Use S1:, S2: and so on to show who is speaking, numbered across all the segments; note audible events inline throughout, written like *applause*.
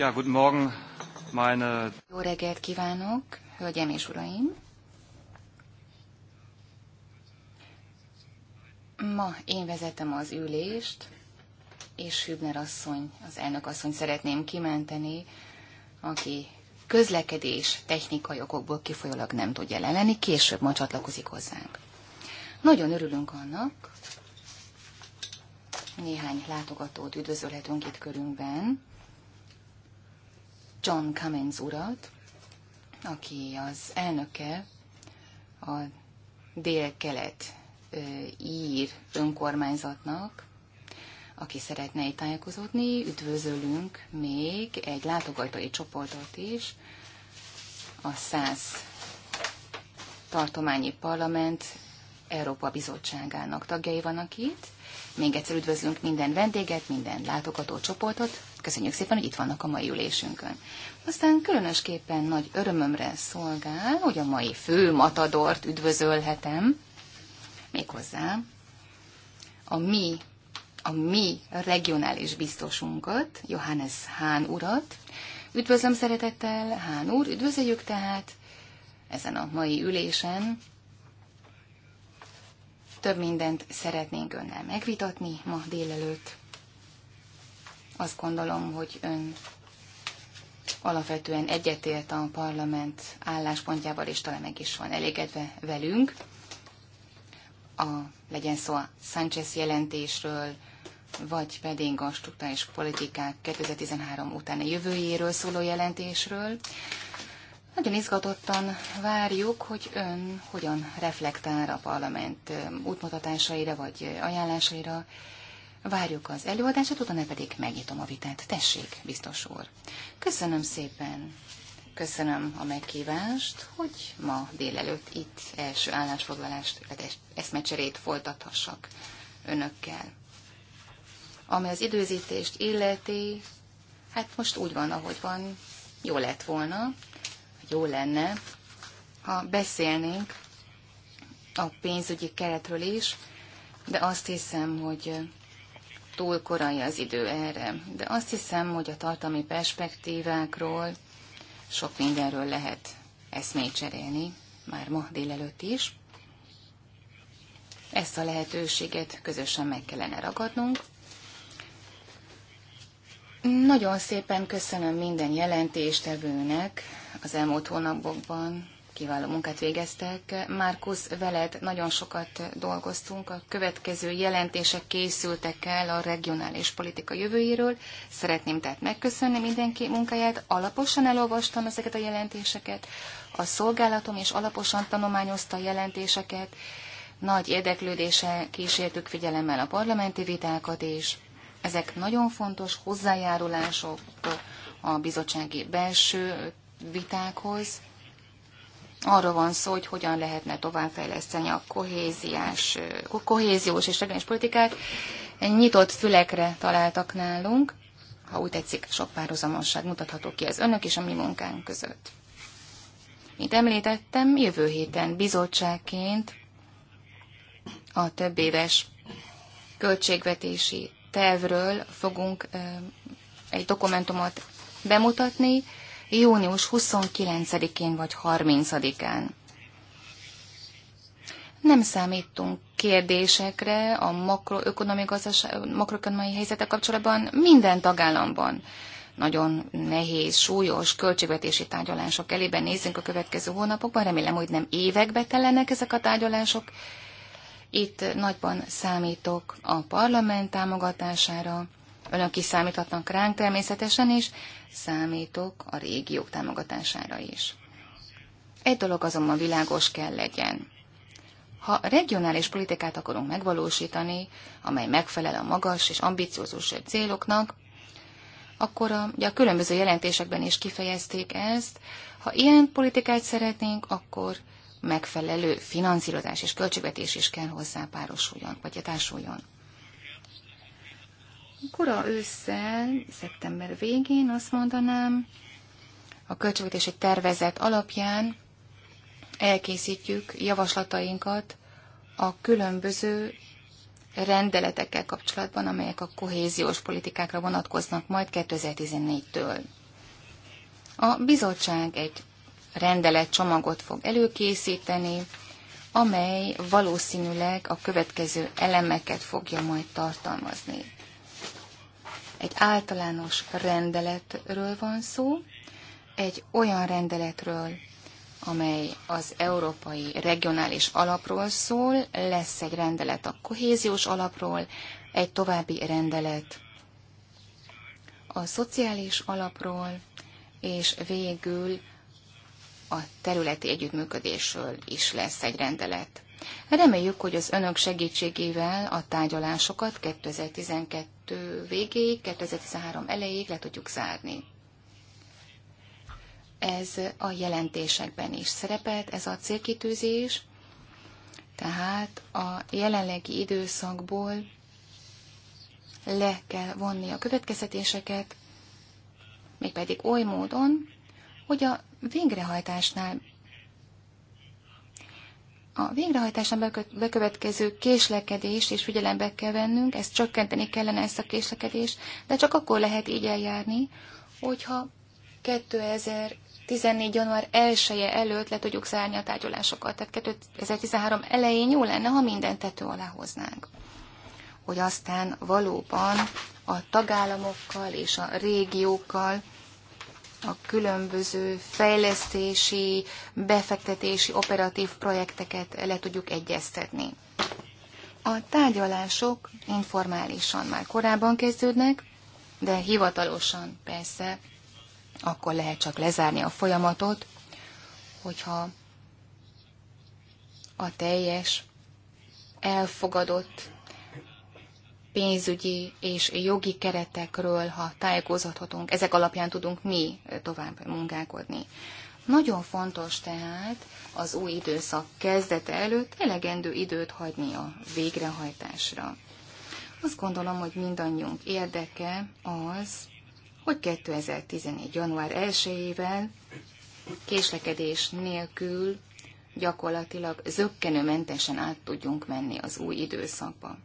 S1: Ja, guten Morgen, meine...
S2: Jó reggelt kívánok, hölgyem és uraim! Ma én vezetem az ülést, és Hübner asszony, az elnök asszony szeretném kimenteni, aki közlekedés technikai okokból kifolyólag nem tud lenni, később ma csatlakozik hozzánk. Nagyon örülünk annak, néhány látogatót üdvözölhetünk itt körünkben, John Cummins urat, aki az elnöke a dél-kelet ír önkormányzatnak, aki szeretne itt tájékozódni, üdvözölünk még egy látogatói csoportot is, a 100 tartományi parlament Európa Bizottságának tagjai vannak itt. Még egyszer üdvözlünk minden vendéget, minden látogató csoportot. Köszönjük szépen, hogy itt vannak a mai ülésünkön. Aztán különösképpen nagy örömömre szolgál, hogy a mai fő matadort üdvözölhetem. Méghozzá a mi, a mi regionális biztosunkat, Johannes Hán urat. Üdvözlöm szeretettel, Hán úr, üdvözöljük tehát ezen a mai ülésen több mindent szeretnénk önnel megvitatni ma délelőtt. Azt gondolom, hogy ön alapvetően egyetért a parlament álláspontjával, és talán meg is van elégedve velünk. A, legyen szó a Sánchez jelentésről, vagy pedig a struktúrális politikák 2013 utáni jövőjéről szóló jelentésről. Nagyon izgatottan várjuk, hogy ön hogyan reflektál a parlament útmutatásaira vagy ajánlásaira. Várjuk az előadását, utána pedig megnyitom a vitát. Tessék, biztos úr. Köszönöm szépen. Köszönöm a meghívást, hogy ma délelőtt itt első állásfoglalást, tehát eszmecserét folytathassak önökkel. Ami az időzítést illeti, hát most úgy van, ahogy van, jó lett volna, jó lenne, ha beszélnénk a pénzügyi keretről is, de azt hiszem, hogy túl korai az idő erre. De azt hiszem, hogy a tartalmi perspektívákról sok mindenről lehet eszmét cserélni, már ma délelőtt is. Ezt a lehetőséget közösen meg kellene ragadnunk, nagyon szépen köszönöm minden jelentéstevőnek az elmúlt hónapokban. Kiváló munkát végeztek. Márkusz, veled nagyon sokat dolgoztunk. A következő jelentések készültek el a regionális politika jövőjéről. Szeretném tehát megköszönni mindenki munkáját. Alaposan elolvastam ezeket a jelentéseket. A szolgálatom is alaposan tanulmányozta a jelentéseket. Nagy érdeklődése kísértük figyelemmel a parlamenti vitákat is. És ezek nagyon fontos hozzájárulások a bizottsági belső vitákhoz. Arról van szó, hogy hogyan lehetne továbbfejleszteni a kohéziás, kohéziós és regionális politikát. Egy Nyitott fülekre találtak nálunk, ha úgy tetszik, sok párhuzamosság mutatható ki az önök és a mi munkánk között. Mint említettem, jövő héten bizottságként a több éves költségvetési tervről fogunk egy dokumentumot bemutatni június 29-én vagy 30-án. Nem számítunk kérdésekre a makroökonomiai helyzete helyzetek kapcsolatban minden tagállamban. Nagyon nehéz, súlyos költségvetési tárgyalások elében nézzünk a következő hónapokban. Remélem, hogy nem évekbe tellenek ezek a tárgyalások, itt nagyban számítok a parlament támogatására, önök is számíthatnak ránk természetesen, is, számítok a régiók támogatására is. Egy dolog azonban világos kell legyen. Ha regionális politikát akarunk megvalósítani, amely megfelel a magas és ambiciózus céloknak, akkor a, ugye a különböző jelentésekben is kifejezték ezt, ha ilyen politikát szeretnénk, akkor megfelelő finanszírozás és költségvetés is kell hozzá párosuljon, vagy társuljon. Kora ősszel, szeptember végén azt mondanám, a költségvetési tervezet alapján elkészítjük javaslatainkat a különböző rendeletekkel kapcsolatban, amelyek a kohéziós politikákra vonatkoznak majd 2014-től. A bizottság egy rendelet csomagot fog előkészíteni, amely valószínűleg a következő elemeket fogja majd tartalmazni. Egy általános rendeletről van szó, egy olyan rendeletről, amely az európai regionális alapról szól, lesz egy rendelet a kohéziós alapról, egy további rendelet a szociális alapról, és végül a területi együttműködésről is lesz egy rendelet. Reméljük, hogy az önök segítségével a tárgyalásokat 2012 végéig, 2013 elejéig le tudjuk zárni. Ez a jelentésekben is szerepelt, ez a célkitűzés, tehát a jelenlegi időszakból le kell vonni a következtetéseket, mégpedig oly módon, hogy a végrehajtásnál a végrehajtásnál bekövetkező késlekedés és figyelembe kell vennünk, ezt csökkenteni kellene ezt a késlekedést, de csak akkor lehet így eljárni, hogyha 2014. január 1-e előtt le tudjuk zárni a tárgyalásokat. Tehát 2013 elején jó lenne, ha mindent tető alá hoznánk. Hogy aztán valóban a tagállamokkal és a régiókkal a különböző fejlesztési, befektetési, operatív projekteket le tudjuk egyeztetni. A tárgyalások informálisan már korábban kezdődnek, de hivatalosan persze akkor lehet csak lezárni a folyamatot, hogyha a teljes elfogadott pénzügyi és jogi keretekről, ha tájékozhatunk, ezek alapján tudunk mi tovább munkálkodni. Nagyon fontos tehát az új időszak kezdete előtt elegendő időt hagyni a végrehajtásra. Azt gondolom, hogy mindannyiunk érdeke az, hogy 2014. január 1-ével késlekedés nélkül gyakorlatilag zöggenőmentesen át tudjunk menni az új időszakba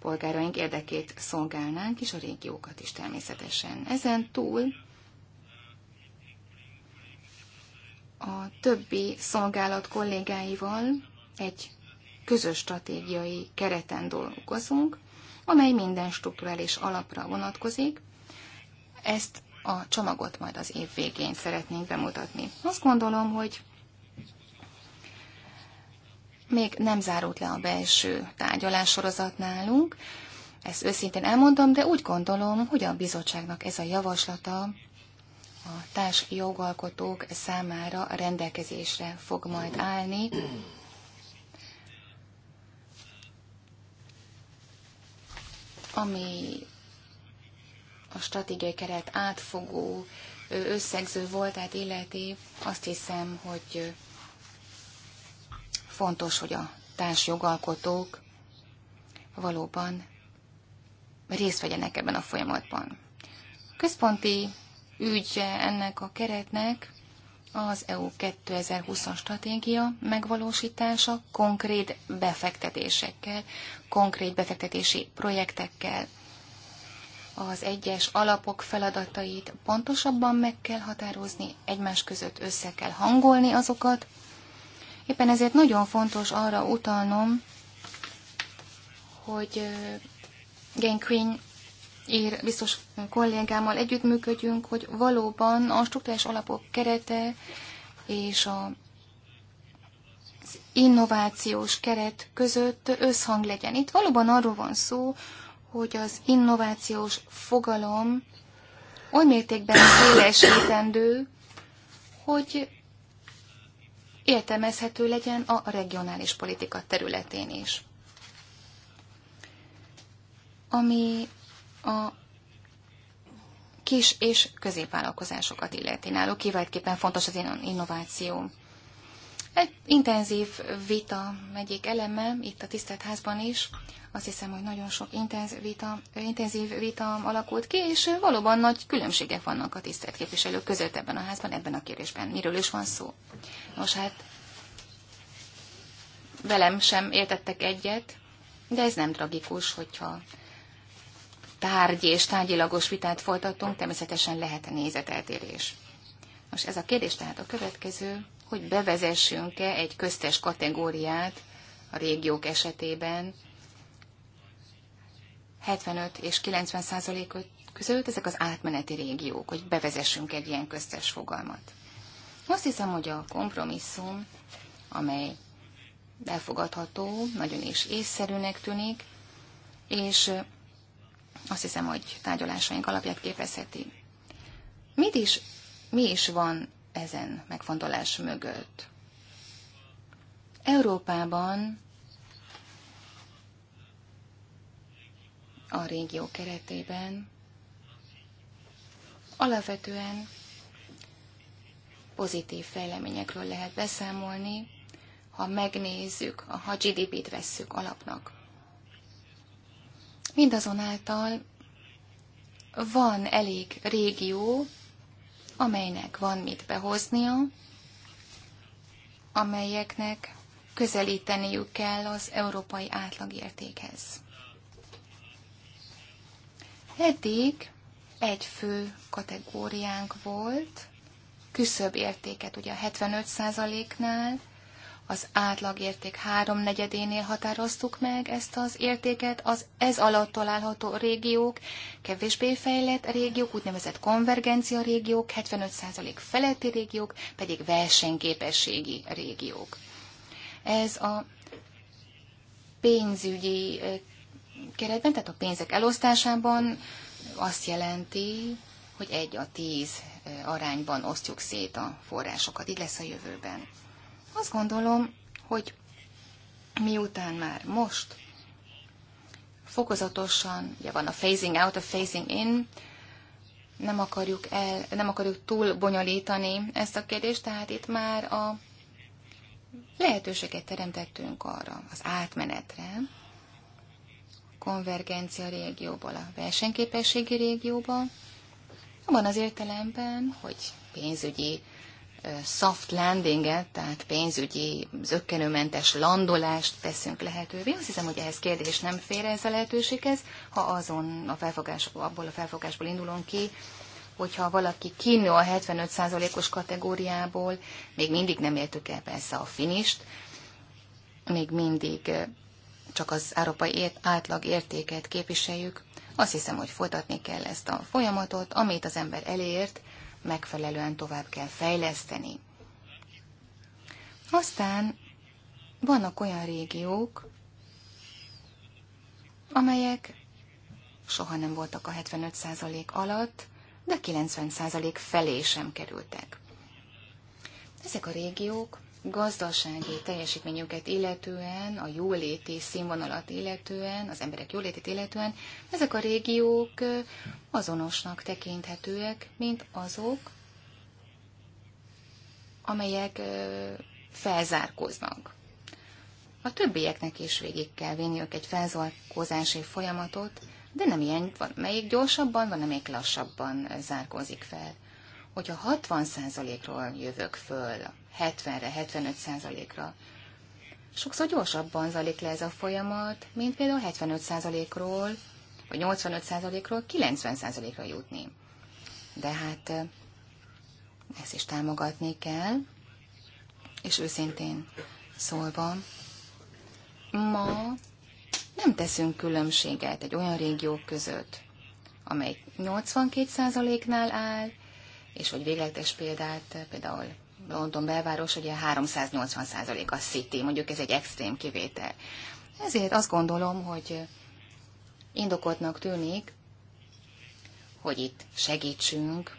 S2: polgáraink érdekét szolgálnánk, és a régiókat is természetesen. Ezen túl a többi szolgálat kollégáival egy közös stratégiai kereten dolgozunk, amely minden struktúrális alapra vonatkozik. Ezt a csomagot majd az év végén szeretnénk bemutatni. Azt gondolom, hogy még nem zárult le a belső tárgyalássorozat nálunk, ezt őszintén elmondom, de úgy gondolom, hogy a bizottságnak ez a javaslata a társ jogalkotók számára a rendelkezésre fog majd állni. Ami a stratégiai keret átfogó összegző voltát illeti, azt hiszem, hogy fontos, hogy a társ jogalkotók valóban részt vegyenek ebben a folyamatban. központi ügye ennek a keretnek az EU 2020-as stratégia megvalósítása konkrét befektetésekkel, konkrét befektetési projektekkel. Az egyes alapok feladatait pontosabban meg kell határozni, egymás között össze kell hangolni azokat, Éppen ezért nagyon fontos arra utalnom, hogy Gen Queen ír biztos kollégámmal együttműködjünk, hogy valóban a struktúrás alapok kerete és a az innovációs keret között összhang legyen. Itt valóban arról van szó, hogy az innovációs fogalom oly mértékben *coughs* szélesítendő, hogy értelmezhető legyen a regionális politika területén is. Ami a kis és középvállalkozásokat illeti náluk, kiváltképpen fontos az innováció. Egy intenzív vita egyik eleme itt a tisztelt házban is azt hiszem, hogy nagyon sok intenzív vita, intenzív vita alakult ki, és valóban nagy különbségek vannak a tisztelt képviselők között ebben a házban, ebben a kérdésben. Miről is van szó? Nos, hát velem sem értettek egyet, de ez nem tragikus, hogyha tárgy és tárgyilagos vitát folytatunk, természetesen lehet nézeteltérés. Most ez a kérdés tehát a következő, hogy bevezessünk-e egy köztes kategóriát a régiók esetében, 75 és 90 százalék között ezek az átmeneti régiók, hogy bevezessünk egy ilyen köztes fogalmat. Azt hiszem, hogy a kompromisszum, amely elfogadható, nagyon is észszerűnek tűnik, és azt hiszem, hogy tárgyalásaink alapját képezheti. Mit is, mi is van ezen megfontolás mögött? Európában a régió keretében alapvetően pozitív fejleményekről lehet beszámolni, ha megnézzük, ha GDP-t vesszük alapnak. Mindazonáltal van elég régió, amelynek van mit behoznia, amelyeknek közelíteniük kell az európai átlagértékhez. Eddig egy fő kategóriánk volt, küszöbb értéket, ugye a 75%-nál, az átlagérték háromnegyedénél határoztuk meg ezt az értéket, az ez alatt található régiók, kevésbé fejlett régiók, úgynevezett konvergencia régiók, 75% feletti régiók, pedig versenyképességi régiók. Ez a pénzügyi keretben, tehát a pénzek elosztásában azt jelenti, hogy egy a tíz arányban osztjuk szét a forrásokat. Így lesz a jövőben. Azt gondolom, hogy miután már most fokozatosan, ugye van a phasing out, a phasing in, nem akarjuk, el, nem akarjuk túl bonyolítani ezt a kérdést, tehát itt már a lehetőséget teremtettünk arra, az átmenetre, konvergencia régióból a versenyképességi régióba, abban az értelemben, hogy pénzügyi soft landinget, tehát pénzügyi zöggenőmentes landolást teszünk lehetővé. Azt hiszem, hogy ehhez kérdés nem fér ez a lehetőséghez, ha azon a felfogás, abból a felfogásból indulunk ki, hogyha valaki kinő a 75%-os kategóriából, még mindig nem értük el persze a finist, még mindig csak az európai átlag értéket képviseljük, azt hiszem, hogy folytatni kell ezt a folyamatot, amit az ember elért, megfelelően tovább kell fejleszteni. Aztán vannak olyan régiók, amelyek soha nem voltak a 75% alatt, de 90% felé sem kerültek. Ezek a régiók gazdasági teljesítményüket illetően, a jóléti színvonalat illetően, az emberek jólétét illetően, ezek a régiók azonosnak tekinthetőek, mint azok, amelyek felzárkóznak. A többieknek is végig kell vinniük egy felzárkózási folyamatot, de nem ilyen, van melyik gyorsabban, van melyik lassabban zárkózik fel hogyha 60%-ról jövök föl, 70-re, 75%-ra, sokszor gyorsabban zalik le ez a folyamat, mint például 75%-ról, vagy 85%-ról 90%-ra jutni. De hát ezt is támogatni kell, és őszintén szólva, ma nem teszünk különbséget egy olyan régió között, amely 82%-nál áll, és hogy végletes példát, például London belváros ugye 380% a City, mondjuk ez egy extrém kivétel. Ezért azt gondolom, hogy indokotnak tűnik, hogy itt segítsünk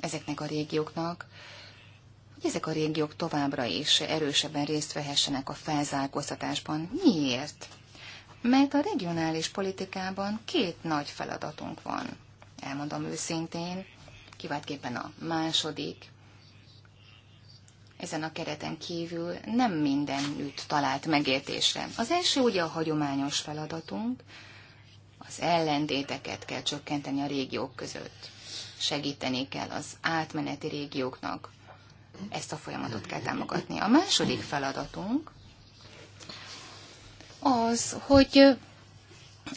S2: ezeknek a régióknak, hogy ezek a régiók továbbra is erősebben részt vehessenek a felzárkóztatásban. Miért? Mert a regionális politikában két nagy feladatunk van. Elmondom őszintén, kiváltképpen a második. Ezen a kereten kívül nem mindenütt talált megértésre. Az első ugye a hagyományos feladatunk, az ellentéteket kell csökkenteni a régiók között. Segíteni kell az átmeneti régióknak. Ezt a folyamatot kell támogatni. A második feladatunk az, hogy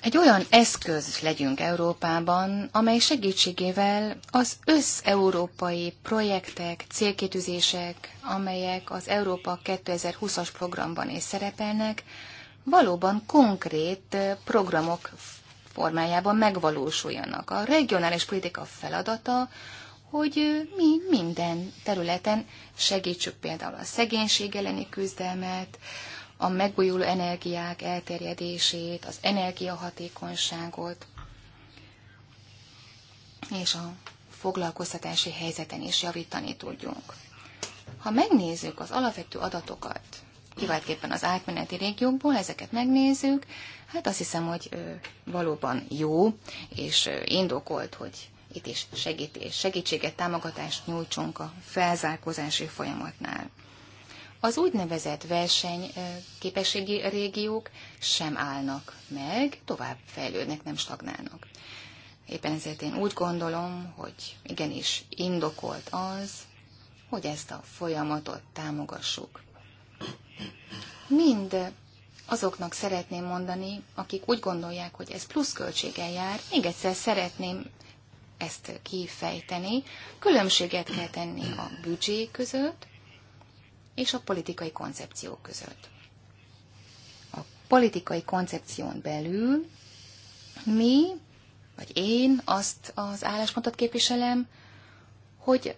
S2: egy olyan eszköz legyünk Európában, amely segítségével az összeurópai projektek, célkitűzések, amelyek az Európa 2020-as programban is szerepelnek, valóban konkrét programok formájában megvalósuljanak. A regionális politika feladata, hogy mi minden területen segítsük például a szegénység elleni küzdelmet, a megújuló energiák elterjedését, az energiahatékonyságot, és a foglalkoztatási helyzeten is javítani tudjunk. Ha megnézzük az alapvető adatokat, kiváltképpen az átmeneti régiókból, ezeket megnézzük, hát azt hiszem, hogy valóban jó, és indokolt, hogy itt is segítés, segítséget, támogatást nyújtsunk a felzárkózási folyamatnál. Az úgynevezett versenyképességi régiók sem állnak meg, tovább fejlődnek, nem stagnálnak. Éppen ezért én úgy gondolom, hogy igenis indokolt az, hogy ezt a folyamatot támogassuk. Mind azoknak szeretném mondani, akik úgy gondolják, hogy ez pluszköltséggel jár, még egyszer szeretném ezt kifejteni. Különbséget kell tenni a büdzsé között, és a politikai koncepció között. A politikai koncepción belül mi, vagy én azt az álláspontot képviselem, hogy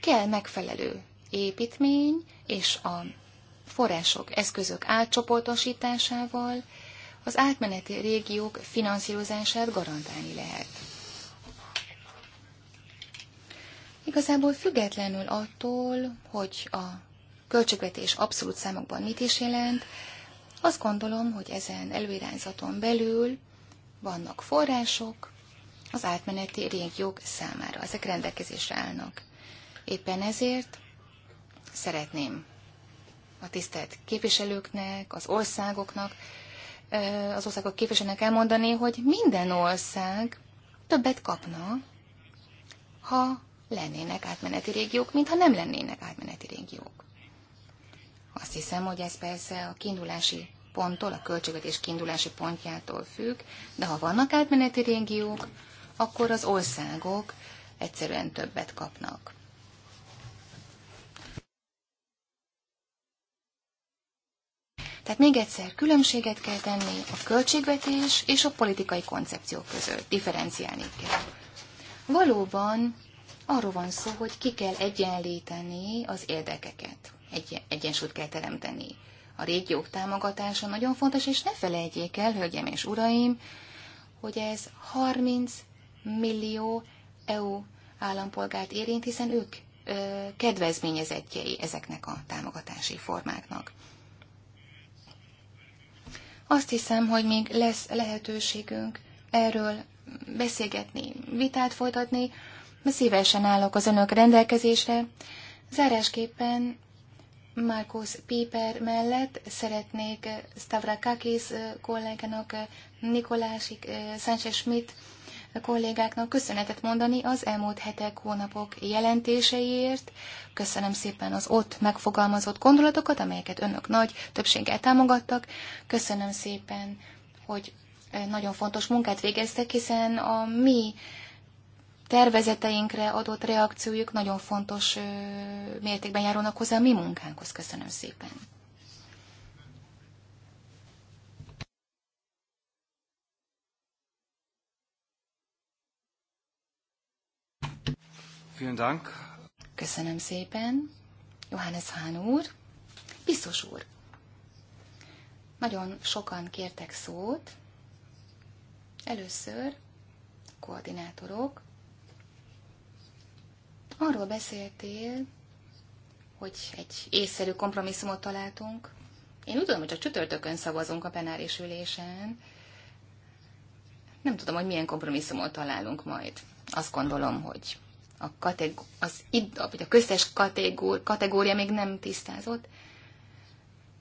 S2: kell megfelelő építmény és a források, eszközök átcsoportosításával az átmeneti régiók finanszírozását garantálni lehet. Igazából függetlenül attól, hogy a költségvetés abszolút számokban mit is jelent. Azt gondolom, hogy ezen előirányzaton belül vannak források az átmeneti régiók számára. Ezek rendelkezésre állnak. Éppen ezért szeretném a tisztelt képviselőknek, az országoknak, az országok képviselőnek elmondani, hogy minden ország többet kapna, ha lennének átmeneti régiók, mint ha nem lennének átmeneti régiók. Azt hiszem, hogy ez persze a kiindulási ponttól, a költségvetés kiindulási pontjától függ, de ha vannak átmeneti régiók, akkor az országok egyszerűen többet kapnak. Tehát még egyszer, különbséget kell tenni a költségvetés és a politikai koncepció között, differenciálni kell. Valóban arról van szó, hogy ki kell egyenlíteni az érdekeket egy egyensúlyt kell teremteni. A régiók támogatása nagyon fontos, és ne felejtjék el, hölgyem és uraim, hogy ez 30 millió EU állampolgárt érint, hiszen ők ö, kedvezményezettjei ezeknek a támogatási formáknak. Azt hiszem, hogy még lesz lehetőségünk erről beszélgetni, vitát folytatni, szívesen állok az önök rendelkezésre. Zárásképpen Markus Piper mellett szeretnék Stavrakakis kollégának, Nikolásik Sánchez Schmidt kollégáknak köszönetet mondani az elmúlt hetek, hónapok jelentéseiért. Köszönöm szépen az ott megfogalmazott gondolatokat, amelyeket önök nagy többséggel támogattak. Köszönöm szépen, hogy nagyon fontos munkát végeztek, hiszen a mi tervezeteinkre adott reakciójuk nagyon fontos mértékben járulnak hozzá a mi munkánkhoz. Köszönöm szépen! Köszönöm szépen. Johannes Hán úr, biztos úr, nagyon sokan kértek szót. Először koordinátorok, Arról beszéltél, hogy egy észszerű kompromisszumot találtunk. Én úgy tudom, hogy csak csütörtökön szavazunk a penáris ülésen. Nem tudom, hogy milyen kompromisszumot találunk majd. Azt gondolom, hogy a, kategó- az id- vagy a köztes kategór- kategória még nem tisztázott.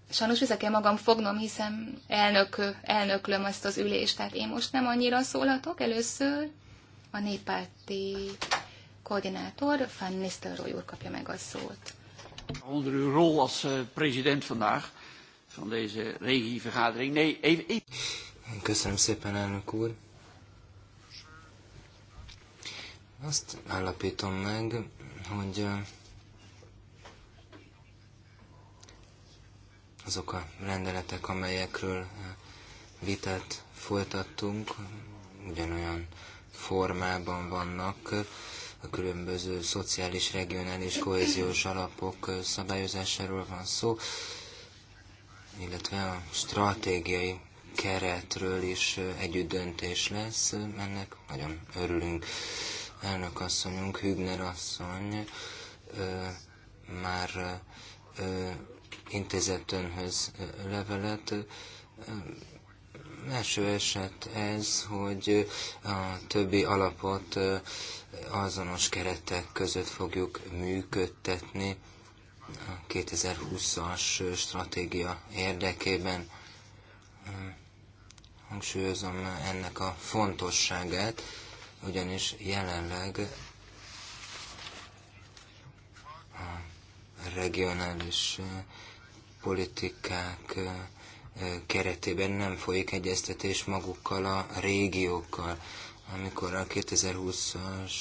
S2: Sajnos vissza kell magam fognom, hiszen elnök, elnöklöm ezt az ülést, tehát én most nem annyira szólhatok. Először a néppárti koordinátor, Van Nistelrooy úr
S3: kapja meg a szót. Onder uw rol als eh, president vandaag van deze regievergadering. Nee, even, even.
S1: Köszönöm szépen, elnök úr. Azt állapítom meg, hogy eh, azok a rendeletek, amelyekről eh, vitát folytattunk, ugyanolyan formában vannak, a különböző szociális, regionális, kohéziós alapok szabályozásáról van szó, illetve a stratégiai keretről is együtt döntés lesz, ennek nagyon örülünk. Elnök asszonyunk, Hübner asszony már intézett önhöz levelet, Első eset ez, hogy a többi alapot azonos keretek között fogjuk működtetni a 2020-as stratégia érdekében. Hangsúlyozom ennek a fontosságát, ugyanis jelenleg a regionális politikák keretében nem folyik egyeztetés magukkal a régiókkal. Amikor a 2020-as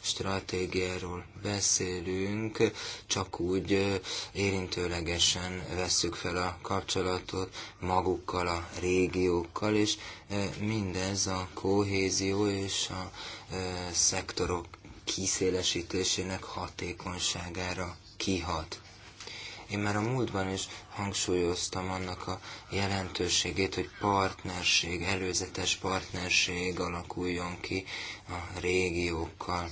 S1: stratégiáról beszélünk, csak úgy érintőlegesen vesszük fel a kapcsolatot magukkal a régiókkal, és mindez a kohézió és a szektorok kiszélesítésének hatékonyságára kihat. Én már a múltban is hangsúlyoztam annak a jelentőségét, hogy partnerség, előzetes partnerség alakuljon ki a régiókkal.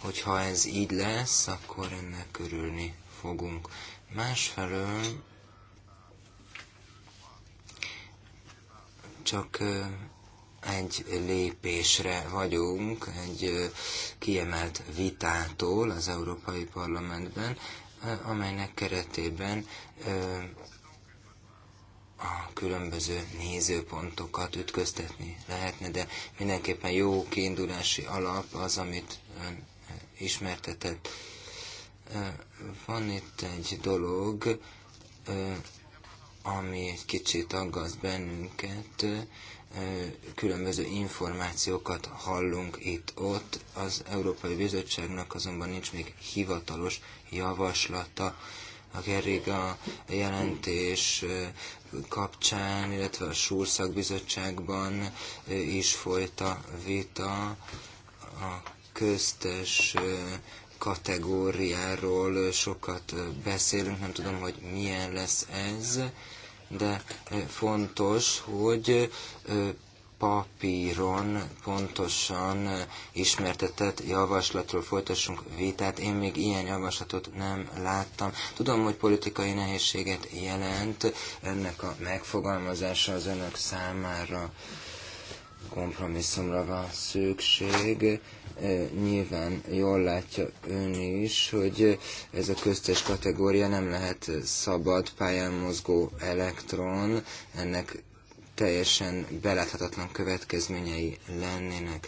S1: Hogyha ez így lesz, akkor ennek körülni fogunk. Másfelől csak egy lépésre vagyunk egy kiemelt vitától az Európai Parlamentben, amelynek keretében a különböző nézőpontokat ütköztetni lehetne, de mindenképpen jó kiindulási alap az, amit ön ismertetett. Van itt egy dolog, ami egy kicsit aggaszt bennünket, különböző információkat hallunk itt-ott. Az Európai Bizottságnak azonban nincs még hivatalos javaslata a Gerriga jelentés kapcsán, illetve a Súrszak Bizottságban is folyt a vita a köztes kategóriáról sokat beszélünk, nem tudom, hogy milyen lesz ez de eh, fontos, hogy eh, papíron pontosan eh, ismertetett javaslatról folytassunk vitát. Én még ilyen javaslatot nem láttam. Tudom, hogy politikai nehézséget jelent ennek a megfogalmazása az önök számára kompromisszumra van szükség, E, nyilván jól látja ön is, hogy ez a köztes kategória nem lehet szabad pályán mozgó elektron, ennek teljesen beláthatatlan következményei lennének.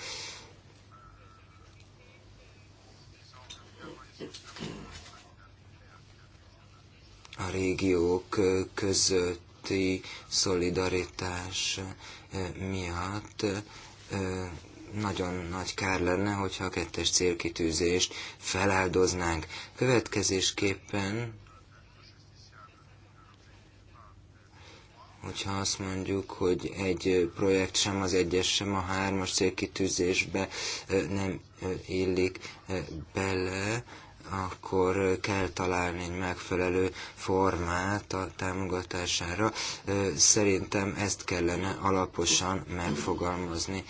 S1: a régiók közötti szolidaritás e, miatt e, nagyon nagy kár lenne, hogyha a kettes célkitűzést feláldoznánk. Következésképpen, hogyha azt mondjuk, hogy egy projekt sem az egyes, sem a hármas célkitűzésbe nem illik bele, akkor kell találni egy megfelelő formát a támogatására. Szerintem ezt kellene alaposan megfogalmazni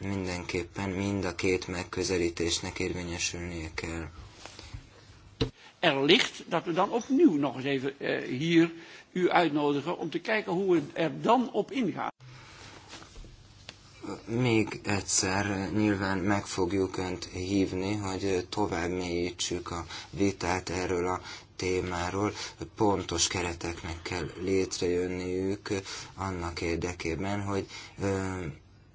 S1: mindenképpen mind a két megközelítésnek érvényesülnie kell.
S3: Er ligt dat we dan opnieuw nog eens even uh, hier u uitnodigen om te kijken hoe we er dan
S4: op ingaan.
S1: Még egyszer eh, nyilván meg fogjuk Önt hívni, hogy eh, tovább mélyítsük a vitát erről a témáról. Pontos kereteknek kell létrejönniük annak érdekében, hogy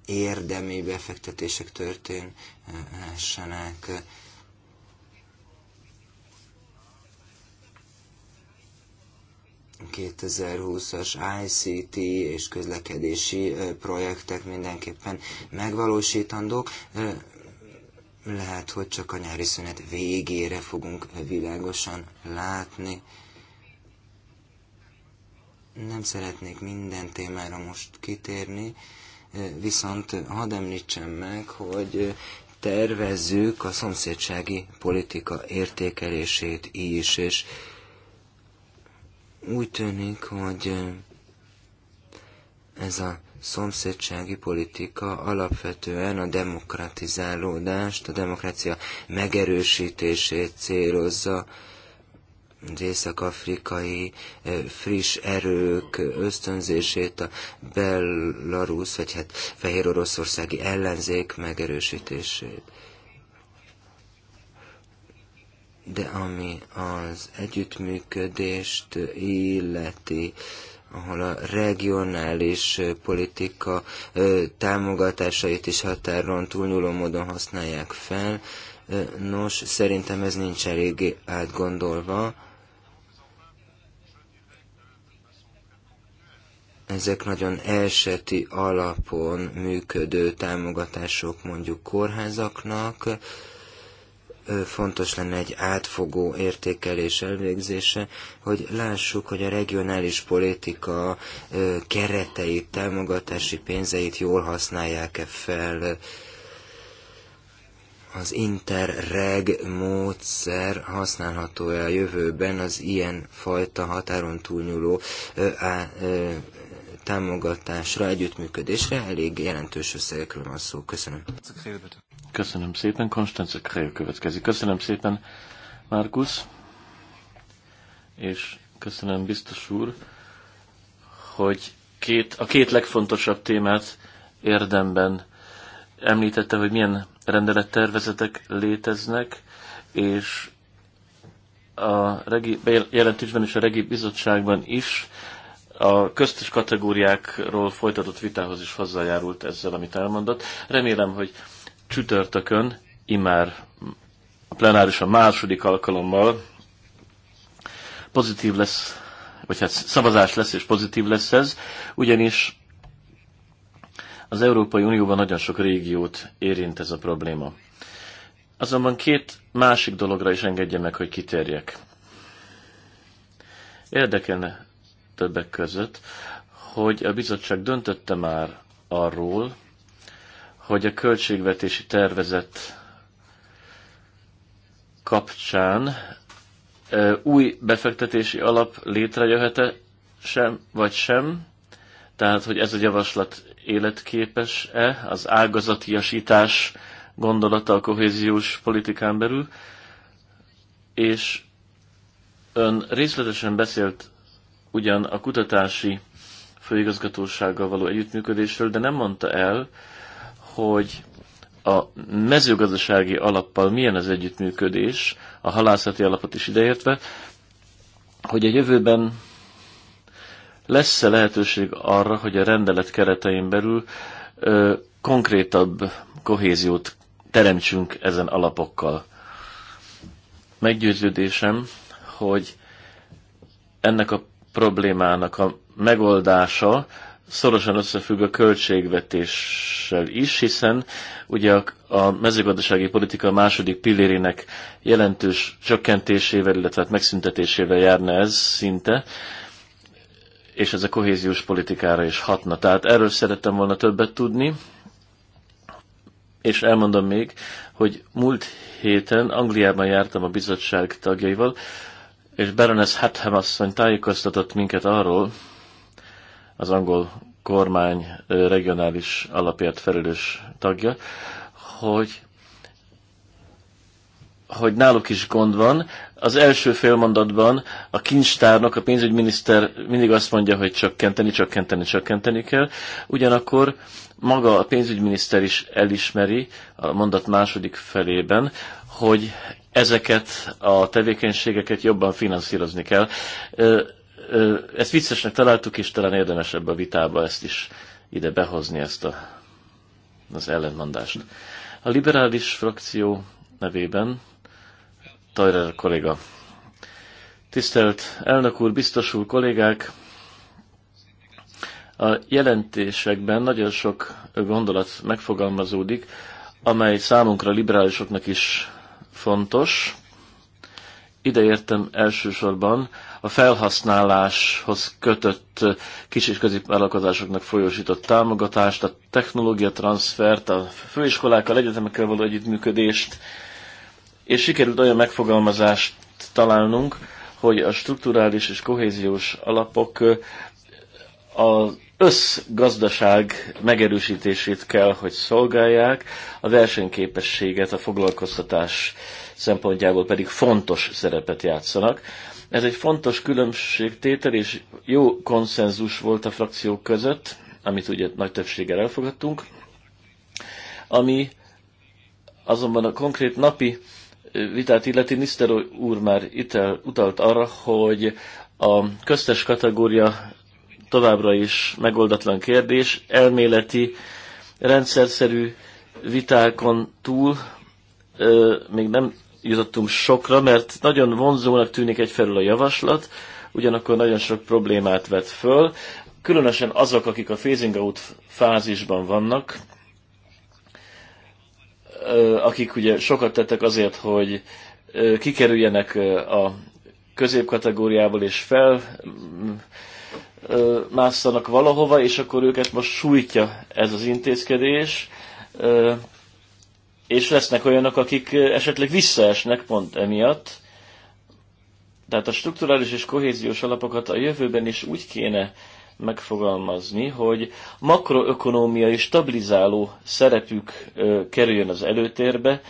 S1: érdemi befektetések történhessenek. A 2020-as ICT és közlekedési projektek mindenképpen megvalósítandók. Lehet, hogy csak a nyári szünet végére fogunk világosan látni nem szeretnék minden témára most kitérni, Eh, viszont eh, hadd említsem meg, hogy eh, tervezzük a szomszédsági politika értékelését is, és úgy tűnik, hogy ez a szomszédsági politika alapvetően a demokratizálódást, a demokrácia megerősítését célozza, dészak afrikai friss erők ösztönzését, a Belarus, vagy hát Fehér Oroszországi ellenzék megerősítését. De ami az együttműködést illeti, ahol a regionális politika támogatásait is határon túlnyúló módon használják fel. Nos, szerintem ez nincs eléggé átgondolva. ezek nagyon elseti alapon működő támogatások mondjuk kórházaknak, fontos lenne egy átfogó értékelés elvégzése, hogy lássuk, hogy a regionális politika kereteit, támogatási pénzeit jól használják-e fel. Az interreg módszer használható-e a jövőben az ilyen fajta határon túlnyúló támogatásra, együttműködésre elég jelentős összegekről van szó. Köszönöm.
S3: Köszönöm szépen. Konstantin Krejl következik. Köszönöm szépen, Markus És köszönöm, biztos úr, hogy két, a két legfontosabb témát érdemben említette, hogy milyen rendelettervezetek léteznek, és a regi, jelentésben és a regi bizottságban is a köztes kategóriákról folytatott vitához is hozzájárult ezzel, amit elmondott. Remélem, hogy csütörtökön, imár a plenáris a második alkalommal pozitív lesz, vagy hát szavazás lesz, és pozitív lesz ez, ugyanis az Európai Unióban nagyon sok régiót érint ez a probléma. Azonban két másik dologra is engedje meg, hogy kitérjek. Érdekelne többek között, hogy a bizottság döntötte már arról, hogy a költségvetési tervezet kapcsán új befektetési alap létrejöhet-e sem, vagy sem, tehát hogy ez a javaslat életképes-e, az ágazatiasítás gondolata a kohéziós politikán belül, és ön részletesen beszélt ugyan a kutatási főigazgatósággal való együttműködésről, de nem mondta el, hogy a mezőgazdasági alappal milyen az együttműködés, a halászati alapot is ideértve, hogy a jövőben lesz-e lehetőség arra, hogy a rendelet keretein belül ö, konkrétabb kohéziót teremtsünk ezen alapokkal. Meggyőződésem, hogy ennek a problémának a megoldása szorosan összefügg a költségvetéssel is, hiszen ugye a mezőgazdasági politika második pillérének jelentős csökkentésével, illetve hát megszüntetésével járna ez szinte, és ez a kohéziós politikára is hatna. Tehát erről szerettem volna többet tudni, és elmondom még, hogy múlt héten Angliában jártam a bizottság tagjaival, és Baroness Hatham asszony tájékoztatott minket arról, az angol kormány regionális alapért felelős tagja, hogy hogy náluk is gond van. Az első félmondatban a kincstárnok, a pénzügyminiszter mindig azt mondja, hogy csökkenteni, csökkenteni, csökkenteni kell. Ugyanakkor maga a pénzügyminiszter is elismeri a mondat második felében, hogy ezeket a tevékenységeket jobban finanszírozni kell. Ezt viccesnek találtuk, és talán érdemesebb a vitába ezt is ide behozni, ezt a, az ellentmondást. A liberális frakció nevében Tajrer kolléga. Tisztelt elnök úr, biztos úr, kollégák! A jelentésekben nagyon sok gondolat megfogalmazódik, amely számunkra liberálisoknak is fontos. Ide értem elsősorban a felhasználáshoz kötött kis- és középvállalkozásoknak folyósított támogatást, a technológia transfert, a főiskolákkal, egyetemekkel való együttműködést, és sikerült olyan megfogalmazást találnunk, hogy a strukturális és kohéziós alapok az összgazdaság megerősítését kell, hogy szolgálják, a versenyképességet a foglalkoztatás szempontjából pedig fontos szerepet játszanak. Ez egy fontos különbségtétel, és jó konszenzus volt a frakciók között, amit ugye nagy többséggel elfogadtunk, ami azonban a konkrét napi vitát illeti Nisztero úr már itt utalt arra, hogy a köztes kategória továbbra is megoldatlan kérdés. Elméleti, rendszerszerű vitákon túl ö, még nem jutottunk sokra, mert nagyon vonzónak tűnik egyfelől a javaslat, ugyanakkor nagyon sok problémát vet föl, különösen azok, akik a phasing out fázisban vannak, akik ugye sokat tettek azért, hogy kikerüljenek a középkategóriából és fel másszanak valahova, és akkor őket most sújtja ez az intézkedés, és lesznek olyanok, akik esetleg visszaesnek pont emiatt. Tehát a strukturális és kohéziós alapokat a jövőben is úgy kéne megfogalmazni, hogy makroökonómiai stabilizáló szerepük kerüljön az előtérbe,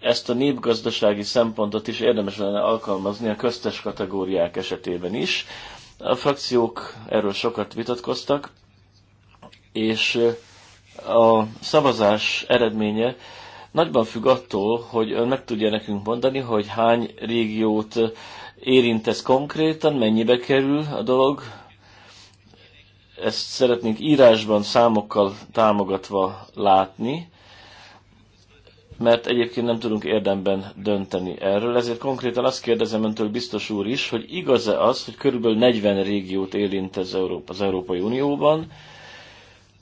S3: ezt a népgazdasági szempontot is érdemes lenne alkalmazni a köztes kategóriák esetében is. A frakciók erről sokat vitatkoztak, és a szavazás eredménye nagyban függ attól, hogy ön meg tudja nekünk mondani, hogy hány régiót érint ez konkrétan, mennyibe kerül a dolog. Ezt szeretnénk írásban számokkal támogatva látni, mert egyébként nem tudunk érdemben dönteni erről. Ezért konkrétan azt kérdezem öntől biztos úr is, hogy igaz-e az, hogy körülbelül 40 régiót érint az, Európa, az Európai Unióban.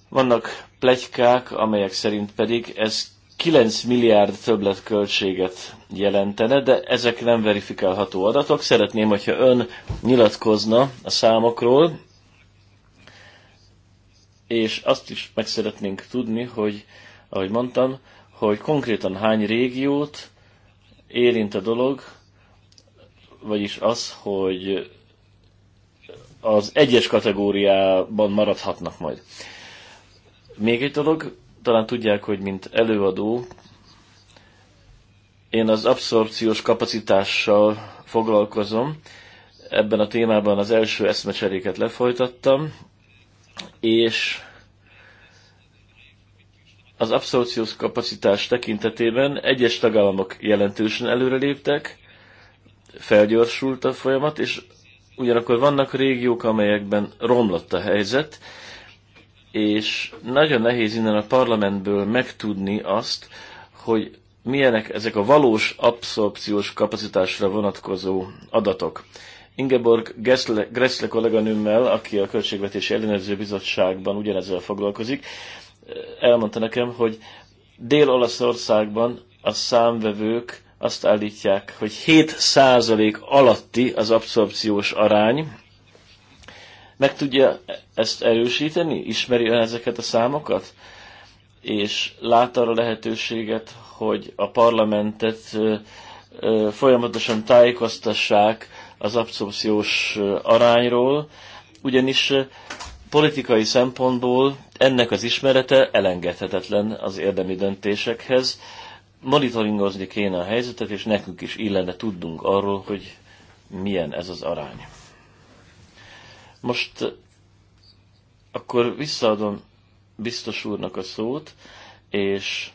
S3: Vannak plegykák, amelyek szerint pedig ez 9 milliárd többletköltséget jelentene, de ezek nem verifikálható adatok. Szeretném, hogyha ön nyilatkozna a számokról, és azt is meg szeretnénk tudni, hogy, ahogy mondtam, hogy konkrétan hány régiót érint a dolog, vagyis az, hogy az egyes kategóriában maradhatnak majd. Még egy dolog, talán tudják, hogy mint előadó, én az abszorpciós kapacitással foglalkozom. Ebben a témában az első eszmecseréket lefolytattam, és az abszorciós kapacitás tekintetében egyes tagállamok jelentősen előreléptek, felgyorsult a folyamat, és ugyanakkor vannak régiók, amelyekben romlott a helyzet, és nagyon nehéz innen a parlamentből megtudni azt, hogy milyenek ezek a valós abszorpciós kapacitásra vonatkozó adatok. Ingeborg Gressle, Gressle kolléganőmmel, aki a Költségvetési Ellenőrző Bizottságban ugyanezzel foglalkozik, elmondta nekem, hogy Dél-Olaszországban a számvevők azt állítják, hogy 7% alatti az abszorpciós arány. Meg tudja ezt erősíteni? Ismeri ön ezeket a számokat? És lát arra lehetőséget, hogy a parlamentet folyamatosan tájékoztassák az abszorpciós arányról, ugyanis politikai szempontból ennek az ismerete elengedhetetlen az érdemi döntésekhez. Monitoringozni kéne a helyzetet, és nekünk is illene tudnunk arról, hogy milyen ez az arány. Most akkor visszaadom biztos úrnak a szót, és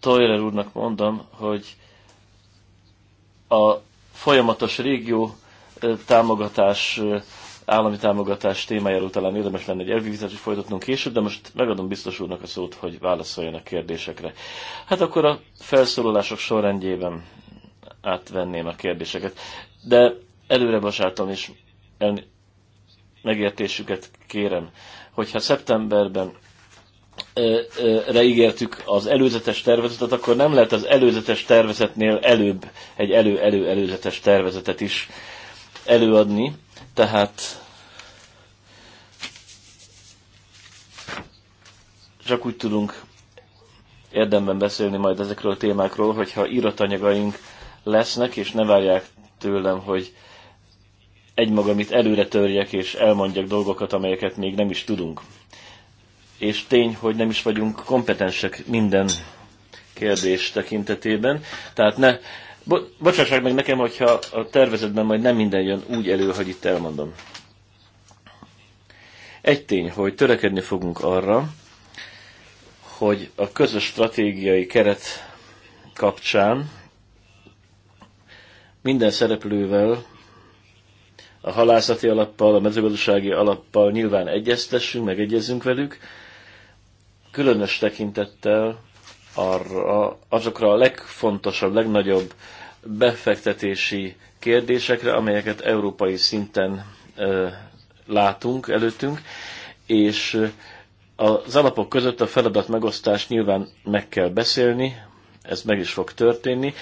S3: Toyler úrnak mondom, hogy a folyamatos régió támogatás állami támogatás témájáról talán érdemes lenne egy elvi vitát folytatnunk később, de most megadom biztos úrnak a szót, hogy válaszoljon a kérdésekre. Hát akkor a felszólalások sorrendjében átvenném a kérdéseket. De előre vasáltam is el, megértésüket kérem, hogyha szeptemberben reígértük az előzetes tervezetet, akkor nem lehet az előzetes tervezetnél előbb egy elő-elő előzetes tervezetet is előadni, tehát Csak úgy tudunk érdemben beszélni majd ezekről a témákról, hogyha íratanyagaink lesznek, és ne várják tőlem, hogy egymagam itt előre törjek, és elmondjak dolgokat, amelyeket még nem is tudunk. És tény, hogy nem is vagyunk kompetensek minden kérdés tekintetében, tehát ne, bo, bocsássák meg nekem, hogyha a tervezetben majd nem minden jön úgy elő, hogy itt elmondom. Egy tény, hogy törekedni fogunk arra, hogy a közös stratégiai keret kapcsán minden szereplővel, a halászati alappal, a mezőgazdasági alappal nyilván egyeztessünk, megegyezünk velük, különös tekintettel arra, azokra a legfontosabb, legnagyobb befektetési kérdésekre, amelyeket európai szinten ö, látunk előttünk, és az alapok között a feladat megosztás nyilván meg kell beszélni, ez meg is fog történni.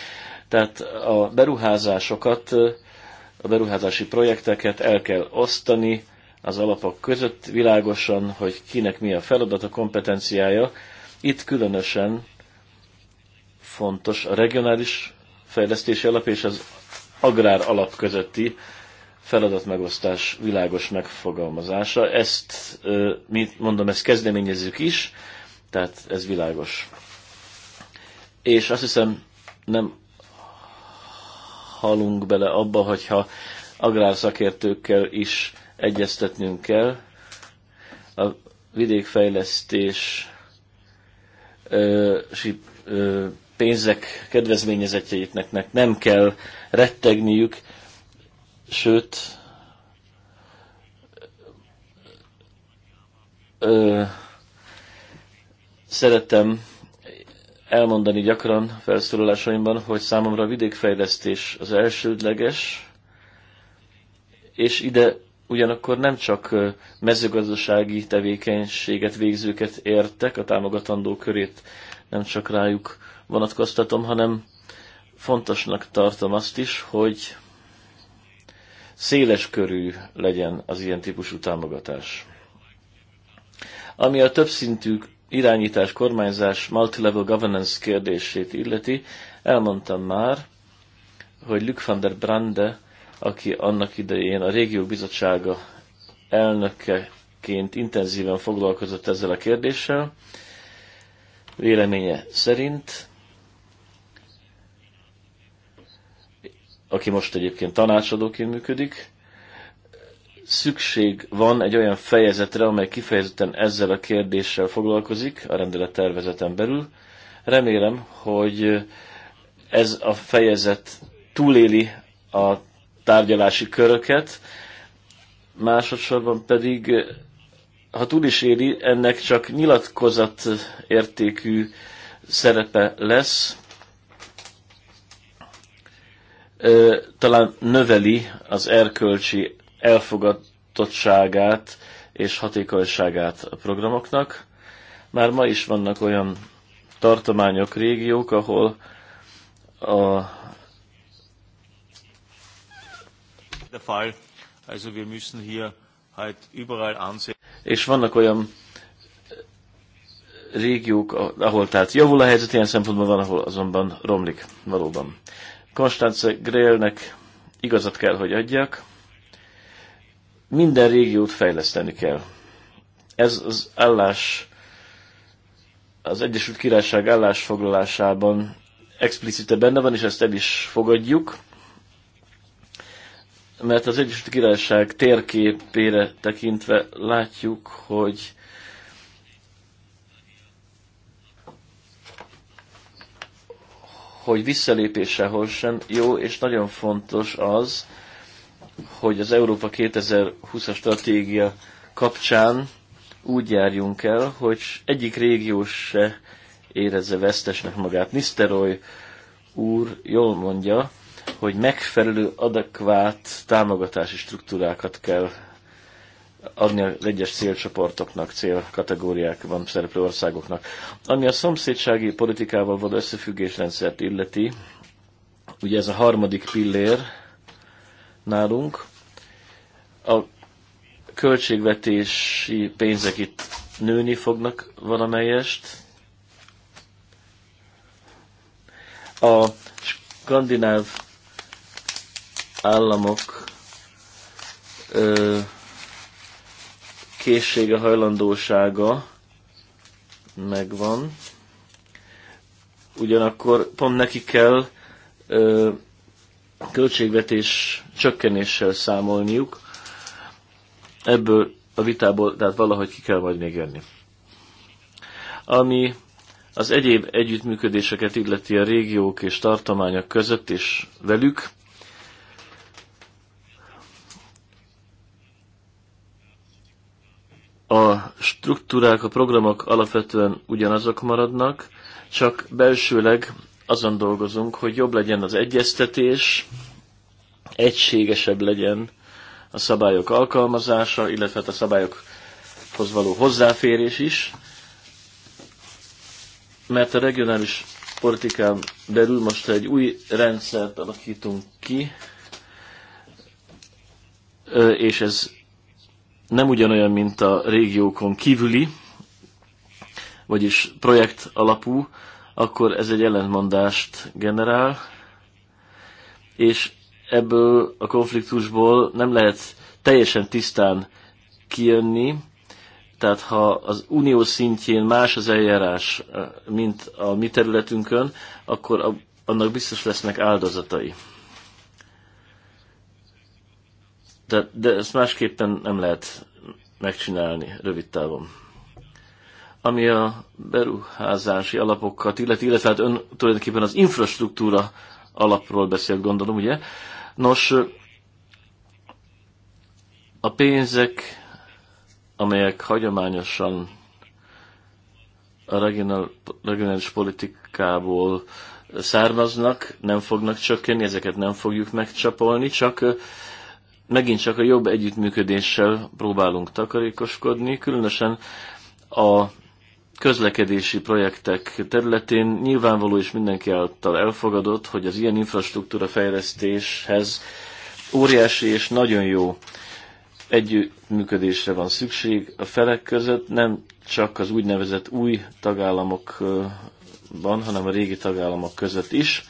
S3: Tehát a beruházásokat, a beruházási projekteket el kell osztani az alapok között világosan, hogy kinek mi a feladat, a kompetenciája. Itt különösen fontos a regionális fejlesztési alap és az agrár alap közötti feladatmegosztás világos megfogalmazása. Ezt, mint mondom, ezt kezdeményezzük is, tehát ez világos. És azt hiszem, nem halunk bele abba, hogyha agrárszakértőkkel is egyeztetnünk kell. A vidékfejlesztés pénzek kedvezményezetjeiknek nem kell rettegniük, Sőt, ö, szerettem elmondani gyakran felszólalásaimban, hogy számomra a vidékfejlesztés az elsődleges, és ide ugyanakkor nem csak mezőgazdasági tevékenységet végzőket értek, a támogatandó körét nem csak rájuk vonatkoztatom, hanem fontosnak tartom azt is, hogy széles körű legyen az ilyen típusú támogatás. Ami a többszintű irányítás, kormányzás, multilevel governance kérdését illeti, elmondtam már, hogy Luc van der Brande, aki annak idején a régió bizottsága elnökeként intenzíven foglalkozott ezzel a kérdéssel, véleménye szerint aki most egyébként tanácsadóként működik, szükség van egy olyan fejezetre, amely kifejezetten ezzel a kérdéssel foglalkozik a rendelet tervezeten belül. Remélem, hogy ez a fejezet túléli a tárgyalási köröket, másodszorban pedig, ha túl is éli, ennek csak nyilatkozat értékű szerepe lesz, talán növeli az erkölcsi elfogadottságát és hatékonyságát a programoknak. Már ma is vannak olyan tartományok, régiók, ahol a Fall. Also wir müssen hier halt überall ansehen. És vannak olyan régiók, ahol tehát javul a helyzet, ilyen szempontból van, ahol azonban romlik valóban. Konstance Grélnek igazat kell, hogy adjak. Minden régiót fejleszteni kell. Ez az állás, az Egyesült Királyság állásfoglalásában explicite benne van, és ezt el is fogadjuk, mert az Egyesült Királyság térképére tekintve látjuk, hogy hogy visszalépésre hozzon, jó, és nagyon fontos az, hogy az Európa 2020-as stratégia kapcsán úgy járjunk el, hogy egyik régió se érezze vesztesnek magát. Niszteroy úr jól mondja, hogy megfelelő, adekvát támogatási struktúrákat kell adni az egyes célcsoportoknak, célkategóriákban szereplő országoknak. Ami a szomszédsági politikával való összefüggésrendszert illeti, ugye ez a harmadik pillér nálunk, a költségvetési pénzek itt nőni fognak valamelyest. A skandináv államok ö, készsége, hajlandósága megvan. Ugyanakkor pont neki kell ö, költségvetés csökkenéssel számolniuk. Ebből a vitából, tehát valahogy ki kell majd még jönni. Ami az egyéb együttműködéseket illeti a régiók és tartományok között és velük, A struktúrák, a programok alapvetően ugyanazok maradnak, csak belsőleg azon dolgozunk, hogy jobb legyen az egyeztetés, egységesebb legyen a szabályok alkalmazása, illetve hát a szabályokhoz való hozzáférés is, mert a regionális politikán belül most egy új rendszert alakítunk ki, és ez nem ugyanolyan, mint a régiókon kívüli, vagyis projekt alapú, akkor ez egy ellentmondást generál, és ebből a konfliktusból nem lehet teljesen tisztán kijönni, tehát ha az unió szintjén más az eljárás, mint a mi területünkön, akkor annak biztos lesznek áldozatai. De, de ezt másképpen nem lehet megcsinálni rövid távon. Ami a beruházási alapokat illeti, illetve hát ön tulajdonképpen az infrastruktúra alapról beszélt, gondolom, ugye? Nos, a pénzek, amelyek hagyományosan a regionális politikából származnak, nem fognak csökkenni, ezeket nem fogjuk megcsapolni, csak megint csak a jobb együttműködéssel próbálunk takarékoskodni, különösen a közlekedési projektek területén nyilvánvaló és mindenki által elfogadott, hogy az ilyen infrastruktúra fejlesztéshez óriási és nagyon jó együttműködésre van szükség a felek között, nem csak az úgynevezett új tagállamokban, hanem a régi tagállamok között is.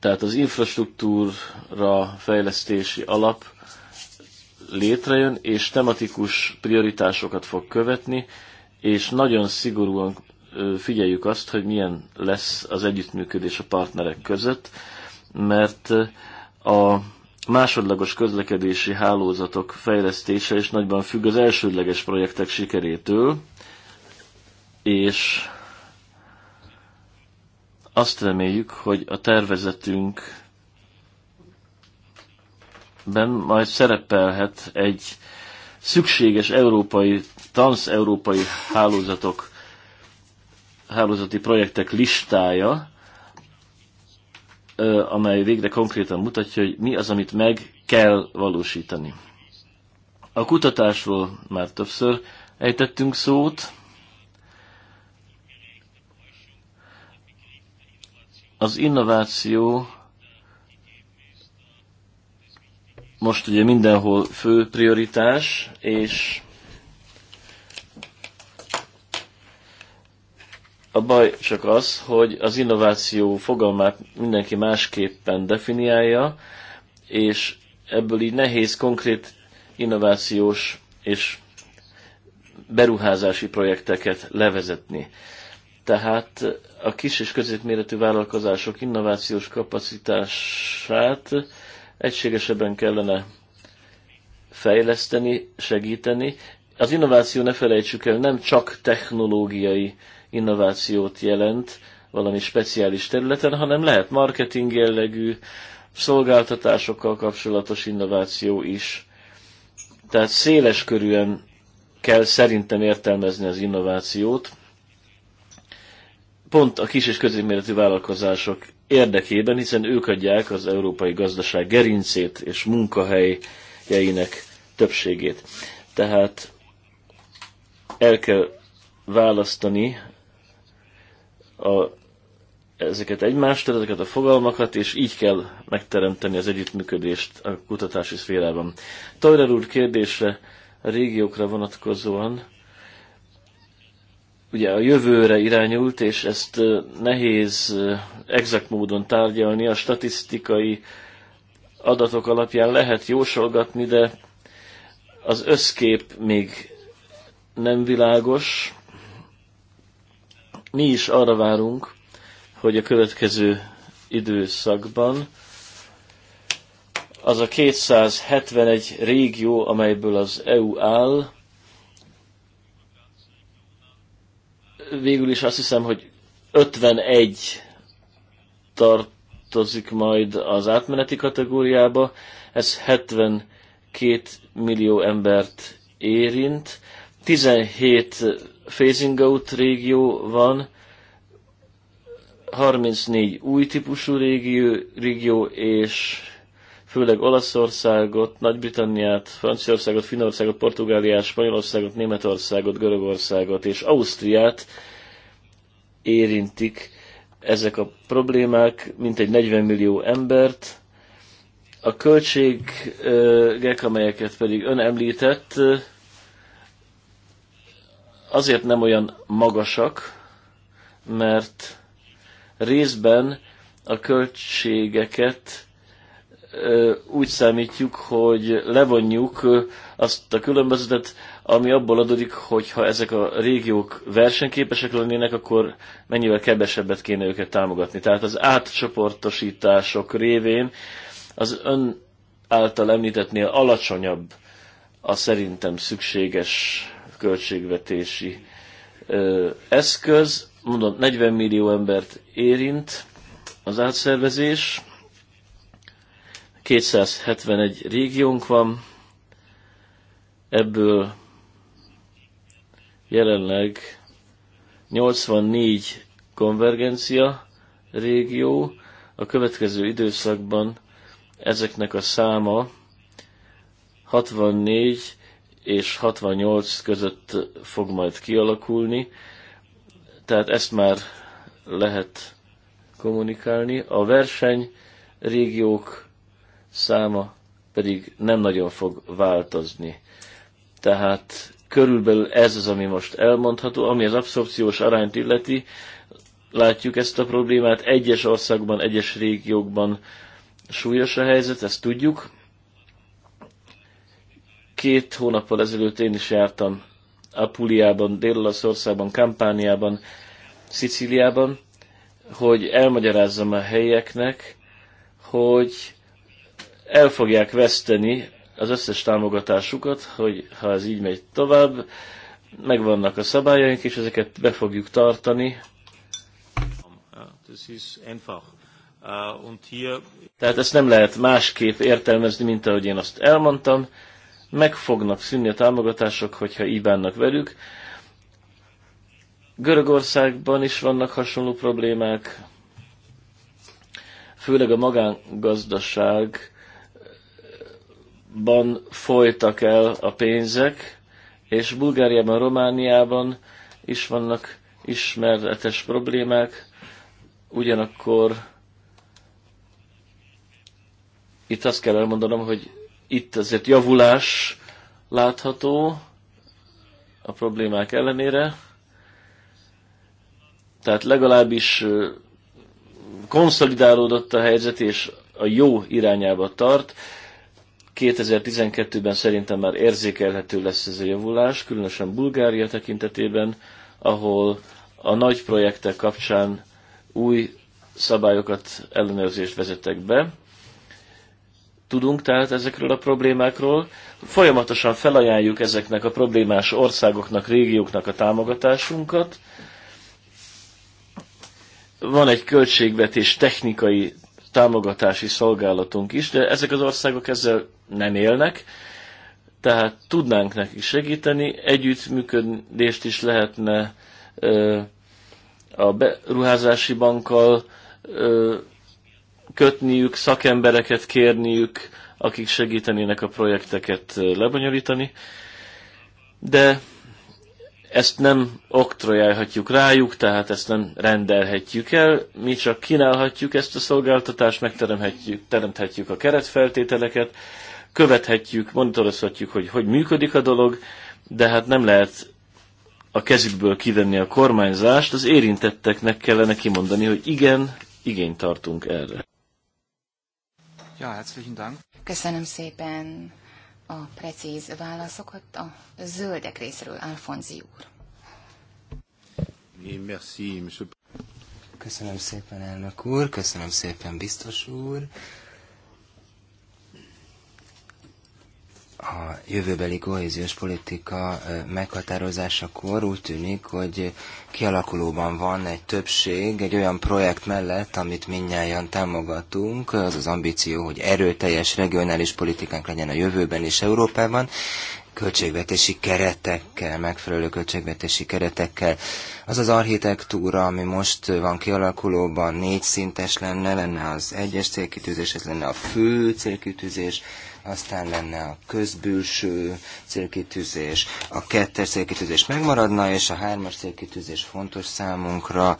S3: Tehát az infrastruktúra fejlesztési alap létrejön, és tematikus prioritásokat fog követni, és nagyon szigorúan figyeljük azt, hogy milyen lesz az együttműködés a partnerek között, mert a másodlagos közlekedési hálózatok fejlesztése is nagyban függ az elsődleges projektek sikerétől, és azt reméljük, hogy a tervezetünk ben majd szerepelhet egy szükséges európai, transz-európai hálózatok, hálózati projektek listája, amely végre konkrétan mutatja, hogy mi az, amit meg kell valósítani. A kutatásról már többször ejtettünk szót, Az innováció most ugye mindenhol fő prioritás, és a baj csak az, hogy az innováció fogalmát mindenki másképpen definiálja, és ebből így nehéz konkrét innovációs és beruházási projekteket levezetni. Tehát a kis és középméretű vállalkozások innovációs kapacitását egységesebben kellene fejleszteni, segíteni. Az innováció, ne felejtsük el, nem csak technológiai innovációt jelent valami speciális területen, hanem lehet marketing jellegű, szolgáltatásokkal kapcsolatos innováció is. Tehát széles körűen kell szerintem értelmezni az innovációt, pont a kis és középméretű vállalkozások érdekében, hiszen ők adják az európai gazdaság gerincét és munkahelyeinek többségét. Tehát el kell választani a, ezeket egymástól, ezeket a fogalmakat, és így kell megteremteni az együttműködést a kutatási szférában. Tajler úr kérdése a régiókra vonatkozóan ugye a jövőre irányult, és ezt nehéz exakt módon tárgyalni, a statisztikai adatok alapján lehet jósolgatni, de az összkép még nem világos. Mi is arra várunk, hogy a következő időszakban az a 271 régió, amelyből az EU áll, végül is azt hiszem, hogy 51 tartozik majd az átmeneti kategóriába, ez 72 millió embert érint, 17 phasing out régió van, 34 új típusú régió, régió és főleg Olaszországot, Nagy-Britanniát, Franciaországot, Finnországot, Portugáliát, Spanyolországot, Németországot, Görögországot és Ausztriát érintik ezek a problémák, mint egy 40 millió embert. A költségek, amelyeket pedig ön említett, azért nem olyan magasak, mert részben a költségeket úgy számítjuk, hogy levonjuk azt a különbözetet, ami abból adódik, hogy ha ezek a régiók versenyképesek lennének, akkor mennyivel kevesebbet kéne őket támogatni. Tehát az átcsoportosítások révén az ön által említettnél alacsonyabb a szerintem szükséges költségvetési ö, eszköz. Mondom, 40 millió embert érint az átszervezés, 271 régiónk van, ebből jelenleg 84 konvergencia régió, a következő időszakban ezeknek a száma 64 és 68 között fog majd kialakulni, tehát ezt már lehet kommunikálni. A verseny régiók száma pedig nem nagyon fog változni. Tehát körülbelül ez az, ami most elmondható, ami az abszorpciós arányt illeti, látjuk ezt a problémát, egyes országban, egyes régiókban súlyos a helyzet, ezt tudjuk. Két hónappal ezelőtt én is jártam Apuliában, Dél-Olaszországban, Kampániában, Szicíliában, hogy elmagyarázzam a helyeknek, hogy el fogják veszteni az összes támogatásukat, hogy ha ez így megy tovább, megvannak a szabályaink, és ezeket be fogjuk tartani. Äh, Tehát ezt nem lehet másképp értelmezni, mint ahogy én azt elmondtam. Meg fognak szűnni a támogatások, hogyha így bánnak velük. Görögországban is vannak hasonló problémák, főleg a magángazdaság Bulgáriában folytak el a pénzek, és Bulgáriában, Romániában is vannak ismeretes problémák, ugyanakkor itt azt kell elmondanom, hogy itt azért javulás látható a problémák ellenére, tehát legalábbis konszolidálódott a helyzet, és a jó irányába tart 2012-ben szerintem már érzékelhető lesz ez a javulás, különösen Bulgária tekintetében, ahol a nagy projektek kapcsán új szabályokat, ellenőrzést vezettek be. Tudunk tehát ezekről a problémákról. Folyamatosan felajánljuk ezeknek a problémás országoknak, régióknak a támogatásunkat. Van egy költségvetés technikai támogatási szolgálatunk is, de ezek az országok ezzel nem élnek, tehát tudnánk nekik segíteni, együttműködést is lehetne a beruházási bankkal kötniük, szakembereket kérniük, akik segítenének a projekteket lebonyolítani, de ezt nem oktrojálhatjuk rájuk, tehát ezt nem rendelhetjük el, mi csak kínálhatjuk ezt a szolgáltatást, megteremhetjük, teremthetjük a keretfeltételeket, követhetjük, monitorozhatjuk, hogy hogy működik a dolog, de hát nem lehet a kezükből kivenni a kormányzást, az érintetteknek kellene kimondani, hogy igen, igényt tartunk erre.
S4: Ja, herzlichen Dank.
S2: Köszönöm szépen a precíz válaszokat a zöldek részéről, Alfonzi úr.
S1: Köszönöm szépen, elnök úr, köszönöm szépen, biztos úr. a jövőbeli kohéziós politika meghatározásakor úgy tűnik, hogy kialakulóban van egy többség egy olyan projekt mellett, amit mindnyáján támogatunk, az az ambíció, hogy erőteljes regionális politikánk legyen a jövőben és Európában, költségvetési keretekkel, megfelelő költségvetési keretekkel. Az az architektúra, ami most van kialakulóban, négy szintes lenne, lenne az egyes célkitűzés, ez lenne a fő célkitűzés, aztán lenne a közbülső célkitűzés, a kettes célkitűzés megmaradna, és a hármas célkitűzés fontos számunkra,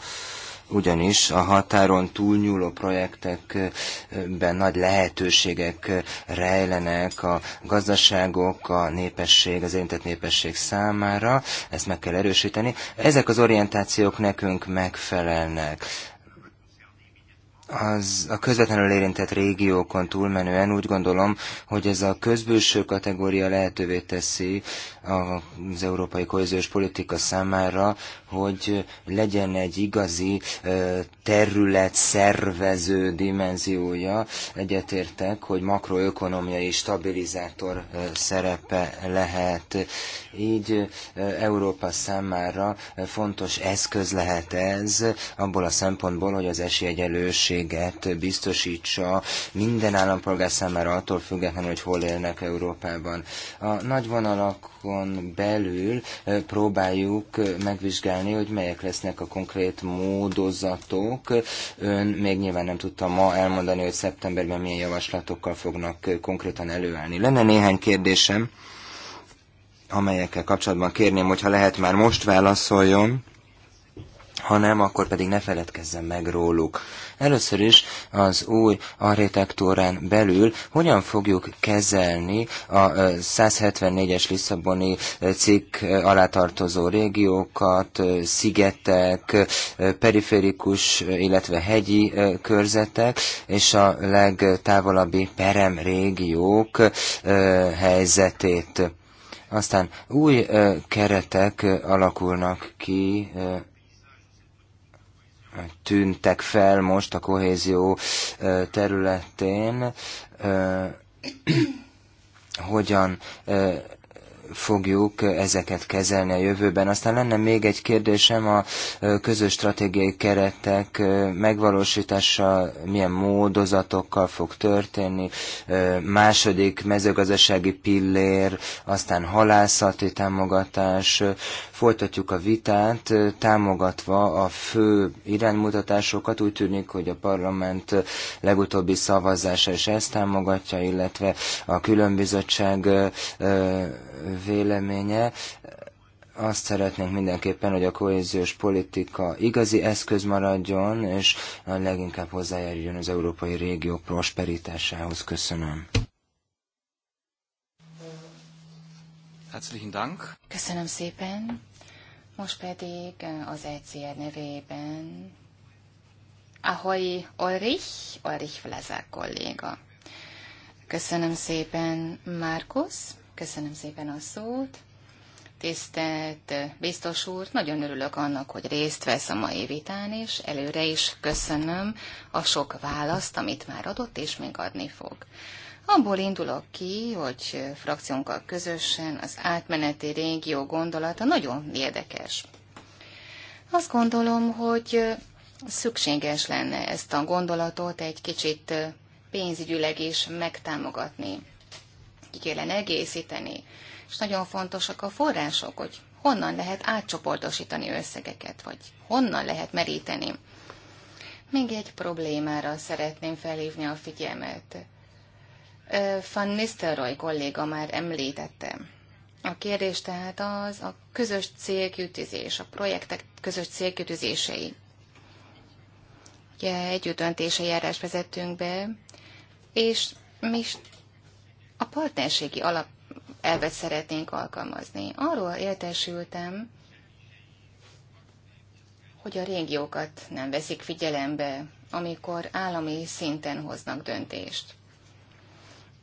S1: ugyanis a határon túlnyúló projektekben nagy lehetőségek rejlenek a gazdaságok, a népesség, az érintett népesség számára, ezt meg kell erősíteni. Ezek az orientációk nekünk megfelelnek az a közvetlenül érintett régiókon túlmenően úgy gondolom, hogy ez a közbülső kategória lehetővé teszi az európai kohéziós politika számára, hogy legyen egy igazi terület szervező dimenziója. Egyetértek, hogy makroökonomiai stabilizátor szerepe lehet. Így Európa számára fontos eszköz lehet ez abból a szempontból, hogy az esélyegyelőség lehetőséget biztosítsa minden állampolgár számára attól függetlenül, hogy hol élnek Európában. A nagy vonalakon belül próbáljuk megvizsgálni, hogy melyek lesznek a konkrét módozatok. Ön még nyilván nem tudta ma elmondani, hogy szeptemberben milyen javaslatokkal fognak konkrétan előállni. Lenne néhány kérdésem amelyekkel kapcsolatban kérném, hogyha lehet már most válaszoljon ha nem, akkor pedig ne feledkezzen meg róluk. Először is az új architektúrán belül hogyan fogjuk kezelni a 174-es Lisszaboni cikk alátartozó régiókat, szigetek, periférikus, illetve hegyi körzetek és a legtávolabbi perem régiók helyzetét. Aztán új keretek alakulnak ki tűntek fel most a kohézió területén, *clears throat* hogyan fogjuk ezeket kezelni a jövőben. Aztán lenne még egy kérdésem a közös stratégiai keretek megvalósítása milyen módozatokkal fog történni, második mezőgazdasági pillér, aztán halászati támogatás. Folytatjuk a vitát, támogatva a fő iránymutatásokat. Úgy tűnik, hogy a parlament legutóbbi szavazása is ezt támogatja, illetve a különbizottság véleménye. Azt szeretnénk mindenképpen, hogy a kohéziós politika igazi eszköz maradjon, és leginkább hozzájárjon az európai régió prosperitásához. Köszönöm. Herzlichen Dank.
S2: Köszönöm szépen. Most pedig az ECR nevében Ahoy Ulrich, Ulrich Vlezák kolléga. Köszönöm szépen, Markus. Köszönöm szépen a szót. Tisztelt biztos úr, nagyon örülök annak, hogy részt vesz a mai vitán, és előre is köszönöm a sok választ, amit már adott, és még adni fog. Abból indulok ki, hogy frakciónkkal közösen az átmeneti régió gondolata nagyon érdekes. Azt gondolom, hogy szükséges lenne ezt a gondolatot egy kicsit pénzügyileg is megtámogatni ki kellene egészíteni. És nagyon fontosak a források, hogy honnan lehet átcsoportosítani összegeket, vagy honnan lehet meríteni. Még egy problémára szeretném felhívni a figyelmet. Van Nistelrooy kolléga már említette. A kérdés tehát az a közös célkütőzés, a projektek közös célkütőzései. Ugye együttöntése járás vezettünk be, és mi a partnerségi alap elvet szeretnénk alkalmazni. Arról értesültem, hogy a régiókat nem veszik figyelembe, amikor állami szinten hoznak döntést.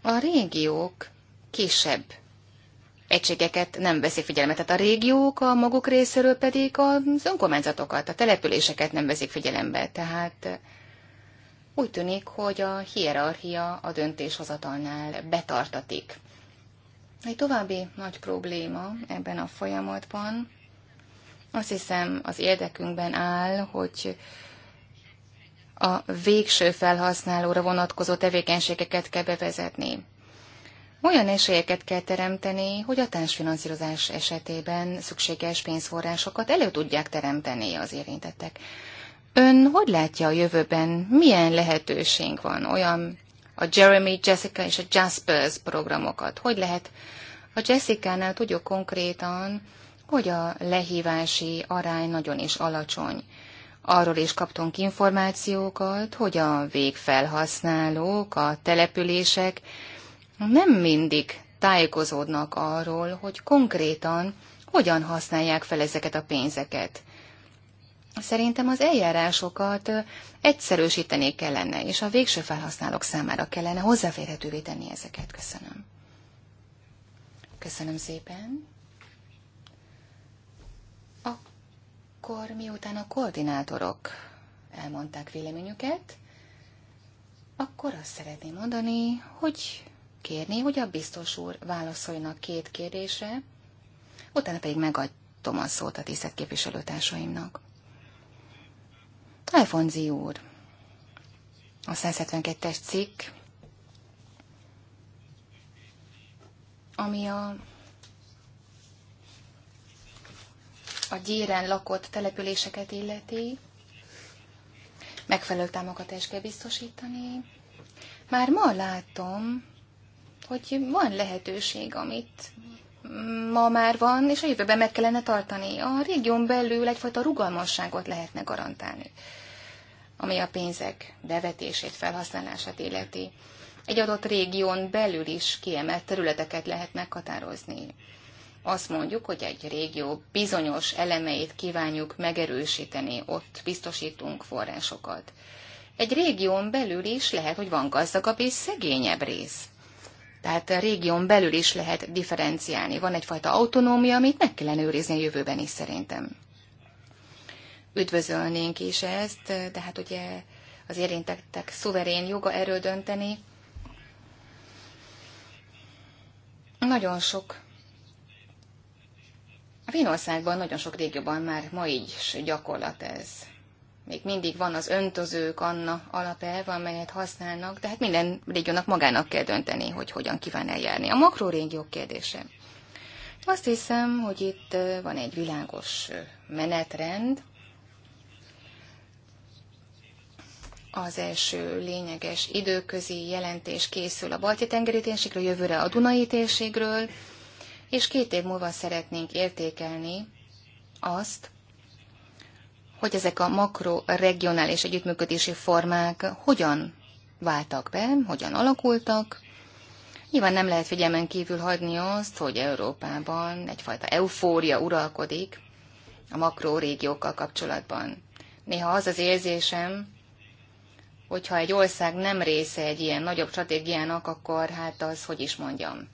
S2: A régiók kisebb egységeket nem veszik figyelembe. Tehát a régiók a maguk részéről pedig az önkormányzatokat, a településeket nem veszik figyelembe. Tehát úgy tűnik, hogy a hierarchia a döntéshozatalnál betartatik. Egy további nagy probléma ebben a folyamatban, azt hiszem az érdekünkben áll, hogy a végső felhasználóra vonatkozó tevékenységeket kell bevezetni. Olyan esélyeket kell teremteni, hogy a társfinanszírozás esetében szükséges pénzforrásokat elő tudják teremteni az érintettek. Ön hogy látja a jövőben, milyen lehetőség van olyan a Jeremy, Jessica és a Jaspers programokat? Hogy lehet? A Jessica-nál tudjuk konkrétan, hogy a lehívási arány nagyon is alacsony. Arról is kaptunk információkat, hogy a végfelhasználók, a települések nem mindig tájékozódnak arról, hogy konkrétan hogyan használják fel ezeket a pénzeket. Szerintem az eljárásokat egyszerűsíteni kellene, és a végső felhasználók számára kellene hozzáférhetővé tenni ezeket. Köszönöm. Köszönöm szépen. Akkor miután a koordinátorok elmondták véleményüket, akkor azt szeretném mondani, hogy kérni, hogy a biztos úr válaszoljanak két kérdésre, utána pedig megadtom a szót a tisztelt képviselőtársaimnak. Alfonzi úr, a 172-es cikk, ami a a gyéren lakott településeket illeti, megfelelő támogatást kell biztosítani. Már ma látom, hogy van lehetőség, amit ma már van, és a jövőben meg kellene tartani. A régión belül egyfajta rugalmasságot lehetne garantálni, ami a pénzek bevetését, felhasználását illeti. Egy adott régión belül is kiemelt területeket lehet meghatározni. Azt mondjuk, hogy egy régió bizonyos elemeit kívánjuk megerősíteni, ott biztosítunk forrásokat. Egy régión belül is lehet, hogy van gazdagabb és szegényebb rész tehát a régión belül is lehet differenciálni. Van egyfajta autonómia, amit meg kellene őrizni a jövőben is szerintem. Üdvözölnénk is ezt, de hát ugye az érintettek szuverén joga erről dönteni. Nagyon sok a vénországban nagyon sok régióban már ma így is gyakorlat ez még mindig van az öntözők Anna alapelve, amelyet használnak, de hát minden régiónak magának kell dönteni, hogy hogyan kíván eljárni. A makrorégiók kérdése. Azt hiszem, hogy itt van egy világos menetrend. Az első lényeges időközi jelentés készül a balti tengeri térségről, jövőre a Dunai térségről, és két év múlva szeretnénk értékelni azt, hogy ezek a makroregionális együttműködési formák hogyan váltak be, hogyan alakultak. Nyilván nem lehet figyelmen kívül hagyni azt, hogy Európában egyfajta eufória uralkodik a makrórégiókkal kapcsolatban. Néha az az érzésem, hogyha egy ország nem része egy ilyen nagyobb stratégiának, akkor hát az, hogy is mondjam.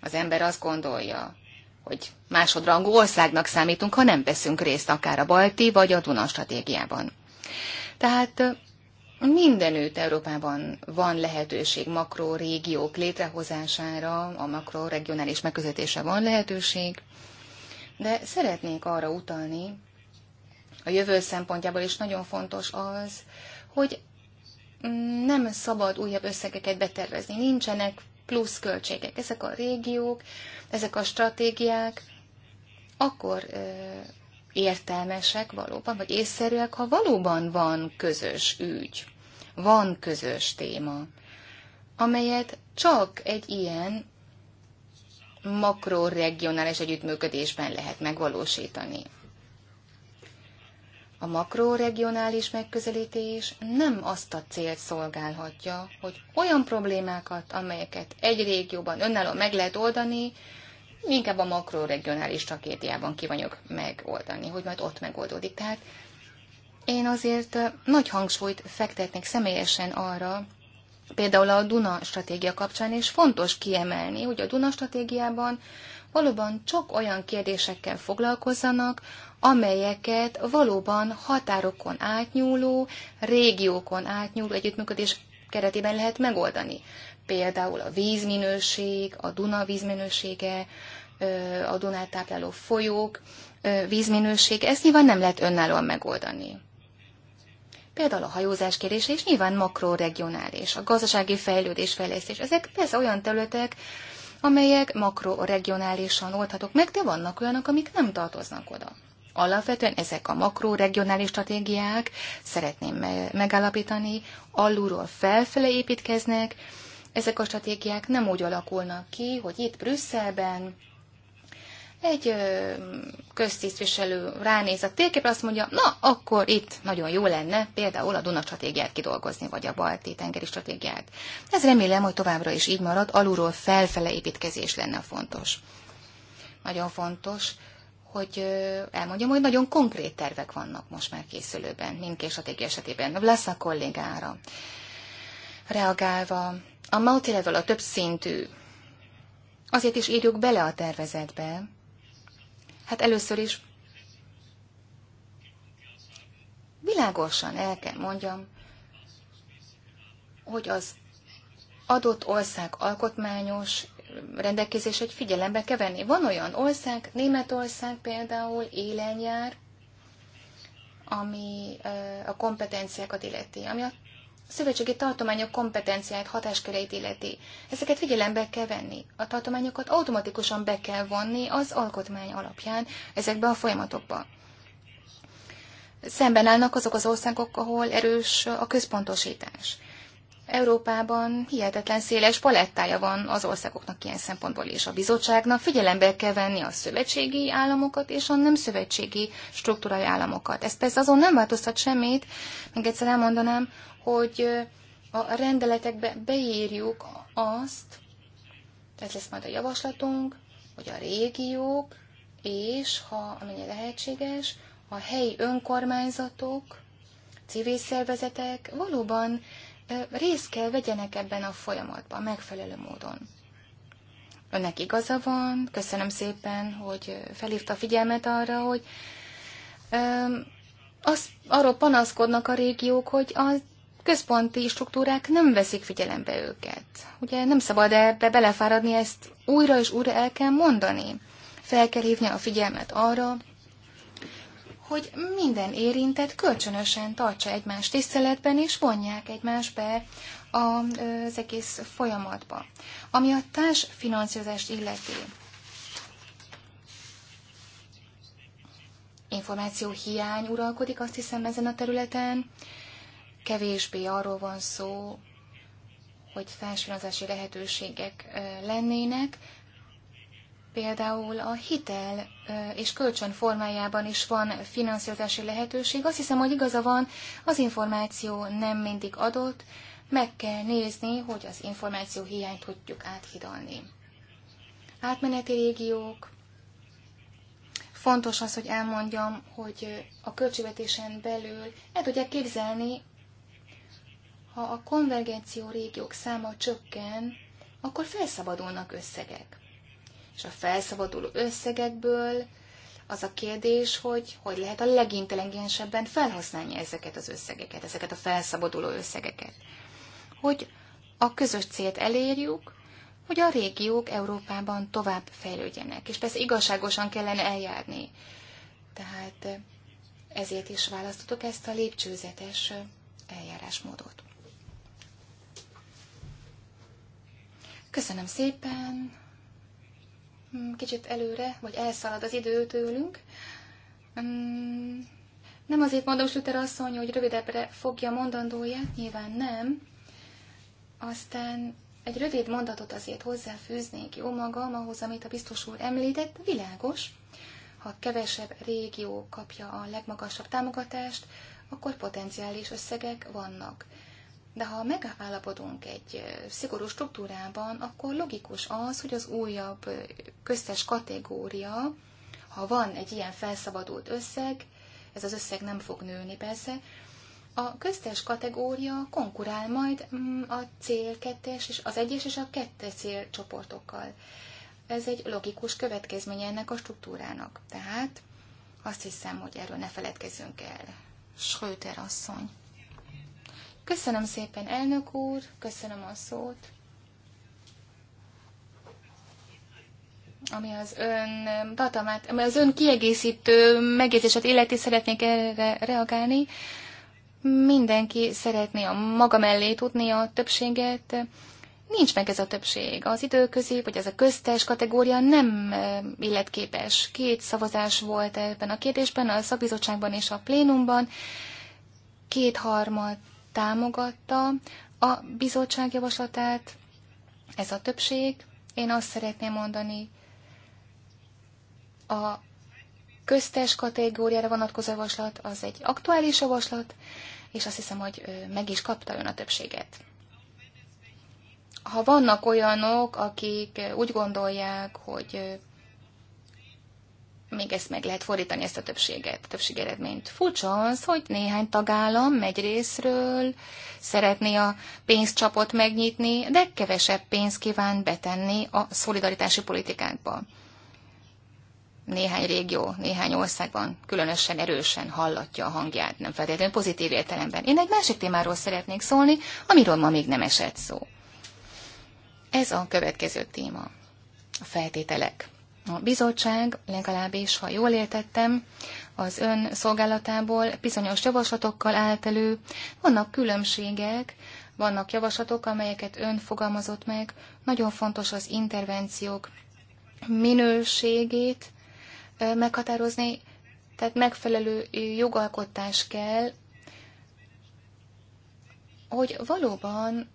S2: Az ember azt gondolja, hogy másodrangú országnak számítunk, ha nem veszünk részt akár a Balti vagy a Duna stratégiában. Tehát mindenütt Európában van lehetőség makrorégiók létrehozására, a makroregionális megközelítése van lehetőség, de szeretnék arra utalni, a jövő szempontjából is nagyon fontos az, hogy mm, nem szabad újabb összegeket betervezni. Nincsenek plusz költségek. Ezek a régiók, ezek a stratégiák akkor ö, értelmesek valóban, vagy észszerűek, ha valóban van közös ügy, van közös téma, amelyet csak egy ilyen makroregionális együttműködésben lehet megvalósítani. A makroregionális megközelítés nem azt a célt szolgálhatja, hogy olyan problémákat, amelyeket egy régióban önállóan meg lehet oldani, inkább a makroregionális tragédiában kívánjuk megoldani, hogy majd ott megoldódik. Tehát én azért nagy hangsúlyt fektetnék személyesen arra, például a Duna stratégia kapcsán, és fontos kiemelni, hogy a Duna stratégiában valóban csak olyan kérdésekkel foglalkozzanak, amelyeket valóban határokon átnyúló, régiókon átnyúló együttműködés keretében lehet megoldani. Például a vízminőség, a Duna vízminősége, a Dunát tápláló folyók vízminősége, ezt nyilván nem lehet önállóan megoldani. Például a hajózás kérdése is nyilván makroregionális, a gazdasági fejlődés, fejlesztés, ezek persze olyan területek, amelyek makroregionálisan oldhatók meg, de vannak olyanok, amik nem tartoznak oda. Alapvetően ezek a makroregionális stratégiák, szeretném megállapítani, alulról felfele építkeznek, ezek a stratégiák nem úgy alakulnak ki, hogy itt Brüsszelben egy köztisztviselő ránéz a térképre, azt mondja, na, akkor itt nagyon jó lenne például a Duna stratégiát kidolgozni, vagy a balti tengeri stratégiát. Ez remélem, hogy továbbra is így marad, alulról felfele építkezés lenne fontos. Nagyon fontos, hogy elmondjam, hogy nagyon konkrét tervek vannak most már készülőben, mindkét stratégia esetében. Lesz a kollégára reagálva. A multilevel a több szintű. Azért is írjuk bele a tervezetbe. Hát először is világosan el kell mondjam, hogy az adott ország alkotmányos rendelkezés, hogy figyelembe kell venni. Van olyan ország, Németország például élen jár, ami a kompetenciákat illeti, ami a szövetségi tartományok kompetenciáit, hatásköreit illeti. Ezeket figyelembe kell venni. A tartományokat automatikusan be kell vonni az alkotmány alapján ezekbe a folyamatokba. Szemben állnak azok az országok, ahol erős a központosítás. Európában hihetetlen széles palettája van az országoknak ilyen szempontból és a bizottságnak. Figyelembe kell venni a szövetségi államokat és a nem szövetségi struktúrai államokat. Ez persze azon nem változtat semmit, még egyszer elmondanám, hogy a rendeletekbe beírjuk azt, ez lesz majd a javaslatunk, hogy a régiók és, ha amennyire lehetséges, a helyi önkormányzatok, civil szervezetek valóban részt kell vegyenek ebben a folyamatban megfelelő módon. Önnek igaza van, köszönöm szépen, hogy felhívta a figyelmet arra, hogy az, arról panaszkodnak a régiók, hogy a központi struktúrák nem veszik figyelembe őket. Ugye nem szabad ebbe belefáradni, ezt újra és újra el kell mondani. Fel kell hívni a figyelmet arra, hogy minden érintett kölcsönösen tartsa egymást tiszteletben, és vonják egymást be az egész folyamatba. Ami a társfinanszírozást illeti, információ hiány uralkodik, azt hiszem ezen a területen. Kevésbé arról van szó, hogy társfinanszírozási lehetőségek eh, lennének, Például a hitel és kölcsön formájában is van finanszírozási lehetőség. Azt hiszem, hogy igaza van, az információ nem mindig adott, meg kell nézni, hogy az információ hiányt tudjuk áthidalni. Átmeneti régiók. Fontos az, hogy elmondjam, hogy a költségvetésen belül el tudják képzelni, ha a konvergenció régiók száma csökken, akkor felszabadulnak összegek és a felszabaduló összegekből az a kérdés, hogy hogy lehet a legintelligensebben felhasználni ezeket az összegeket, ezeket a felszabaduló összegeket. Hogy a közös célt elérjük, hogy a régiók Európában tovább fejlődjenek, és persze igazságosan kellene eljárni. Tehát ezért is választottuk ezt a lépcsőzetes eljárásmódot. Köszönöm szépen, Mm, kicsit előre, vagy elszalad az idő tőlünk. Mm, nem azért mondom Süter asszony, hogy rövidebbre fogja mondandóját, nyilván nem. Aztán egy rövid mondatot azért hozzáfűznék jó magam ahhoz, amit a biztos úr említett, világos. Ha kevesebb régió kapja a legmagasabb támogatást, akkor potenciális összegek vannak. De ha megállapodunk egy szigorú struktúrában, akkor logikus az, hogy az újabb köztes kategória, ha van egy ilyen felszabadult összeg, ez az összeg nem fog nőni persze, a köztes kategória konkurál majd mm, a cél kettes és az egyes és a kettes célcsoportokkal. Ez egy logikus következménye ennek a struktúrának. Tehát azt hiszem, hogy erről ne feledkezzünk el. Schröter asszony. Köszönöm szépen, elnök úr, köszönöm a szót. Ami az ön datamát, ami az ön kiegészítő megjegyzéset illeti, szeretnék erre reagálni. Mindenki szeretné a maga mellé tudni a többséget. Nincs meg ez a többség. Az időközi, vagy ez a köztes kategória nem illetképes. Két szavazás volt ebben a kérdésben, a szabizottságban és a plénumban. Kétharmad támogatta a bizottság javaslatát, ez a többség. Én azt szeretném mondani, a köztes kategóriára vonatkozó javaslat az egy aktuális javaslat, és azt hiszem, hogy meg is kapta ön a többséget. Ha vannak olyanok, akik úgy gondolják, hogy még ezt meg lehet fordítani, ezt a többséget, többség eredményt. Furcsa az, hogy néhány tagállam egy részről szeretné a pénzcsapot megnyitni, de kevesebb pénzt kíván betenni a szolidaritási politikákba. Néhány régió, néhány országban különösen erősen hallatja a hangját, nem feltétlenül pozitív értelemben. Én egy másik témáról szeretnék szólni, amiről ma még nem esett szó. Ez a következő téma. A feltételek a bizottság, legalábbis ha jól értettem, az ön szolgálatából bizonyos javaslatokkal állt elő, vannak különbségek, vannak javaslatok, amelyeket ön fogalmazott meg, nagyon fontos az intervenciók minőségét meghatározni, tehát megfelelő jogalkotás kell, hogy valóban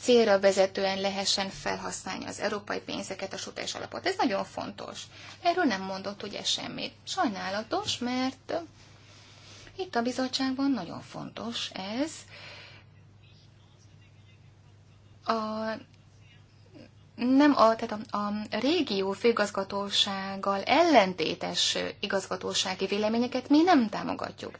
S2: célra vezetően lehessen felhasználni az európai pénzeket, a sutás alapot. Ez nagyon fontos. Erről nem mondott ugye semmit. Sajnálatos, mert itt a bizottságban nagyon fontos ez. A, nem a, tehát a, a régió főigazgatósággal ellentétes igazgatósági véleményeket mi nem támogatjuk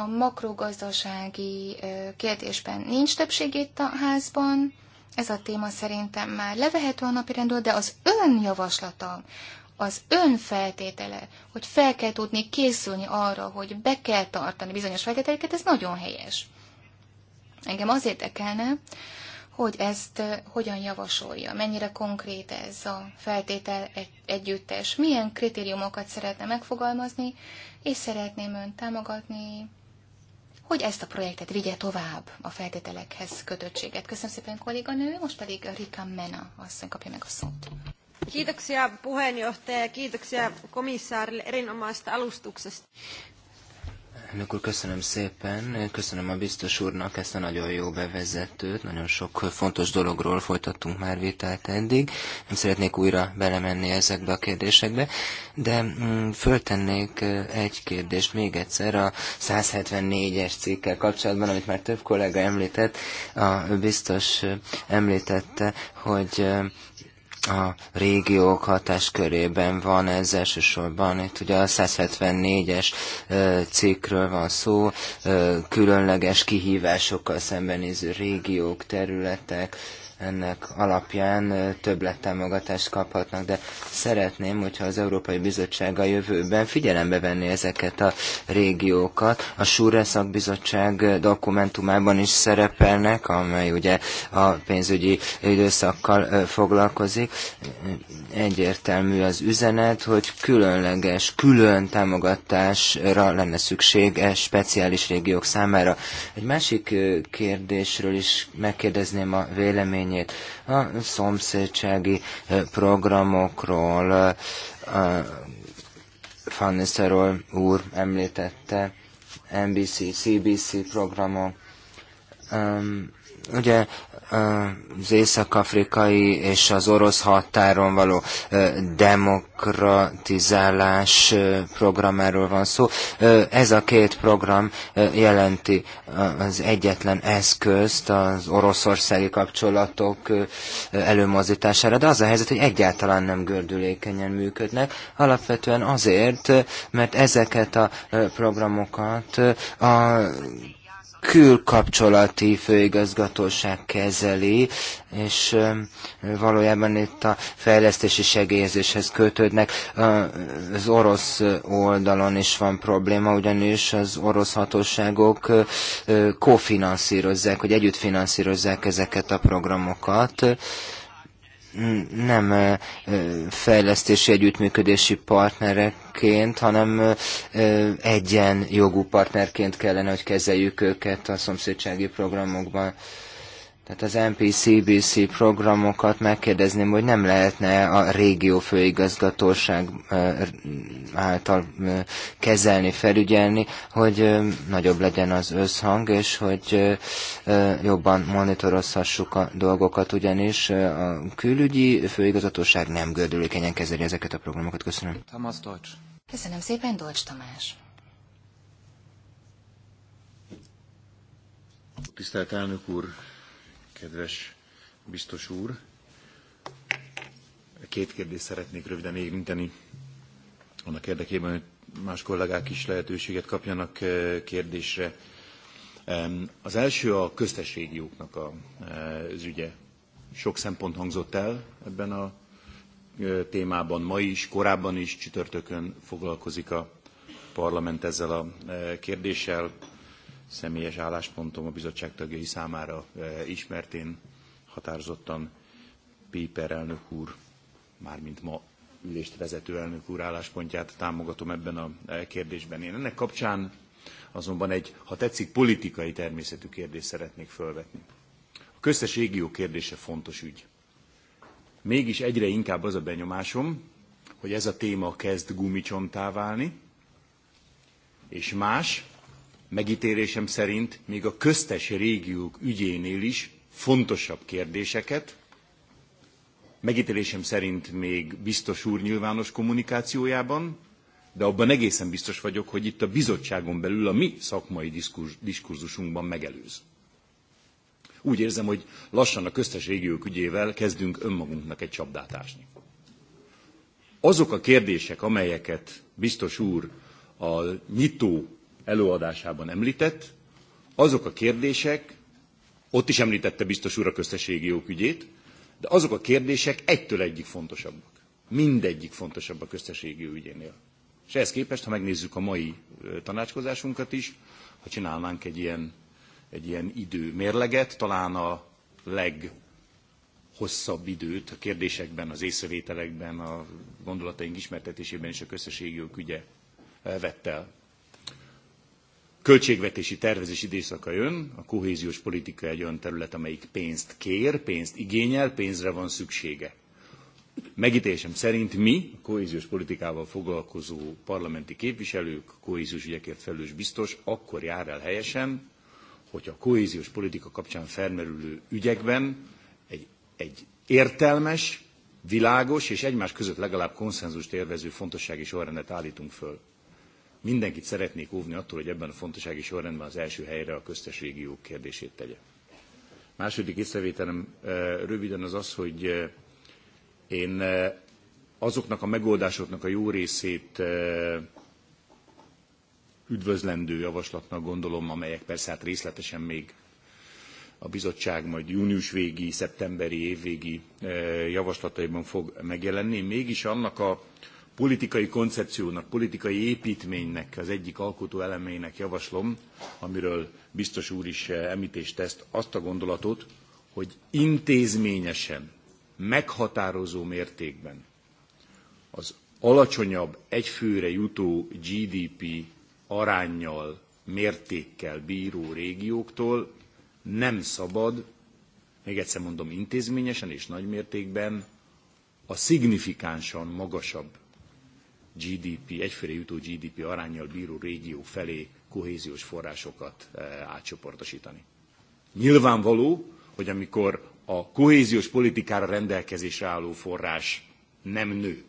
S2: a makrogazdasági kérdésben nincs többség itt a házban. Ez a téma szerintem már levehető a napirendről, de az ön javaslata, az ön feltétele, hogy fel kell tudni készülni arra, hogy be kell tartani bizonyos feltételeket, ez nagyon helyes. Engem az érdekelne, hogy ezt hogyan javasolja, mennyire konkrét ez a feltétel együttes, milyen kritériumokat szeretne megfogalmazni, és szeretném ön támogatni hogy ezt a projektet vigye tovább a feltételekhez kötöttséget. Köszönöm szépen, kolléganő, most pedig Rika Mena asszony kapja meg a szót.
S4: Kiitoksia puheenjohtaja ja kiitoksia komissaarille erinomaisesta alustuksesta.
S1: Elnök úr, köszönöm szépen. Köszönöm a biztos úrnak ezt a nagyon jó bevezetőt. Nagyon sok fontos dologról folytattunk már vitát eddig. Nem szeretnék újra belemenni ezekbe a kérdésekbe, de mm, föltennék egy kérdést még egyszer a 174-es cikkel kapcsolatban, amit már több kollega említett. A biztos említette, hogy a régiók hatáskörében van ez elsősorban. Itt ugye a 174-es cikkről van szó, különleges kihívásokkal szembenéző régiók, területek, ennek alapján több támogatást kaphatnak, de szeretném, hogyha az Európai Bizottság a jövőben figyelembe venni ezeket a régiókat. A Súre Szakbizottság dokumentumában is szerepelnek, amely ugye a pénzügyi időszakkal foglalkozik. Egyértelmű az üzenet, hogy különleges, külön támogatásra lenne szükség e speciális régiók számára. Egy másik kérdésről is megkérdezném a vélemény véleményét a szomszédsági programokról. Fannisterol úr említette NBC, CBC programok. Um, Ugye az észak-afrikai és az orosz határon való demokratizálás programáról van szó. Ez a két program jelenti az egyetlen eszközt az oroszországi kapcsolatok előmozdítására, de az a helyzet, hogy egyáltalán nem gördülékenyen működnek, alapvetően azért, mert ezeket a programokat a külkapcsolati főigazgatóság kezeli, és valójában itt a fejlesztési segélyezéshez kötődnek. Az orosz oldalon is van probléma, ugyanis az orosz hatóságok kofinanszírozzák, hogy együtt finanszírozzák ezeket a programokat, nem fejlesztési együttműködési partnerekként, hanem egyen jogú partnerként kellene, hogy kezeljük őket a szomszédsági programokban tehát az MPCBC programokat megkérdezném, hogy nem lehetne a régió főigazgatóság által kezelni, felügyelni, hogy nagyobb legyen az összhang, és hogy jobban monitorozhassuk a dolgokat, ugyanis a külügyi főigazgatóság nem gördülékenyen kezeli ezeket a programokat. Köszönöm. Thomas Deutsch.
S2: Köszönöm szépen, Dolcs Tamás.
S4: Tisztelt elnök úr, kedves biztos úr! Két kérdést szeretnék röviden érinteni, annak érdekében, hogy más kollégák is lehetőséget kapjanak eh, kérdésre. Az első a köztes régióknak eh, az ügye. Sok szempont hangzott el ebben a eh, témában ma is, korábban is, csütörtökön foglalkozik a parlament ezzel a kérdéssel személyes álláspontom a bizottság tagjai számára e, ismert. Én határozottan Péper elnök úr, mármint ma ülést vezető elnök úr álláspontját támogatom ebben a e, kérdésben. Én ennek kapcsán azonban egy, ha tetszik, politikai természetű kérdést szeretnék felvetni. A köztes régió kérdése fontos ügy. Mégis egyre inkább az a benyomásom, hogy ez a téma kezd gumicsontá válni, és más, megítélésem szerint még a köztes régiók ügyénél is fontosabb kérdéseket, megítélésem szerint még biztos úr nyilvános kommunikációjában, de abban egészen biztos vagyok, hogy itt a bizottságon belül a mi szakmai diskurzusunkban megelőz. Úgy érzem, hogy lassan a köztes régiók ügyével kezdünk önmagunknak egy csapdát ásni. Azok a kérdések, amelyeket biztos úr a nyitó előadásában említett, azok a kérdések, ott is említette biztos úr a köztességi régiók ügyét, de azok a kérdések egytől egyik fontosabbak. Mindegyik fontosabb a köztességi régió ügyénél. És ehhez képest, ha megnézzük a mai tanácskozásunkat is, ha csinálnánk egy ilyen, egy ilyen időmérleget, talán a leghosszabb időt a kérdésekben, az észrevételekben, a gondolataink ismertetésében és a köztes jogügye ügye vett el költségvetési tervezés időszaka jön, a kohéziós politika egy olyan terület, amelyik pénzt kér, pénzt igényel, pénzre van szüksége. Megítélésem szerint mi, a kohéziós politikával foglalkozó parlamenti képviselők, kohéziós ügyekért felelős biztos, akkor jár el helyesen, hogy a kohéziós politika kapcsán felmerülő ügyekben egy, egy értelmes, világos és egymás között legalább konszenzust érvező fontosságú sorrendet állítunk föl mindenkit szeretnék óvni attól, hogy ebben a fontossági sorrendben az első helyre a köztes régiók kérdését tegye. Második észrevételem röviden az az, hogy én azoknak a megoldásoknak a jó részét üdvözlendő javaslatnak gondolom, amelyek persze hát részletesen még a bizottság majd június végi, szeptemberi, évvégi javaslataiban fog megjelenni. Mégis annak a politikai koncepciónak, politikai építménynek az egyik alkotó elemének javaslom, amiről biztos úr is eh, említést tesz, azt a gondolatot, hogy intézményesen, meghatározó mértékben az alacsonyabb egyfőre jutó GDP arányjal, mértékkel bíró régióktól nem szabad, még egyszer mondom, intézményesen és nagymértékben a szignifikánsan magasabb GDP, egyfőre jutó GDP arányjal bíró régió felé kohéziós forrásokat eh, átcsoportosítani. Nyilvánvaló, hogy amikor a kohéziós politikára rendelkezésre álló forrás nem nő,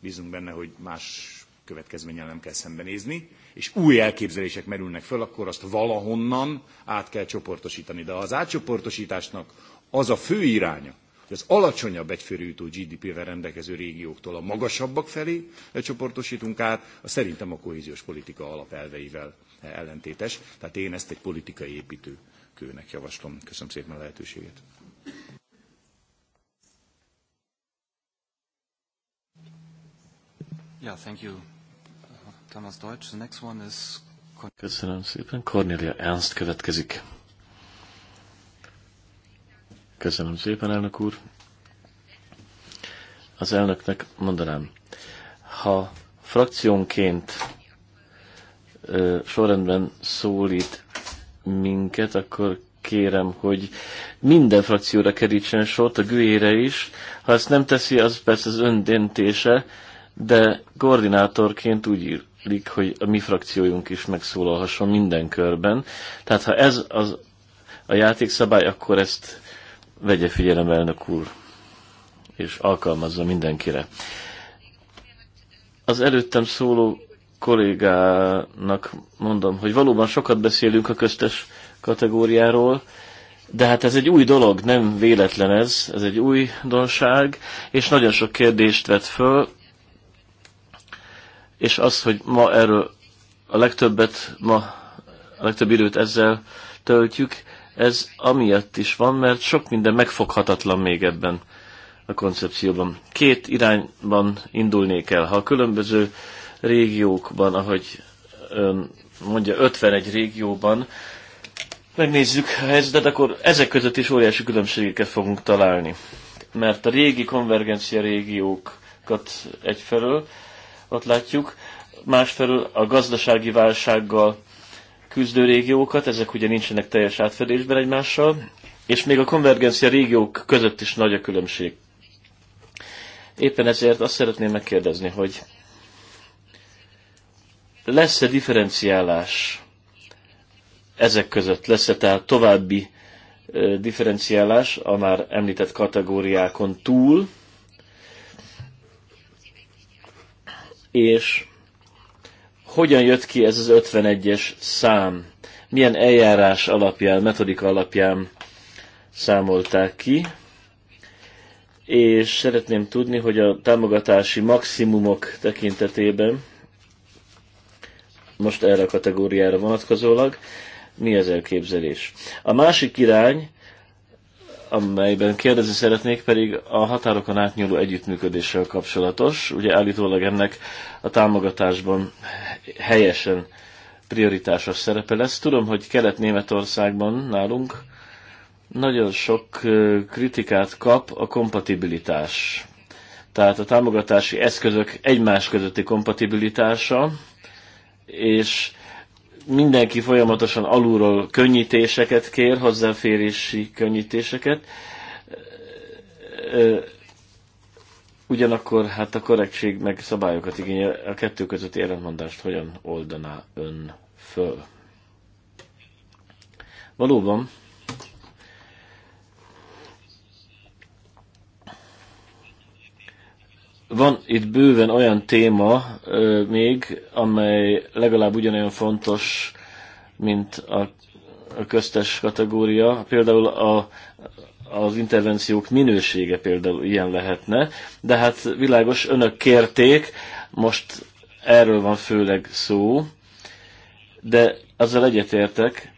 S4: bízunk benne, hogy más következménnyel nem kell szembenézni, és új elképzelések merülnek föl, akkor azt valahonnan át kell csoportosítani. De az átcsoportosításnak az a fő iránya, hogy az alacsonyabb egyfőre jutó GDP-vel rendelkező régióktól a magasabbak felé eh, csoportosítunk át, az szerintem a kohéziós politika alapelveivel eh, ellentétes. Tehát én ezt egy politikai kőnek javaslom. Köszönöm szépen a lehetőséget.
S1: Yeah, thank you, Thomas Deutsch. The next one is...
S3: Köszönöm szépen. Cornelia Ernst következik. Köszönöm szépen, elnök úr. Az elnöknek mondanám, ha frakciónként ö, sorrendben szólít minket, akkor kérem, hogy minden frakcióra kerítsen sort, a gőjére is. Ha ezt nem teszi, az persze az ön döntése, de koordinátorként úgy írik, hogy a mi frakciójunk is megszólalhasson minden körben. Tehát ha ez az a játékszabály, akkor ezt vegye figyelem elnök úr, és alkalmazza mindenkire. Az előttem szóló kollégának mondom, hogy valóban sokat beszélünk a köztes kategóriáról, de hát ez egy új dolog, nem véletlen ez, ez egy új donság, és nagyon sok kérdést vet föl, és az, hogy ma erről a legtöbbet, ma a legtöbb időt ezzel töltjük, ez amiatt is van, mert sok minden megfoghatatlan még ebben a koncepcióban. Két irányban indulnék el. Ha a különböző régiókban, ahogy ön mondja, 51 régióban megnézzük a helyzetet, akkor ezek között is óriási különbségeket fogunk találni. Mert a régi konvergencia régiókat egyfelől ott látjuk, másfelől a gazdasági válsággal küzdő régiókat, ezek ugye nincsenek teljes átfedésben egymással, és még a konvergencia régiók között is nagy a különbség. Éppen ezért azt szeretném megkérdezni, hogy lesz-e differenciálás ezek között? Lesz-e tehát további differenciálás a már említett kategóriákon túl? És hogyan jött ki ez az 51-es szám? Milyen eljárás alapján, metodika alapján számolták ki? És szeretném tudni, hogy a támogatási maximumok tekintetében, most erre a kategóriára vonatkozólag, mi az elképzelés? A másik irány, amelyben kérdezni szeretnék, pedig a határokon átnyúló együttműködéssel kapcsolatos. Ugye állítólag ennek a támogatásban helyesen prioritásos szerepe lesz. Tudom, hogy Kelet-Németországban nálunk nagyon sok kritikát kap a kompatibilitás. Tehát a támogatási eszközök egymás közötti kompatibilitása, és mindenki folyamatosan alulról könnyítéseket kér, hozzáférési könnyítéseket. Ugyanakkor hát a korrektség meg szabályokat igényel, a kettő közötti ellentmondást hogyan oldaná ön föl? Valóban, van itt bőven olyan téma ö, még, amely legalább ugyanolyan fontos, mint a, a köztes kategória. Például a az intervenciók minősége például ilyen lehetne, de hát világos, önök kérték, most erről van főleg szó, de azzal egyetértek,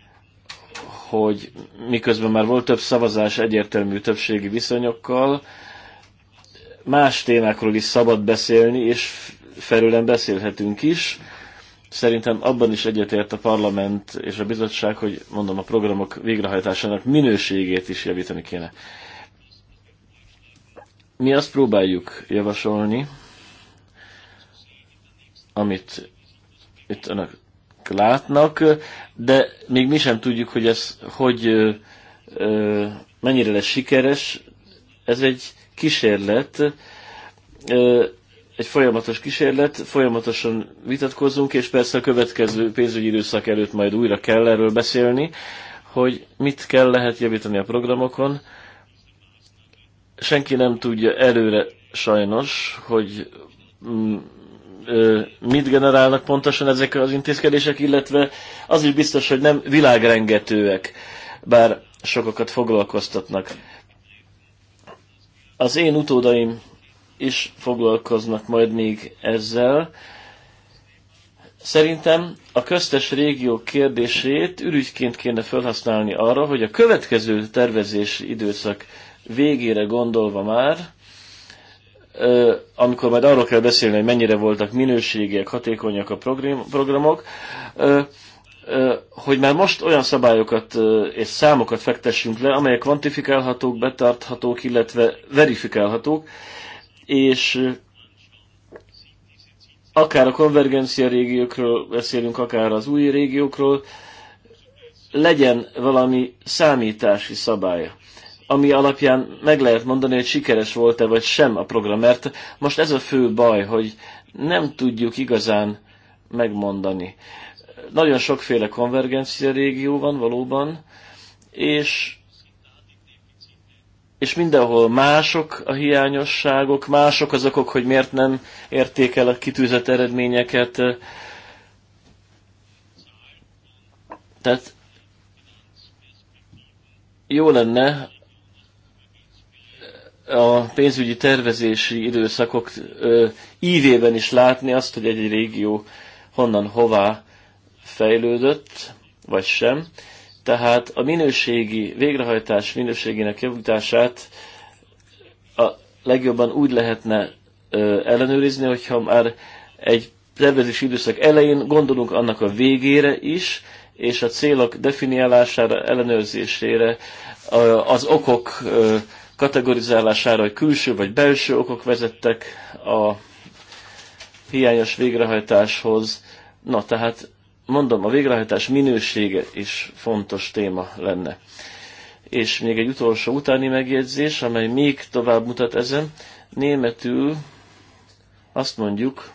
S3: hogy miközben már volt több szavazás egyértelmű többségi viszonyokkal, más témákról is szabad beszélni, és felőlem beszélhetünk is, Szerintem abban is egyetért a parlament és a bizottság, hogy mondom, a programok végrehajtásának minőségét is javítani kéne. Mi azt próbáljuk javasolni, amit itt önök látnak, de még mi sem tudjuk, hogy ez hogy ö, ö, mennyire lesz sikeres. Ez egy kísérlet. Ö, egy folyamatos kísérlet, folyamatosan vitatkozunk, és persze a következő pénzügyi időszak előtt majd újra kell erről beszélni, hogy mit kell, lehet javítani a programokon. Senki nem tudja előre sajnos, hogy mm, mit generálnak pontosan ezek az intézkedések, illetve az is biztos, hogy nem világrengetőek, bár sokakat foglalkoztatnak. Az én utódaim is foglalkoznak majd még ezzel. Szerintem a köztes régió kérdését ürügyként kéne felhasználni arra, hogy a következő tervezési időszak végére gondolva már, amikor majd arról kell beszélni, hogy mennyire voltak minőségiek, hatékonyak a programok, hogy már most olyan szabályokat és számokat fektessünk le, amelyek kvantifikálhatók, betarthatók, illetve verifikálhatók, és akár a konvergencia régiókról beszélünk, akár az új régiókról, legyen valami számítási szabály, ami alapján meg lehet mondani, hogy sikeres volt-e vagy sem a program, mert most ez a fő baj, hogy nem tudjuk igazán megmondani. Nagyon sokféle konvergencia régió van valóban, és és mindenhol mások a hiányosságok, mások az okok, hogy miért nem érték el a kitűzött eredményeket. Tehát jó lenne a pénzügyi tervezési időszakok ívében is látni azt, hogy egy régió honnan hová fejlődött, vagy sem. Tehát a minőségi, végrehajtás minőségének javítását a legjobban úgy lehetne ö, ellenőrizni, hogyha már egy tervezési időszak elején gondolunk annak a végére is, és a célok definiálására, ellenőrzésére, az okok kategorizálására, hogy külső vagy belső okok vezettek a hiányos végrehajtáshoz. Na, tehát mondom, a végrehajtás minősége is fontos téma lenne. És még egy utolsó utáni megjegyzés, amely még tovább mutat ezen. Németül azt mondjuk,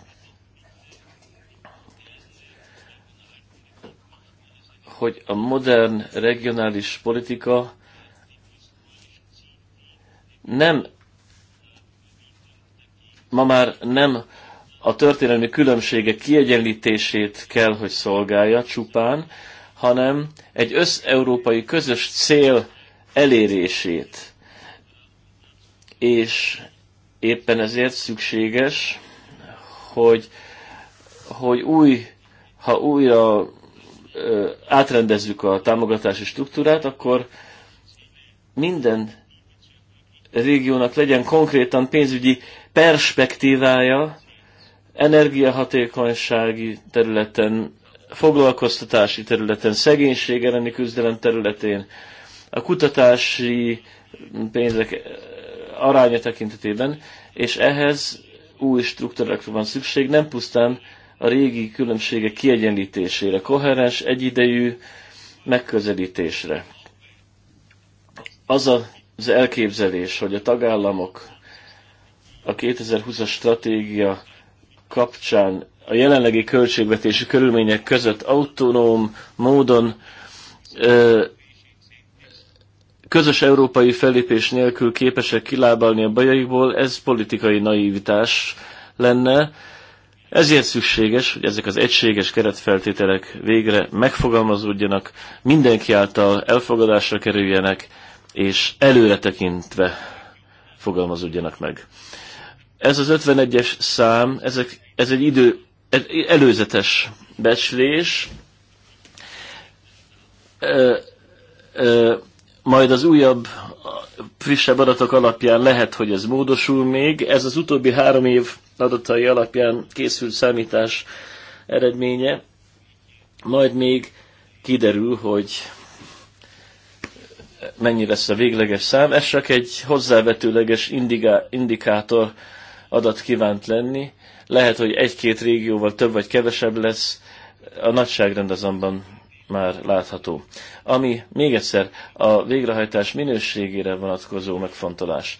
S3: hogy a modern regionális politika nem ma már nem a történelmi különbségek kiegyenlítését kell, hogy szolgálja csupán, hanem egy összeurópai közös cél elérését. És éppen ezért szükséges, hogy, hogy új, ha újra átrendezzük a támogatási struktúrát, akkor minden régiónak legyen konkrétan pénzügyi perspektívája, energiahatékonysági területen, foglalkoztatási területen, szegénység elleni küzdelem területén, a kutatási pénzek aránya tekintetében, és ehhez új struktúrákra van szükség, nem pusztán a régi különbségek kiegyenlítésére, koherens, egyidejű megközelítésre. Az az elképzelés, hogy a tagállamok a 2020-as stratégia kapcsán a jelenlegi költségvetési körülmények között autonóm módon közös európai fellépés nélkül képesek kilábalni a bajaikból, ez politikai naivitás lenne. Ezért szükséges, hogy ezek az egységes keretfeltételek végre megfogalmazódjanak, mindenki által elfogadásra kerüljenek, és előretekintve fogalmazódjanak meg. Ez az 51-es szám, ezek, ez egy idő, előzetes becslés. Ö, ö, majd az újabb, frissebb adatok alapján lehet, hogy ez módosul még. Ez az utóbbi három év adatai alapján készült számítás eredménye. Majd még kiderül, hogy mennyi lesz a végleges szám. Ez csak egy hozzávetőleges indiká- indikátor adat kívánt lenni. Lehet, hogy egy-két régióval több vagy kevesebb lesz, a nagyságrend azonban már látható. Ami még egyszer a végrehajtás minőségére vonatkozó megfontolás.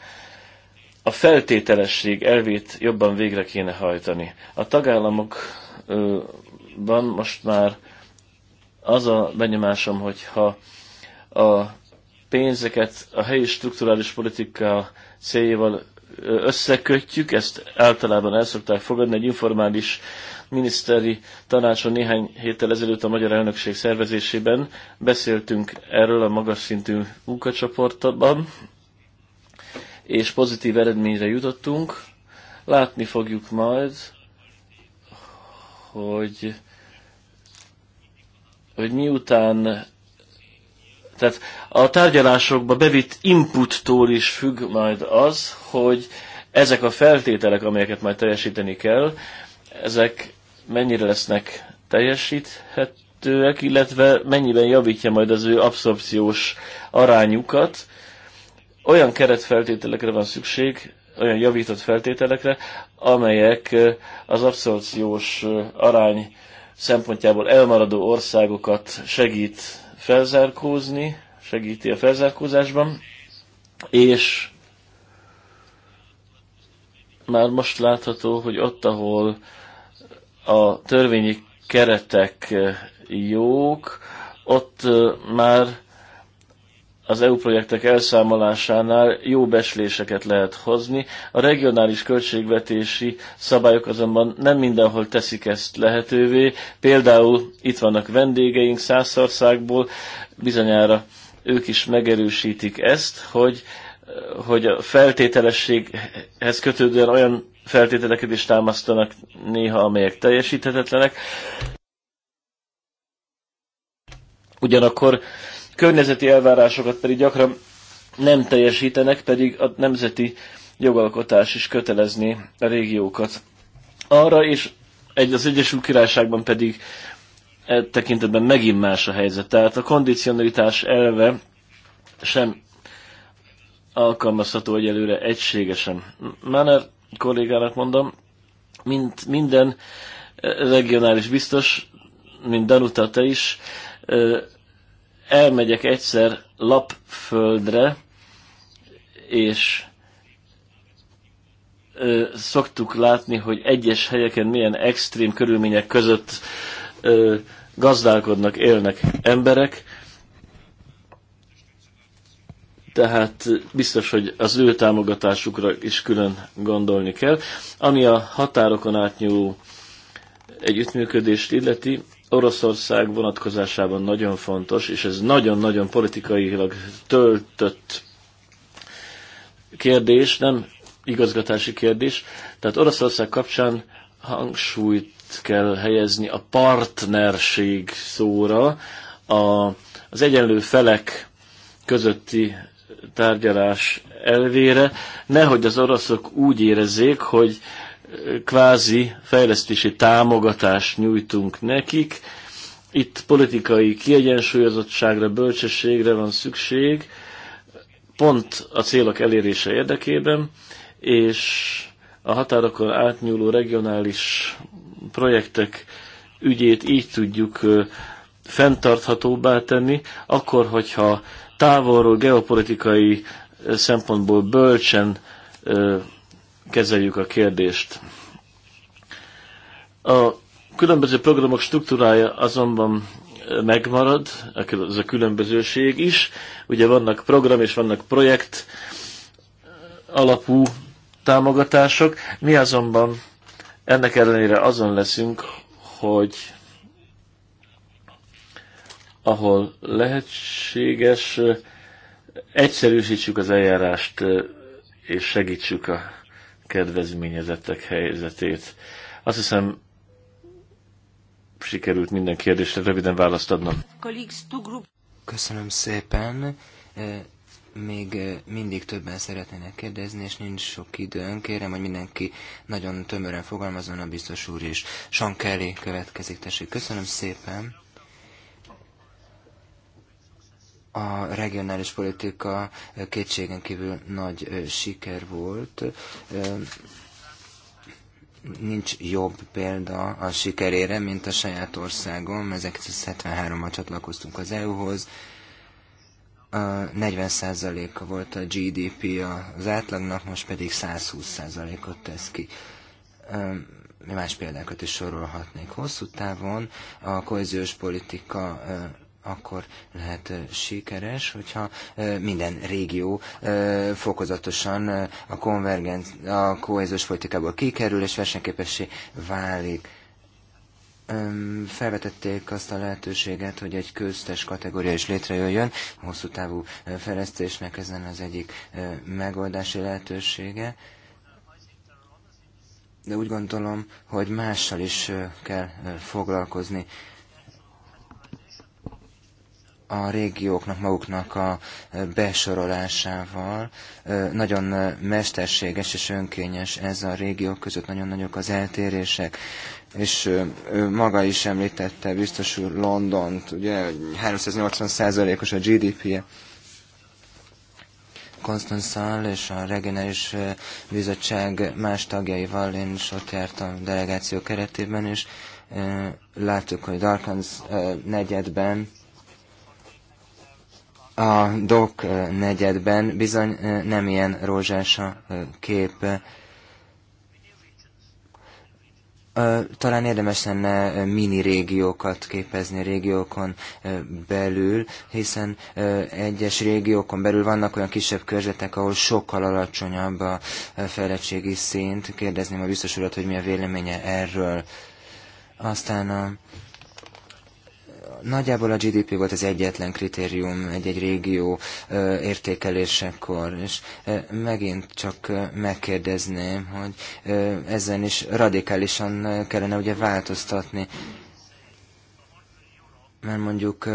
S3: A feltételesség elvét jobban végre kéne hajtani. A tagállamokban most már az a benyomásom, hogy ha a pénzeket a helyi strukturális politika céljával összekötjük, ezt általában el szokták fogadni, egy informális miniszteri tanácson néhány héttel ezelőtt a Magyar Elnökség szervezésében beszéltünk erről a magas szintű munkacsoportban, és pozitív eredményre jutottunk. Látni fogjuk majd, hogy, hogy miután tehát a tárgyalásokba bevitt inputtól is függ majd az, hogy ezek a feltételek, amelyeket majd teljesíteni kell, ezek mennyire lesznek teljesíthetőek, illetve mennyiben javítja majd az ő abszorpciós arányukat. Olyan keretfeltételekre van szükség, olyan javított feltételekre, amelyek az abszorpciós arány szempontjából elmaradó országokat segít felzárkózni, segíti a felzárkózásban, és már most látható, hogy ott, ahol a törvényi keretek jók, ott már az EU projektek elszámolásánál jó besléseket lehet hozni. A regionális költségvetési szabályok azonban nem mindenhol teszik ezt lehetővé. Például itt vannak vendégeink Szászországból, bizonyára ők is megerősítik ezt, hogy, hogy a feltételességhez kötődően olyan feltételeket is támasztanak néha, amelyek teljesíthetetlenek. Ugyanakkor környezeti elvárásokat pedig gyakran nem teljesítenek, pedig a nemzeti jogalkotás is kötelezni a régiókat. Arra és egy, az Egyesült Királyságban pedig e tekintetben megint más a helyzet. Tehát a kondicionalitás elve sem alkalmazható egyelőre egységesen. Manner kollégának mondom, mint minden regionális biztos, mint Danuta te is, e elmegyek egyszer lapföldre, és ö, szoktuk látni, hogy egyes helyeken milyen extrém körülmények között ö, gazdálkodnak, élnek emberek. Tehát biztos, hogy az ő támogatásukra is külön gondolni kell. Ami a határokon átnyúló együttműködést illeti, Oroszország vonatkozásában nagyon fontos, és ez nagyon-nagyon politikailag töltött kérdés, nem igazgatási kérdés. Tehát Oroszország kapcsán hangsúlyt kell helyezni a partnerség szóra, a, az egyenlő felek közötti tárgyalás elvére, nehogy az oroszok úgy érezzék, hogy kvázi fejlesztési támogatást nyújtunk nekik. Itt politikai kiegyensúlyozottságra, bölcsességre van szükség, pont a célok elérése érdekében, és a határokon átnyúló regionális projektek ügyét így tudjuk fenntarthatóbbá tenni, akkor, hogyha távolról geopolitikai szempontból bölcsen kezeljük a kérdést. A különböző programok struktúrája azonban megmarad, ez a különbözőség is. Ugye vannak program és vannak projekt alapú támogatások. Mi azonban ennek ellenére azon leszünk, hogy ahol lehetséges, egyszerűsítsük az eljárást és segítsük a kedvezményezettek helyzetét. Azt hiszem, sikerült minden kérdésre röviden választ adnom.
S1: Köszönöm szépen. E, még e, mindig többen szeretnének kérdezni, és nincs sok időn. Kérem, hogy mindenki nagyon tömören fogalmazzon, a biztos úr is. Sean Kelly következik, tessék. Köszönöm szépen a regionális politika kétségen kívül nagy siker volt. Nincs jobb példa a sikerére, mint a saját országom. 1973-ban csatlakoztunk az EU-hoz. 40%-a volt a GDP az átlagnak, most pedig 120%-ot tesz ki más példákat is sorolhatnék. Hosszú távon a kohéziós politika akkor lehet sikeres, hogyha minden régió fokozatosan a konvergenc, a kohéziós politikából kikerül, és versenyképessé válik felvetették azt a lehetőséget, hogy egy köztes kategória is létrejöjjön, a hosszú távú fejlesztésnek ezen az egyik megoldási lehetősége. De úgy gondolom, hogy mással is kell foglalkozni a régióknak maguknak a besorolásával. Nagyon mesterséges és önkényes ez a régiók között, nagyon nagyok az eltérések. És ő maga is említette biztos úr Londont, ugye 380%-os a GDP-je. Konstanszal és a regionális bizottság más tagjaival én is ott jártam delegáció keretében, és láttuk, hogy Darkans negyedben a dok eh, negyedben bizony eh, nem ilyen rózsás a eh, kép. Talán érdemes lenne mini régiókat képezni régiókon belül, hiszen egyes régiókon belül vannak olyan kisebb körzetek, ahol sokkal alacsonyabb a fejlettségi szint. Kérdezném a biztos urat, hogy mi a véleménye erről. Aztán a Nagyjából a GDP volt az egyetlen kritérium egy-egy régió értékelésekor, és megint csak megkérdezném, hogy ezen is radikálisan kellene ugye változtatni. Mert mondjuk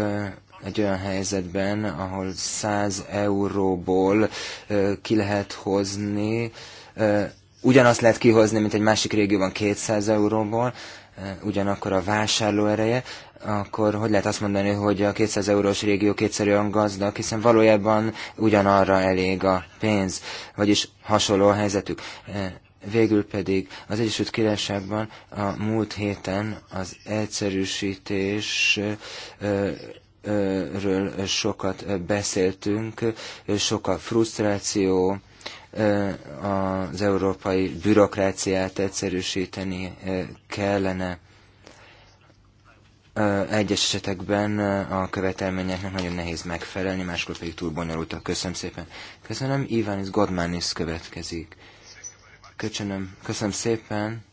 S1: egy olyan helyzetben, ahol 100 euróból ki lehet hozni, ugyanazt lehet kihozni, mint egy másik régióban 200 euróból, ugyanakkor a vásárló ereje, akkor hogy lehet azt mondani, hogy a 200 eurós régió kétszerűen gazdag, hiszen valójában ugyanarra elég a pénz, vagyis hasonló a helyzetük. Végül pedig az Egyesült Királyságban a múlt héten az egyszerűsítésről sokat beszéltünk, sok a frusztráció, az európai bürokráciát egyszerűsíteni kellene. Egyes esetekben a követelményeknek nagyon nehéz megfelelni, máskor pedig túl bonyolultak. Köszönöm szépen. Köszönöm. Ivánis Godmanis következik. Köszönöm. Köszönöm szépen.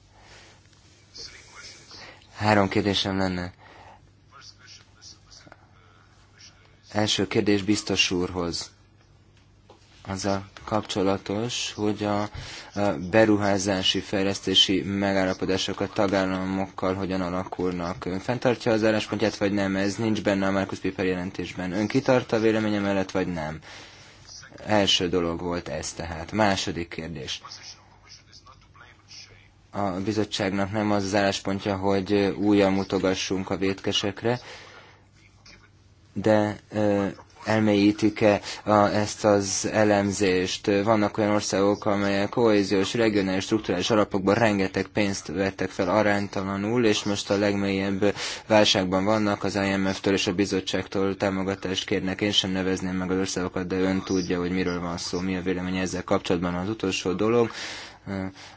S1: Három kérdésem lenne. Első kérdés biztos úrhoz azzal kapcsolatos, hogy a beruházási, fejlesztési megállapodások a tagállamokkal hogyan alakulnak. Ön fenntartja az álláspontját, vagy nem? Ez nincs benne a Markus Piper jelentésben. Ön kitart a véleménye mellett, vagy nem? Első dolog volt ez tehát. Második kérdés. A bizottságnak nem az az álláspontja, hogy újra mutogassunk a vétkesekre, de elmélyítik-e a, ezt az elemzést. Vannak olyan országok, amelyek kohéziós, regionális, strukturális alapokban rengeteg pénzt vettek fel aránytalanul, és most a legmélyebb válságban vannak, az IMF-től és a bizottságtól támogatást kérnek. Én sem nevezném meg az országokat, de ön tudja, hogy miről van szó, mi a vélemény ezzel kapcsolatban. Az utolsó dolog,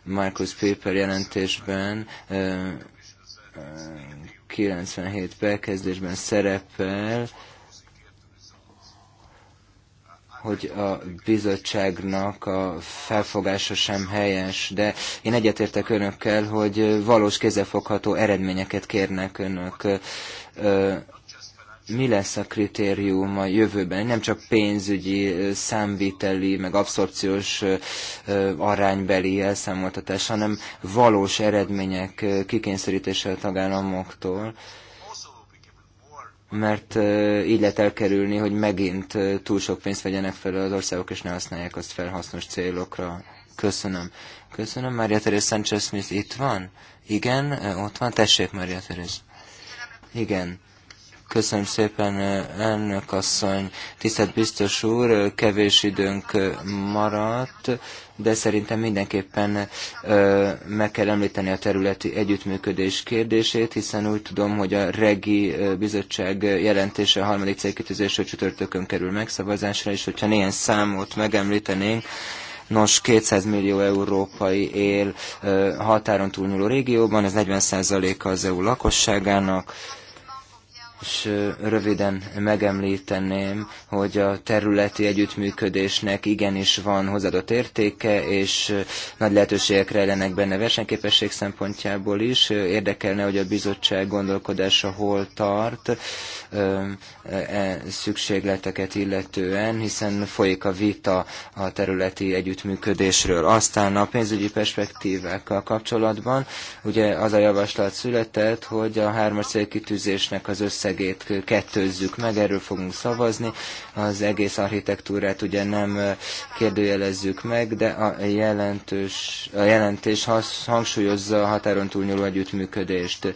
S1: Marcus Paper jelentésben 97 bekezdésben szerepel, hogy a bizottságnak a felfogása sem helyes, de én egyetértek önökkel, hogy valós kézzelfogható eredményeket kérnek önök. Mi lesz a kritérium a jövőben? Nem csak pénzügyi, számviteli, meg abszorpciós aránybeli elszámoltatás, hanem valós eredmények kikényszerítése a tagállamoktól mert így lehet elkerülni, hogy megint túl sok pénzt vegyenek fel az országok, és ne használják azt fel hasznos célokra. Köszönöm. Köszönöm. Maria Teresa Sanchez Smith itt van? Igen, ott van. Tessék, Maria Teresa. Igen. Köszönöm szépen, elnök asszony, tisztelt biztos úr, kevés időnk maradt, de szerintem mindenképpen meg kell említeni a területi együttműködés kérdését, hiszen úgy tudom, hogy a REGI bizottság jelentése a harmadik célkitűzésről csütörtökön kerül megszavazásra, és hogyha néhány számot megemlítenénk, Nos, 200 millió európai él határon túlnyúló régióban, ez 40%-a az EU lakosságának, és röviden megemlíteném, hogy a területi együttműködésnek igenis van hozadott értéke, és nagy lehetőségek rejlenek benne versenyképesség szempontjából is. Érdekelne, hogy a bizottság gondolkodása hol tart e szükségleteket illetően, hiszen folyik a vita a területi együttműködésről. Aztán a pénzügyi perspektívákkal kapcsolatban, ugye az a javaslat született, hogy a hármas célkitűzésnek az össze összegét kettőzzük meg, erről fogunk szavazni. Az egész architektúrát ugye nem kérdőjelezzük meg, de a, jelentős, a jelentés hangsúlyozza a határon túlnyúló együttműködést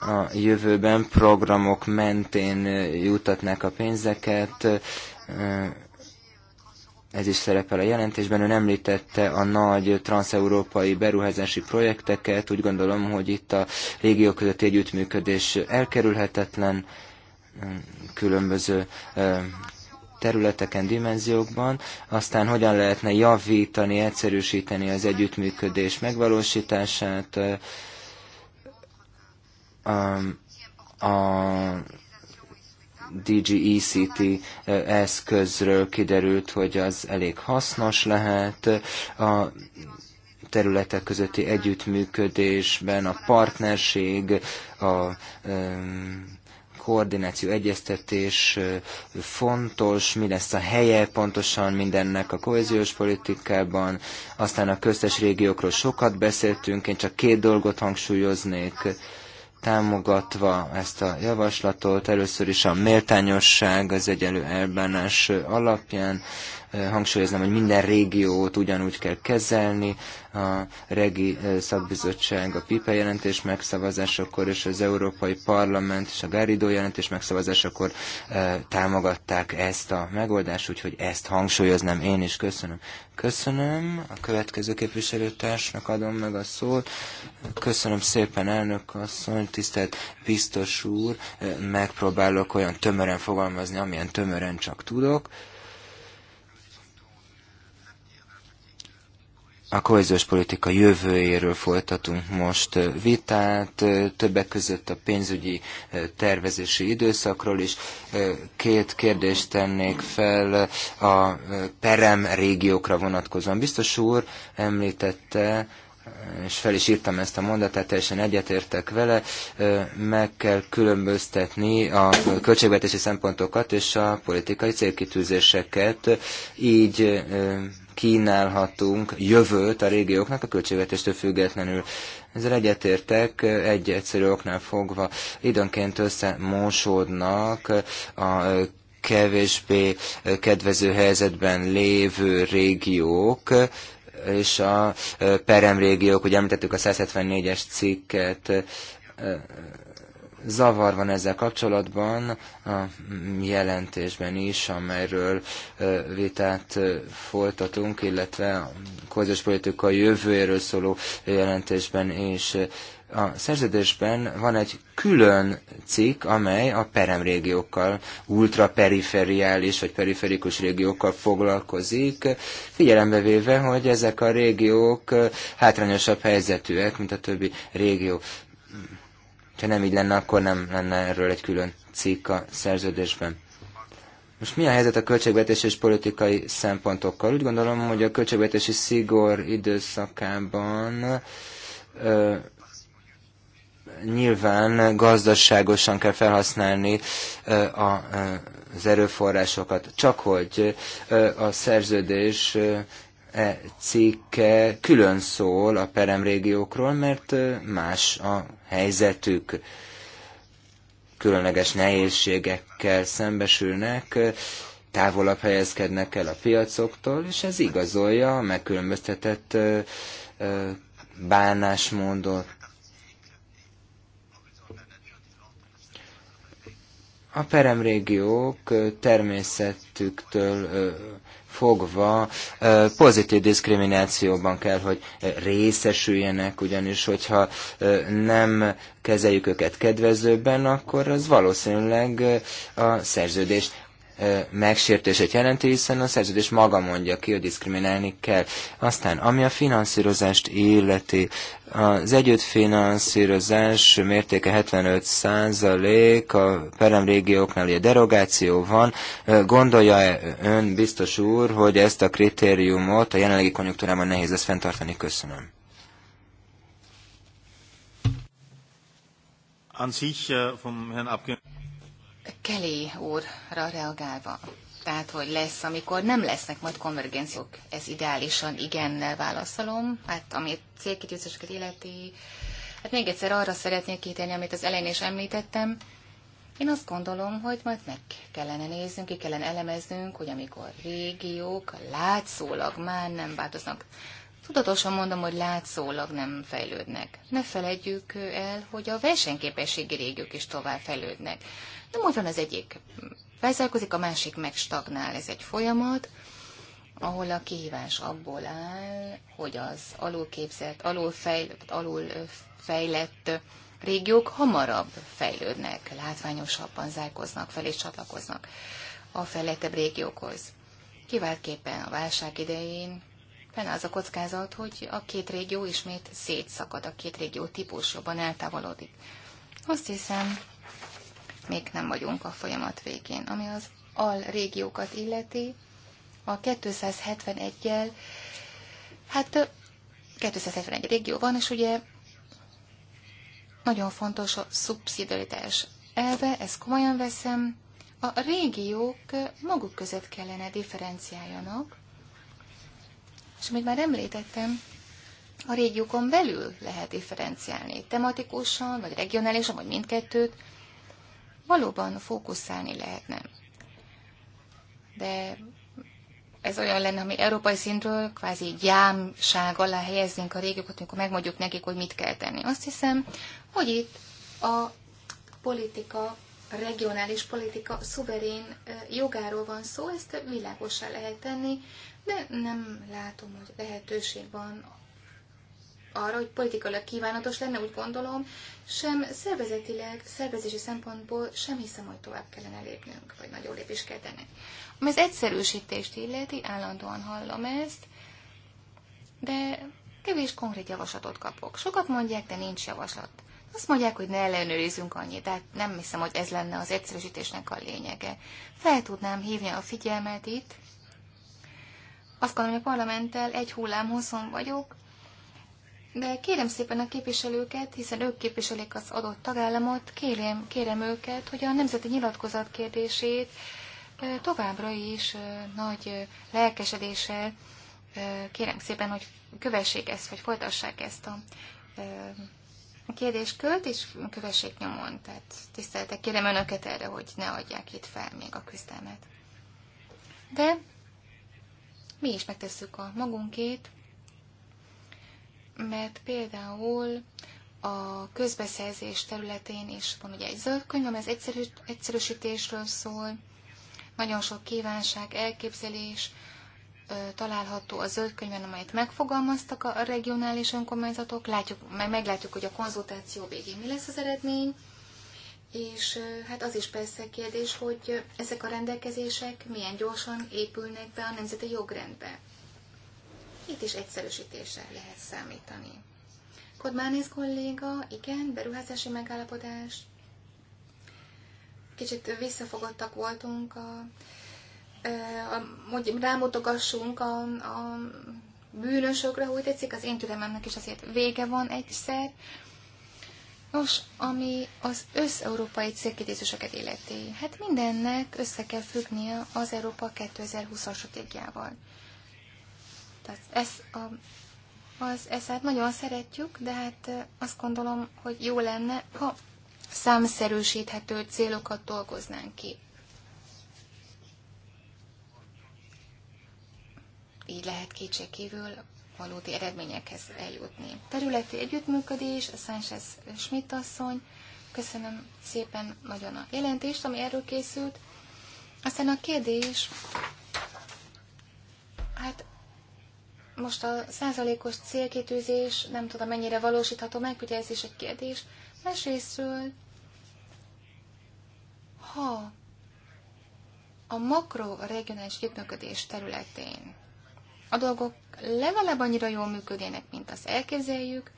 S1: a jövőben programok mentén jutatnák a pénzeket, ez is szerepel a jelentésben, ön említette a nagy transeurópai beruházási projekteket, úgy gondolom, hogy itt a régiók közötti együttműködés elkerülhetetlen, mm, különböző területeken, dimenziókban, aztán hogyan lehetne javítani, egyszerűsíteni az együttműködés megvalósítását, a DG ECT eszközről kiderült, hogy az elég hasznos lehet. A területek közötti együttműködésben a partnerség, a koordináció, egyeztetés fontos, mi lesz a helye pontosan mindennek a kohéziós politikában. Aztán a köztes régiókról sokat beszéltünk, én csak két dolgot hangsúlyoznék támogatva ezt a javaslatot. Először is a méltányosság az egyenlő elbánás alapján Eh, hangsúlyoznám, hogy minden régiót ugyanúgy kell kezelni. A regi eh, szakbizottság a PIPA jelentés megszavazásakor és az Európai Parlament és a Garrido jelentés megszavazásakor eh, támogatták ezt a megoldást, úgyhogy ezt hangsúlyoznám én is. Köszönöm. Köszönöm. A következő képviselőtársnak adom meg a szót. Köszönöm szépen, elnök asszony, tisztelt biztos úr. Megpróbálok olyan tömören fogalmazni, amilyen tömören csak tudok. a kohéziós politika jövőjéről folytatunk most vitát, többek között a pénzügyi tervezési időszakról is. Két kérdést tennék fel a perem régiókra vonatkozóan. Biztos úr említette, és fel is írtam ezt a mondatát, teljesen egyetértek vele, meg kell különböztetni a költségvetési szempontokat és a politikai célkitűzéseket, így kínálhatunk jövőt a régióknak a költségvetéstől függetlenül. Ezzel egyetértek, egy egyszerű oknál fogva időnként összemosódnak a kevésbé kedvező helyzetben lévő régiók, és a peremrégiók, ugye említettük a 174-es cikket, zavar van ezzel kapcsolatban a jelentésben is, amelyről vitát folytatunk, illetve a közös politikai jövőjéről szóló jelentésben is. A szerződésben van egy külön cikk, amely a peremrégiókkal, ultraperiferiális vagy periferikus régiókkal foglalkozik, figyelembe véve, hogy ezek a régiók hátrányosabb helyzetűek, mint a többi régió. Ha nem így lenne, akkor nem lenne erről egy külön cikk a szerződésben. Most mi a helyzet a költségvetési és politikai szempontokkal? Úgy gondolom, hogy a költségvetési szigor időszakában ö, nyilván gazdaságosan kell felhasználni ö, a, az erőforrásokat. Csak hogy ö, a szerződés ö, e cikke külön szól a peremrégiókról, mert más a helyzetük, különleges nehézségekkel szembesülnek, távolabb helyezkednek el a piacoktól, és ez igazolja a megkülönböztetett bánásmódot. A peremrégiók természetüktől fogva pozitív diszkriminációban kell, hogy részesüljenek, ugyanis hogyha nem kezeljük őket kedvezőbben, akkor az valószínűleg a szerződés megsértését jelenti, hiszen a szerződés maga mondja ki, hogy diszkriminálni kell. Aztán, ami a finanszírozást illeti, az együtt finanszírozás mértéke 75 százalék, a perem régióknál ugye derogáció van. Gondolja -e ön, biztos úr, hogy ezt a kritériumot a jelenlegi konjunktúrában nehéz lesz fenntartani? Köszönöm.
S4: An sich äh, vom Herrn
S2: Kelly úrra reagálva, tehát hogy lesz, amikor nem lesznek majd konvergenciók, ez ideálisan igennel válaszolom, hát ami célkitűzéseket illeti, hát még egyszer arra szeretnék kitérni, amit az elején is említettem, én azt gondolom, hogy majd meg kellene néznünk, ki kellene elemeznünk, hogy amikor régiók látszólag már nem változnak. Tudatosan mondom, hogy látszólag nem fejlődnek. Ne felejtjük el, hogy a versenyképességi régiók is tovább fejlődnek. Nem úgy van az egyik felzárkozik, a másik meg stagnál. Ez egy folyamat, ahol a kihívás abból áll, hogy az alulképzett, alulfejlett, alulfejlett régiók hamarabb fejlődnek, látványosabban zárkoznak fel és csatlakoznak a fejlettebb régiókhoz. Kiváltképpen a válság idején fenn az a kockázat, hogy a két régió ismét szétszakad, a két régió típus jobban eltávolodik. Azt hiszem, még nem vagyunk a folyamat végén. Ami az al régiókat illeti, a 271-jel, hát 271 régió van, és ugye nagyon fontos a szubszidiaritás elve, ezt komolyan veszem, a régiók maguk között kellene differenciáljanak, és amit már említettem, a régiókon belül lehet differenciálni, tematikusan, vagy regionálisan, vagy mindkettőt valóban fókuszálni lehetne. De ez olyan lenne, ami európai szintről kvázi gyámság alá helyeznénk a régiókat, amikor megmondjuk nekik, hogy mit kell tenni. Azt hiszem, hogy itt a politika, a regionális politika szuverén jogáról van szó, ezt világosan lehet tenni, de nem látom, hogy lehetőség van arra, hogy politikailag kívánatos lenne, úgy gondolom, sem szervezetileg, szervezési szempontból sem hiszem, hogy tovább kellene lépnünk, vagy nagyobb lépés kell tenni. Ami az egyszerűsítést illeti, állandóan hallom ezt, de kevés konkrét javaslatot kapok. Sokat mondják, de nincs javaslat. Azt mondják, hogy ne ellenőrizzünk annyit, de hát nem hiszem, hogy ez lenne az egyszerűsítésnek a lényege. Fel tudnám hívni a figyelmet itt. Azt gondolom, hogy a parlamenttel egy hullám hosszon vagyok, de kérem szépen a képviselőket, hiszen ők képviselik az adott tagállamot, kérem, kérem őket, hogy a nemzeti nyilatkozat kérdését továbbra is nagy lelkesedéssel kérem szépen, hogy kövessék ezt, vagy folytassák ezt a kérdéskört, és kövessék nyomon. Tehát tiszteltek, kérem önöket erre, hogy ne adják itt fel még a küzdelmet. De mi is megtesszük a magunkét, mert például a közbeszerzés területén is van ugye egy zöld könyv, ami az egyszerű, egyszerűsítésről szól, nagyon sok kívánság, elképzelés ö, található a zöld könyvben, amelyet megfogalmaztak a regionális önkormányzatok. Látjuk, meg meglátjuk, hogy a konzultáció végén mi lesz az eredmény. És ö, hát az is persze kérdés, hogy ezek a rendelkezések milyen gyorsan épülnek be a nemzeti jogrendbe itt is egyszerűsítése lehet számítani. Kodmánész kolléga, igen, beruházási megállapodás. Kicsit visszafogottak voltunk a, a, hogy rámutogassunk a, a bűnösökre, úgy tetszik, az én türelmemnek is azért vége van egyszer. Nos, ami az összeurópai célkidézéseket illeti, hát mindennek össze kell függnie az Európa 2020-as stratégiával. Tehát ez a, az eszát nagyon szeretjük, de hát azt gondolom, hogy jó lenne, ha számszerűsíthető célokat dolgoznánk ki. Így lehet kétségkívül valódi eredményekhez eljutni. Területi együttműködés, a Sánchez Schmidt asszony, köszönöm szépen nagyon a jelentést, ami erről készült. Aztán a kérdés, hát most a százalékos célkitűzés, nem tudom mennyire valósítható meg, ugye ez is egy kérdés. Másrésztről, ha a makroregionális együttműködés területén a dolgok legalább annyira jól működjenek, mint azt elképzeljük,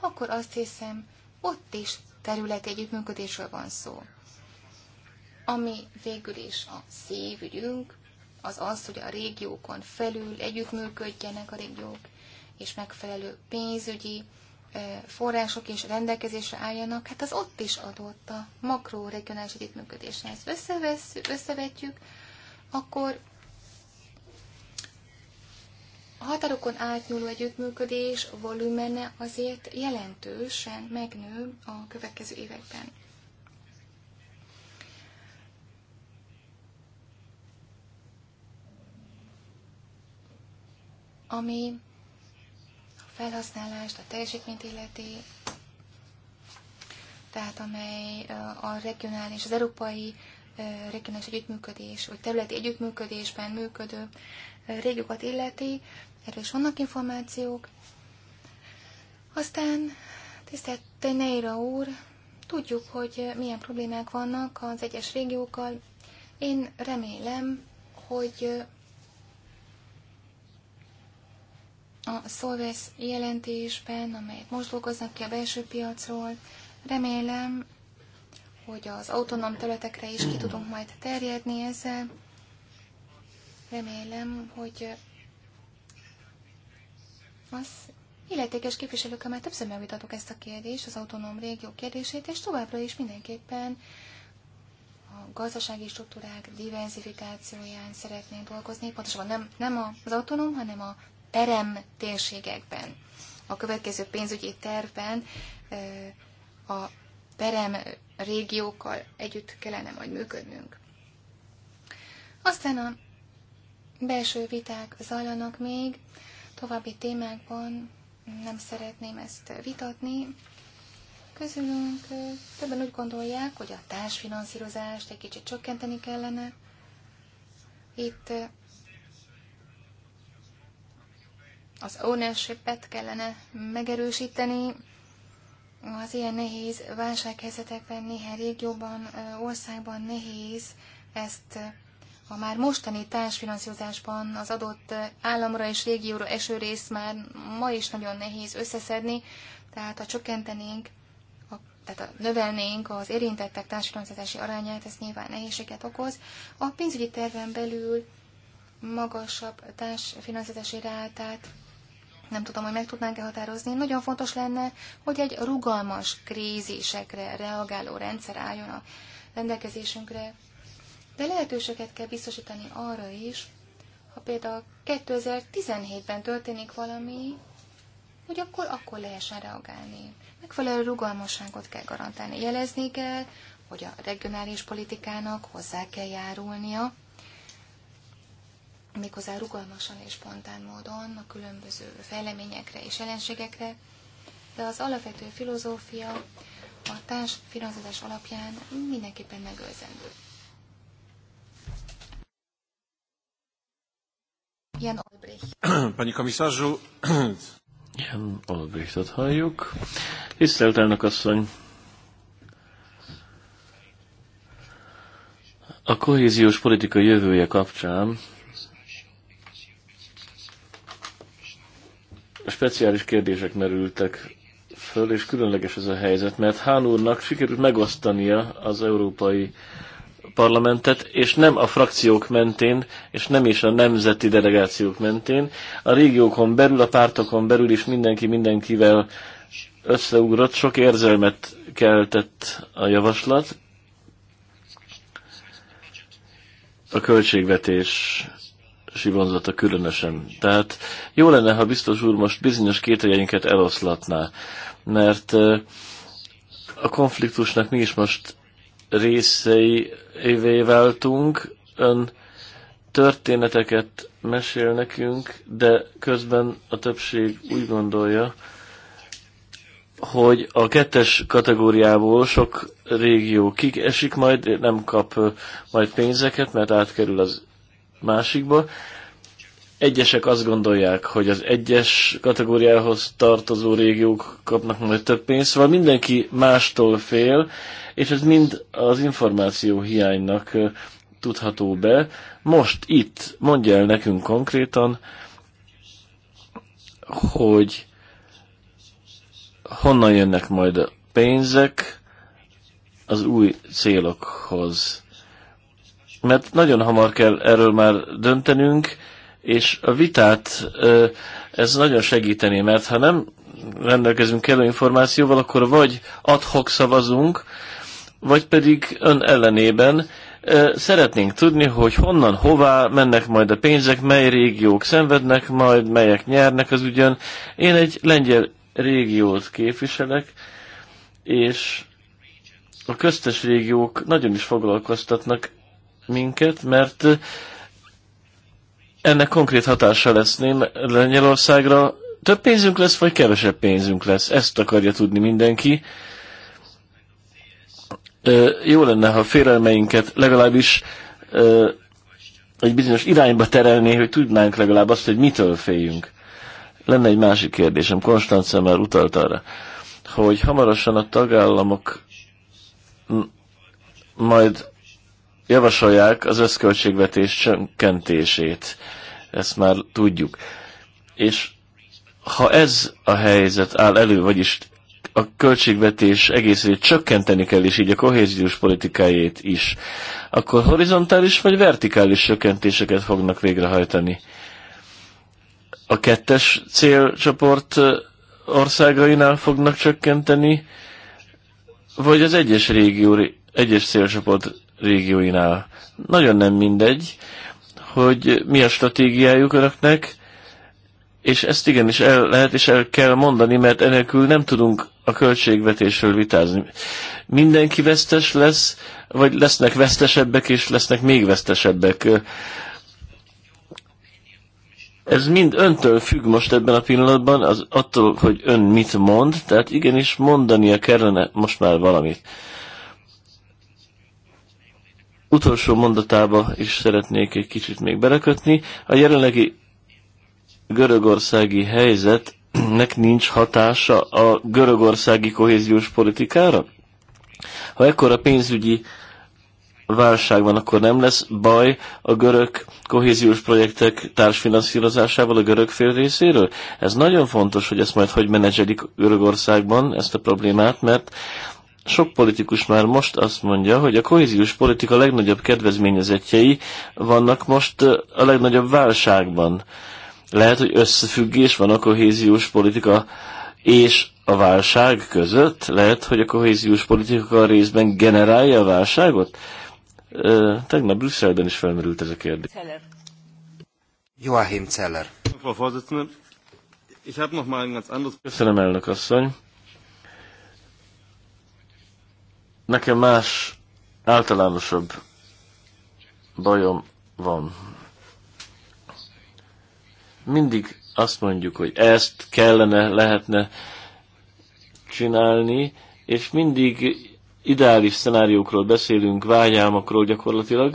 S2: akkor azt hiszem, ott is területi együttműködésről van szó. Ami végül is a szívügyünk, az az, hogy a régiókon felül együttműködjenek a régiók, és megfelelő pénzügyi eh, források és rendelkezésre álljanak, hát az ott is adott a makroregionális együttműködéshez. Összevetjük, akkor a határokon átnyúló együttműködés volumene azért jelentősen megnő a következő években. ami a felhasználást, a teljesítményt illeti, tehát amely a regionális, az európai regionális együttműködés, vagy területi együttműködésben működő régiókat illeti, erről is vannak információk. Aztán, tisztelt Neira úr, tudjuk, hogy milyen problémák vannak az egyes régiókkal. Én remélem, hogy a Szolvesz jelentésben, amelyet most dolgoznak ki a belső piacról. Remélem, hogy az autonóm területekre is ki tudunk majd terjedni ezzel. Remélem, hogy az illetékes képviselőkkel már többször megvitatok ezt a kérdést, az autonóm régió kérdését, és továbbra is mindenképpen a gazdasági struktúrák diversifikációján szeretnénk dolgozni, pontosabban nem, nem az autonóm, hanem a perem térségekben. A következő pénzügyi tervben a perem régiókkal együtt kellene majd működnünk. Aztán a belső viták zajlanak még, további témákban nem szeretném ezt vitatni. Közülünk többen úgy gondolják, hogy a társfinanszírozást egy kicsit csökkenteni kellene. Itt az ownership-et kellene megerősíteni. Az ilyen nehéz válsághelyzetekben néhány régióban, országban nehéz ezt a már mostani társfinanszírozásban az adott államra és régióra eső rész már ma is nagyon nehéz összeszedni, tehát ha csökkentenénk, a, tehát a, növelnénk az érintettek társfinanszírozási arányát, ez nyilván nehézséget okoz. A pénzügyi terven belül magasabb társfinanszírozási rátát nem tudom, hogy meg tudnánk-e határozni. Nagyon fontos lenne, hogy egy rugalmas krízisekre reagáló rendszer álljon a rendelkezésünkre, de lehetőséget kell biztosítani arra is, ha például 2017-ben történik valami, hogy akkor, akkor lehessen reagálni. Megfelelő rugalmasságot kell garantálni. Jelezni kell, hogy a regionális politikának hozzá kell járulnia méghozzá rugalmasan és spontán módon a különböző fejleményekre és jelenségekre, de az alapvető filozófia a társfinanszírozás alapján mindenképpen megőrzendő. Jan Olbricht.
S3: Pani komisarzu. *clears throat* Jan Olbrichtot halljuk. Tisztelt elnök asszony, a kohéziós politika jövője kapcsán speciális kérdések merültek föl, és különleges ez a helyzet, mert Hán úrnak sikerült megosztania az európai parlamentet, és nem a frakciók mentén, és nem is a nemzeti delegációk mentén. A régiókon belül, a pártokon belül is mindenki mindenkivel összeugrott, sok érzelmet keltett a javaslat. A költségvetés választási vonzata különösen. Tehát jó lenne, ha biztos úr most bizonyos kételjeinket eloszlatná, mert a konfliktusnak mi is most részei évé váltunk, ön történeteket mesél nekünk, de közben a többség úgy gondolja, hogy a kettes kategóriából sok régió kik esik majd, nem kap majd pénzeket, mert átkerül az másikba. Egyesek azt gondolják, hogy az egyes kategóriához tartozó régiók kapnak majd több pénzt, szóval mindenki mástól fél, és ez mind az információ hiánynak tudható be. Most itt mondja el nekünk konkrétan, hogy honnan jönnek majd a pénzek az új célokhoz mert nagyon hamar kell erről már döntenünk, és a vitát ez nagyon segíteni, mert ha nem rendelkezünk kellő információval, akkor vagy adhok szavazunk, vagy pedig ön ellenében szeretnénk tudni, hogy honnan, hová mennek majd a pénzek, mely régiók szenvednek majd, melyek nyernek az ugyan? Én egy lengyel régiót képviselek, és a köztes régiók nagyon is foglalkoztatnak minket, mert ennek konkrét hatása lesz Lengyelországra. Több pénzünk lesz, vagy kevesebb pénzünk lesz? Ezt akarja tudni mindenki. Jó lenne, ha félelmeinket legalábbis egy bizonyos irányba terelné, hogy tudnánk legalább azt, hogy mitől féljünk. Lenne egy másik kérdésem, Konstantin már utalt arra, hogy hamarosan a tagállamok majd javasolják az összköltségvetés csökkentését. Ezt már tudjuk. És ha ez a helyzet áll elő, vagyis a költségvetés egészét csökkenteni kell, és így a kohéziós politikájét is, akkor horizontális vagy vertikális csökkentéseket fognak végrehajtani. A kettes célcsoport országainál fognak csökkenteni, vagy az egyes régió, egyes célcsoport régióinál. Nagyon nem mindegy, hogy mi a stratégiájuk önöknek, és ezt igenis el lehet és el kell mondani, mert enélkül nem tudunk a költségvetésről vitázni. Mindenki vesztes lesz, vagy lesznek vesztesebbek, és lesznek még vesztesebbek. Ez mind öntől függ most ebben a pillanatban, az attól, hogy ön mit mond, tehát igenis mondania kellene most már valamit utolsó mondatába is szeretnék egy kicsit még belekötni. A jelenlegi görögországi helyzetnek nincs hatása a görögországi kohéziós politikára? Ha ekkora pénzügyi válság van, akkor nem lesz baj a görög kohéziós projektek társfinanszírozásával a görög fél részéről? Ez nagyon fontos, hogy ezt majd hogy menedzselik Görögországban, ezt a problémát, mert sok politikus már most azt mondja, hogy a kohéziós politika legnagyobb kedvezményezetjei vannak most a legnagyobb válságban. Lehet, hogy összefüggés van a kohéziós politika és a válság között? Lehet, hogy a kohéziós politika részben generálja a válságot? Ö, tegnap Brüsszelben is felmerült ez a kérdés. Joachim Celler. Köszönöm, elnök asszony. Nekem más általánosabb bajom van. Mindig azt mondjuk, hogy ezt kellene, lehetne csinálni, és mindig ideális szenáriókról beszélünk, vágyálmakról gyakorlatilag,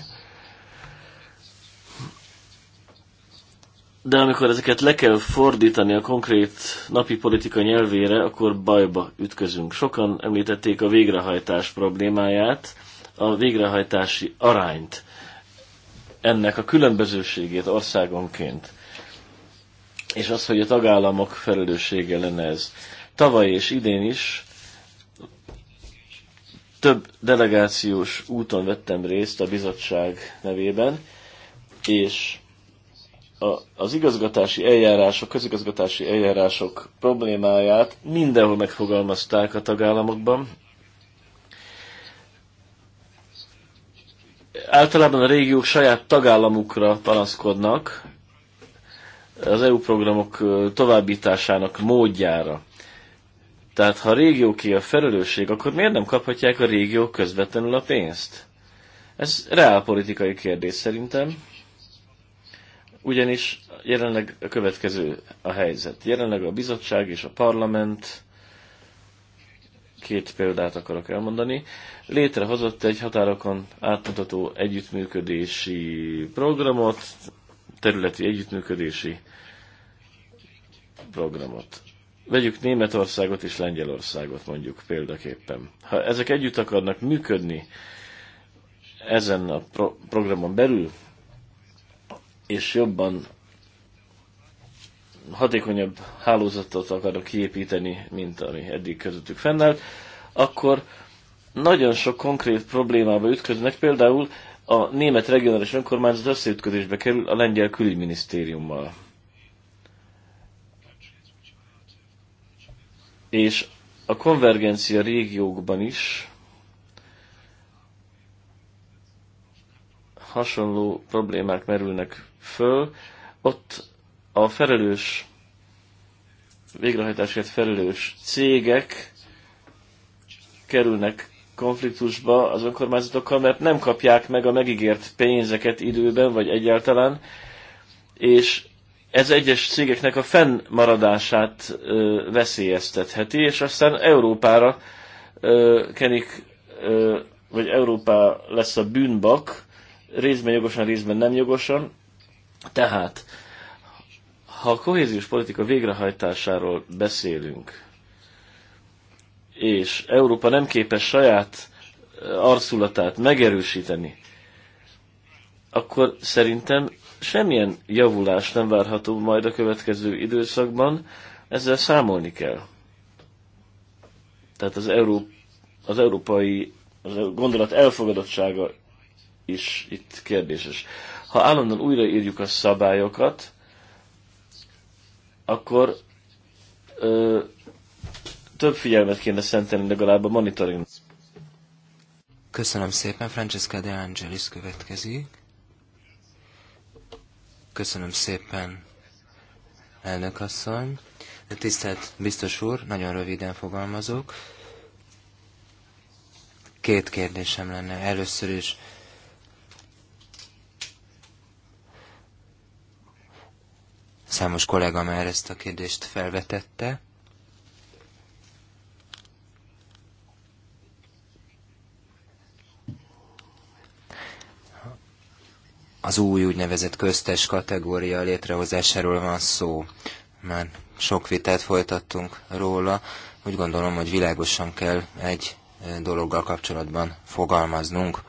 S3: de amikor ezeket le kell fordítani a konkrét napi politika nyelvére, akkor bajba ütközünk. Sokan említették a végrehajtás problémáját, a végrehajtási arányt, ennek a különbözőségét országonként, és az, hogy a tagállamok felelőssége lenne ez. Tavaly és idén is több delegációs úton vettem részt a bizottság nevében, és a, az igazgatási eljárások, közigazgatási eljárások problémáját mindenhol megfogalmazták a tagállamokban. Általában a régiók saját tagállamukra panaszkodnak az EU programok továbbításának módjára. Tehát ha a régióké a felelősség, akkor miért nem kaphatják a régiók közvetlenül a pénzt? Ez reálpolitikai kérdés szerintem ugyanis jelenleg a következő a helyzet. Jelenleg a bizottság és a parlament, két példát akarok elmondani, létrehozott egy határokon átmutató együttműködési programot, területi együttműködési programot. Vegyük Németországot és Lengyelországot mondjuk példaképpen. Ha ezek együtt akarnak működni ezen a pro- programon belül, és jobban hatékonyabb hálózatot akarok kiépíteni, mint ami eddig közöttük fennállt, akkor nagyon sok konkrét problémába ütköznek, például a német regionális önkormányzat összeütközésbe kerül a lengyel külügyminisztériummal. És a konvergencia régiókban is hasonló problémák merülnek föl, ott a felelős, végrehajtásért felelős cégek kerülnek konfliktusba az önkormányzatokkal, mert nem kapják meg a megígért pénzeket időben, vagy egyáltalán, és ez egyes cégeknek a fennmaradását ö, veszélyeztetheti, és aztán Európára ö, kenik, ö, vagy Európá lesz a bűnbak, részben jogosan, részben nem jogosan, tehát, ha a kohéziós politika végrehajtásáról beszélünk, és Európa nem képes saját eh, arculatát megerősíteni, akkor szerintem semmilyen javulás nem várható majd a következő időszakban, ezzel számolni kell. Tehát az, Euró- az európai az gondolat elfogadottsága is itt kérdéses ha állandóan újraírjuk a szabályokat, akkor ö, több figyelmet kéne szentelni legalább a monitoring.
S1: Köszönöm szépen, Francesca De Angelis következik. Köszönöm szépen, elnök asszony. Tisztelt biztos úr, nagyon röviden fogalmazok. Két kérdésem lenne. Először is Számos kollega már ezt a kérdést felvetette. Az új úgynevezett köztes kategória létrehozásáról van szó. Már sok vitát folytattunk róla. Úgy gondolom, hogy világosan kell egy dologgal kapcsolatban fogalmaznunk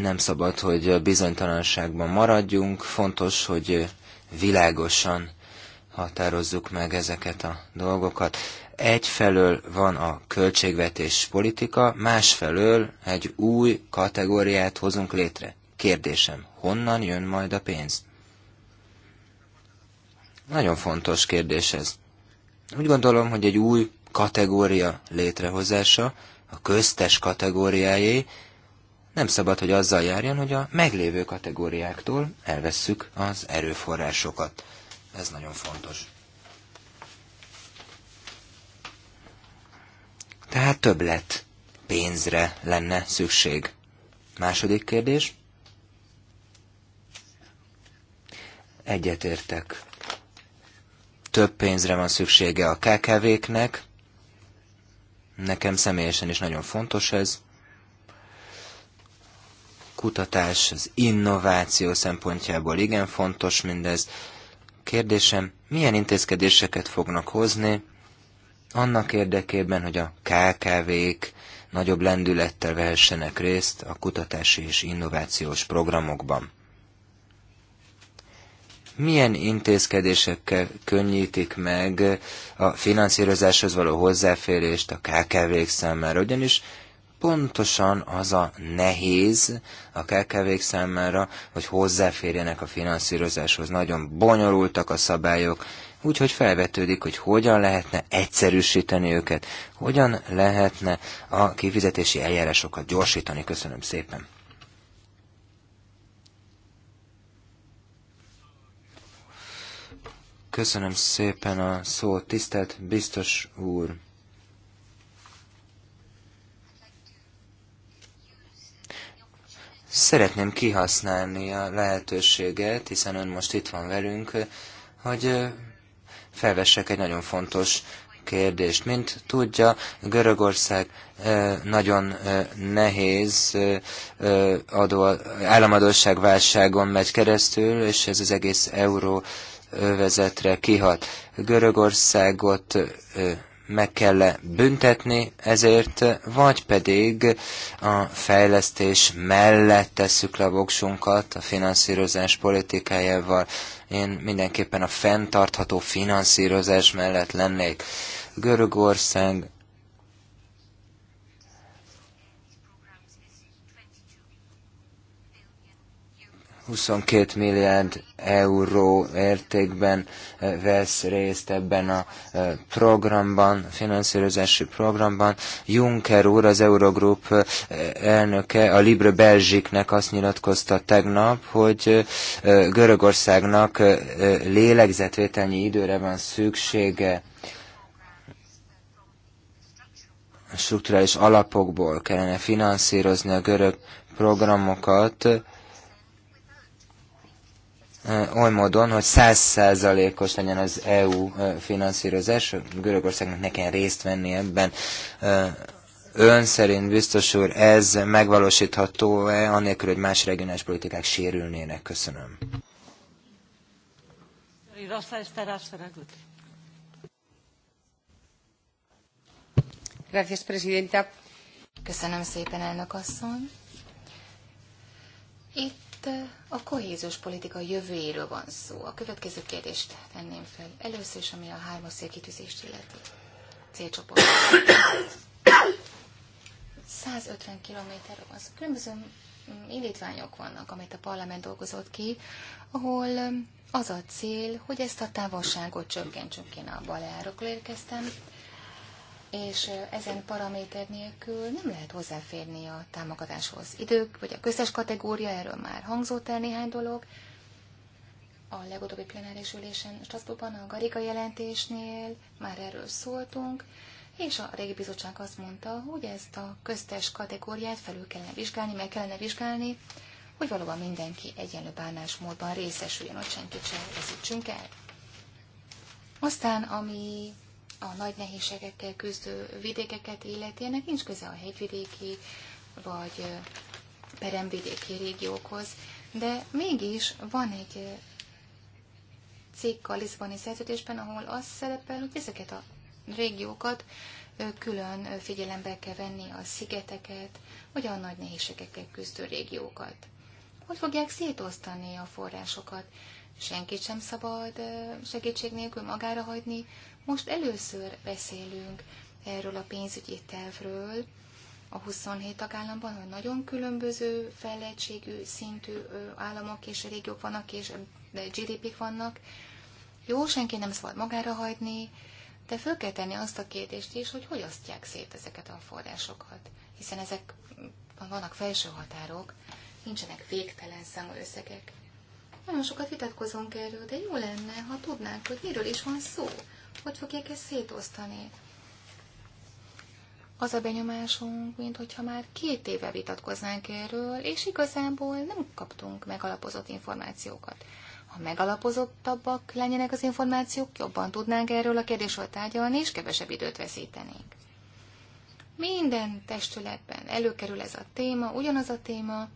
S1: nem szabad, hogy bizonytalanságban maradjunk, fontos, hogy világosan határozzuk meg ezeket a dolgokat. Egyfelől van a költségvetés politika, másfelől egy új kategóriát hozunk létre. Kérdésem, honnan jön majd a pénz? Nagyon fontos kérdés ez. Úgy gondolom, hogy egy új kategória létrehozása, a köztes kategóriájé, nem szabad, hogy azzal járjon, hogy a meglévő kategóriáktól elvesszük az erőforrásokat. Ez nagyon fontos. Tehát többlet pénzre lenne szükség. Második kérdés. Egyetértek. Több pénzre van szüksége a KKV-knek. Nekem személyesen is nagyon fontos ez kutatás, az innováció szempontjából igen fontos mindez. Kérdésem, milyen intézkedéseket fognak hozni annak érdekében, hogy a KKV-k nagyobb lendülettel vehessenek részt a kutatási és innovációs programokban? milyen intézkedésekkel könnyítik meg a finanszírozáshoz való hozzáférést a KKV-k számára, ugyanis pontosan az a nehéz a kekevék számára, hogy hozzáférjenek a finanszírozáshoz. Nagyon bonyolultak a szabályok, úgyhogy felvetődik, hogy hogyan lehetne egyszerűsíteni őket, hogyan lehetne a kifizetési eljárásokat gyorsítani. Köszönöm szépen! Köszönöm szépen a szót, tisztelt biztos úr! Szeretném kihasználni a lehetőséget, hiszen ön most itt van velünk, hogy felvessek egy nagyon fontos kérdést. Mint tudja, Görögország nagyon nehéz adó, válságon megy keresztül, és ez az egész euró övezetre kihat. Görögországot meg kell -e büntetni ezért, vagy pedig a fejlesztés mellett tesszük le a voksunkat a finanszírozás politikájával. Én mindenképpen a fenntartható finanszírozás mellett lennék. Görögország 22 milliárd euró értékben eh, vesz részt ebben a eh, programban, finanszírozási programban. Juncker úr, az Eurogroup eh, elnöke, a Libre Belgique-nek azt nyilatkozta tegnap, hogy Görögországnak lélegzetvételnyi időre van szüksége strukturális alapokból kellene finanszírozni a görög programokat, Eh, oly módon, hogy százszázalékos legyen az EU eh, finanszírozás, Görögországnak ne kelljen részt venni ebben. Eh, ön szerint, biztos úr, ez megvalósítható-e, anélkül, hogy más regionális politikák sérülnének? Köszönöm.
S2: Köszönöm szépen, elnök asszony. Itt itt eh, a kohéziós politika jövőjéről van szó. A következő kérdést tenném fel. Először is, ami a hármas célkitűzést illeti. Célcsoport. 150 kilométerről van szó. Különböző mm, indítványok vannak, amit a parlament dolgozott ki, ahol mm, az a cél, hogy ezt a távolságot csökkentsünk. Én a Baleárokról érkeztem, és ezen paraméter nélkül nem lehet hozzáférni a támogatáshoz. Idők, vagy a köztes kategória, erről már hangzott el néhány dolog. A legutóbbi plenáris ülésen Strasbourgban a Gariga jelentésnél már erről szóltunk, és a régi bizottság azt mondta, hogy ezt a köztes kategóriát felül kellene vizsgálni, meg kellene vizsgálni, hogy valóban mindenki egyenlő bánásmódban részesüljön, hogy senkit sem veszítsünk el. Aztán, ami a nagy nehézségekkel küzdő vidékeket illeti, ennek nincs köze a hegyvidéki vagy peremvidéki régiókhoz, de mégis van egy cikk a Lisboni szerződésben, ahol az szerepel, hogy ezeket a régiókat külön figyelembe kell venni a szigeteket, vagy a nagy nehézségekkel küzdő régiókat. Hogy fogják szétosztani a forrásokat? Senkit sem szabad segítség nélkül magára hagyni, most először beszélünk erről a pénzügyi tervről a 27 tagállamban, hogy nagyon különböző fejlettségű szintű államok és régiók vannak, és GDP-k vannak. Jó, senki nem szabad magára hagyni, de föl kell tenni azt a kérdést is, hogy hogy osztják szét ezeket a forrásokat, hiszen ezek vannak felső határok, nincsenek végtelen számú összegek. Nagyon sokat vitatkozunk erről, de jó lenne, ha tudnánk, hogy miről is van szó hogy fogják ezt szétosztani? Az a benyomásunk, mint hogyha már két éve vitatkoznánk erről, és igazából nem kaptunk megalapozott információkat. Ha megalapozottabbak lennének az információk, jobban tudnánk erről a kérdésről tárgyalni, és kevesebb időt veszítenénk. Minden testületben előkerül ez a téma, ugyanaz a téma,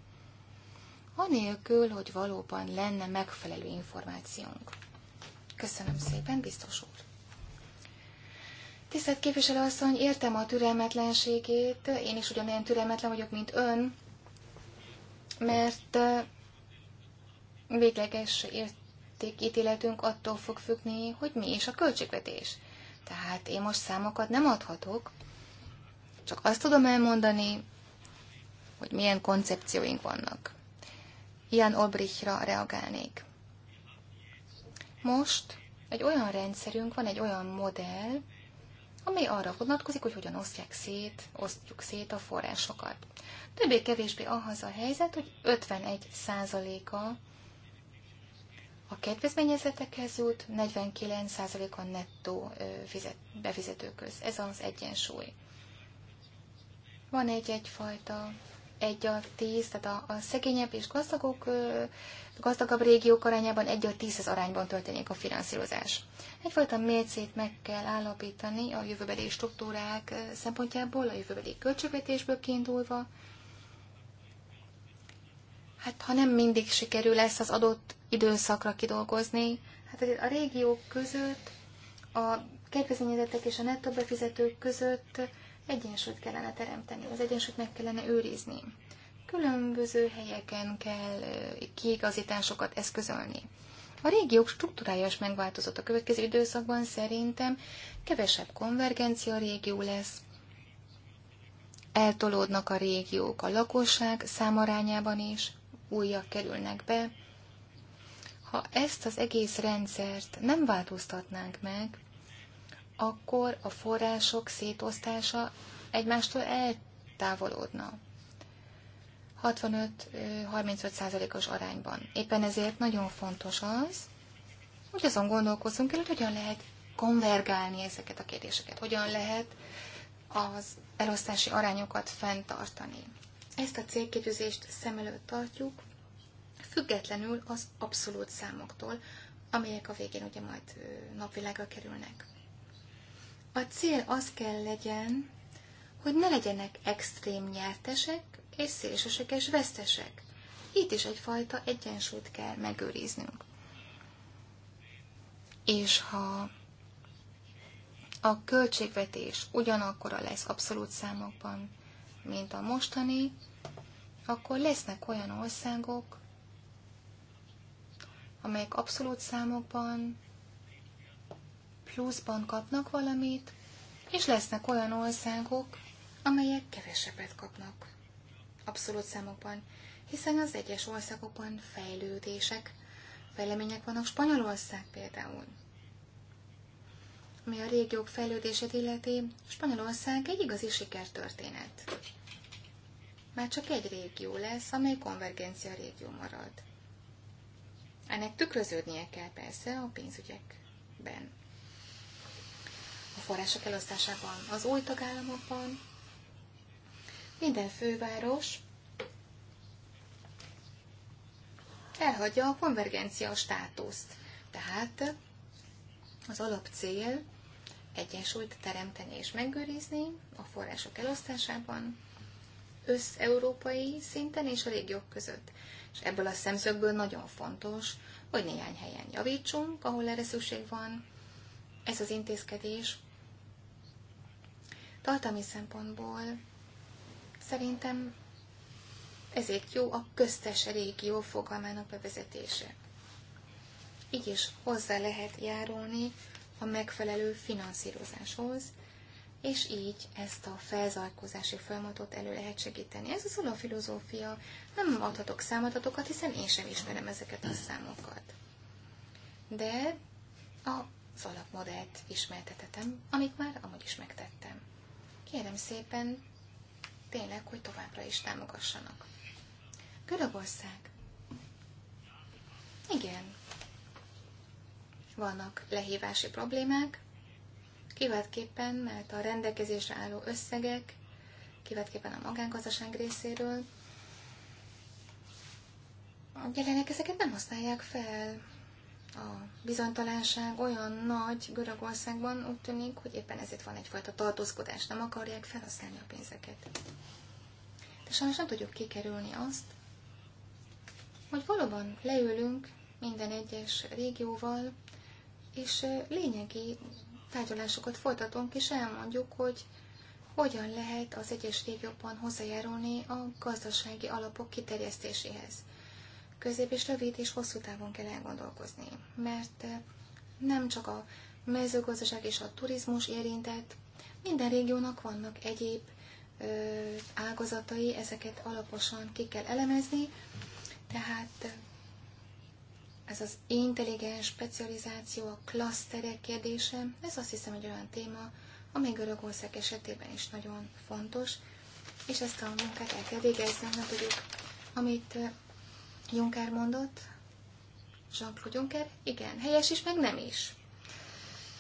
S2: anélkül, hogy valóban lenne megfelelő információnk. Köszönöm szépen, biztos úr! Tisztelt képviselőasszony, értem a türelmetlenségét, én is ugyanilyen türelmetlen vagyok, mint ön, mert eh, végleges értékítéletünk attól fog függni, hogy mi is a költségvetés. Tehát én most számokat nem adhatok, csak azt tudom elmondani, hogy milyen koncepcióink vannak. Ilyen Olbrichra reagálnék. Most egy olyan rendszerünk van, egy olyan modell, ami arra vonatkozik, hogy hogyan osztják szét, osztjuk szét a forrásokat. Többé-kevésbé ahhoz a helyzet, hogy 51%-a a kedvezményezetekhez jut, 49%-a nettó befizetőköz. Ez az egyensúly. Van egy egyfajta egy a tíz, tehát a, a szegényebb és gazdagok a gazdagabb régiók arányában egy 10 az arányban történik a finanszírozás. Egyfajta mércét meg kell állapítani a jövőbeli struktúrák eh, szempontjából, a jövőbeli költségvetésből kiindulva. Hát ha nem mindig sikerül ezt az adott időszakra kidolgozni, hát a régiók között, a kedvezményezettek és a nettó befizetők között egyensúlyt kellene teremteni, az egyensúlyt meg kellene őrizni. Különböző helyeken kell kiigazításokat eszközölni. A régiók struktúrája is megváltozott a következő időszakban, szerintem kevesebb konvergencia régió lesz, eltolódnak a régiók a lakosság számarányában is, újak kerülnek be. Ha ezt az egész rendszert nem változtatnánk meg, akkor a források szétosztása egymástól eltávolodna. 65-35%-os arányban. Éppen ezért nagyon fontos az, hogy azon gondolkozzunk el, hogy hogyan lehet konvergálni ezeket a kérdéseket, hogyan lehet az elosztási arányokat fenntartani. Ezt a célképzést szem előtt tartjuk, függetlenül az abszolút számoktól, amelyek a végén ugye majd napvilágra kerülnek. A cél az kell legyen, hogy ne legyenek extrém nyertesek, és szélsőséges vesztesek. Itt is egyfajta egyensúlyt kell megőriznünk. És ha a költségvetés ugyanakkora lesz abszolút számokban, mint a mostani, akkor lesznek olyan országok, amelyek abszolút számokban pluszban kapnak valamit, és lesznek olyan országok, amelyek kevesebbet kapnak abszolút számokban, hiszen az egyes országokban fejlődések, fejlemények vannak, Spanyolország például. Ami a régiók fejlődését illeti, Spanyolország egy igazi sikertörténet. Már csak egy régió lesz, amely konvergencia régió marad. Ennek tükröződnie kell persze a pénzügyekben. A források elosztásában, az új tagállamokban, minden főváros elhagyja a konvergencia státuszt. Tehát az alapcél egyensúlyt teremteni és megőrizni a források elosztásában, európai szinten és a régiók között. És ebből a szemszögből nagyon fontos, hogy néhány helyen javítsunk, ahol erre szükség van. Ez az intézkedés tartalmi szempontból Szerintem ezért jó a köztes régió fogalmának bevezetése. Így is hozzá lehet járulni a megfelelő finanszírozáshoz, és így ezt a felzárkózási folyamatot elő lehet segíteni. Ez az filozófia, nem adhatok számadatokat, hiszen én sem ismerem ezeket a számokat. De az alapmodellt ismertetetem, amit már amúgy is megtettem. Kérem szépen, tényleg, hogy továbbra is támogassanak. Görögország. Igen. Vannak lehívási problémák, kiváltképpen, mert a rendelkezésre álló összegek, kiváltképpen a magángazdaság részéről, jelenleg ezeket nem használják fel a bizonytalanság olyan nagy Görögországban, úgy tűnik, hogy éppen ezért van egyfajta tartózkodás, nem akarják felhasználni a pénzeket. De sajnos nem tudjuk kikerülni azt, hogy valóban leülünk minden egyes régióval, és lényegi tárgyalásokat folytatunk, és elmondjuk, hogy hogyan lehet az egyes régiókban hozzájárulni a gazdasági alapok kiterjesztéséhez közép és rövid és hosszú távon kell elgondolkozni, mert eh, nem csak a mezőgazdaság és a turizmus érintett, minden régiónak vannak egyéb ö, ágazatai, ezeket alaposan ki kell elemezni, tehát eh, ez az intelligens specializáció, a klaszterek kérdése, ez azt hiszem egy olyan téma, amely Görögország esetében is nagyon fontos, és ezt a munkát el kell végezni, nem tudjuk, amit eh, Juncker mondott. Jean-Claude Juncker, igen, helyes is, meg nem is.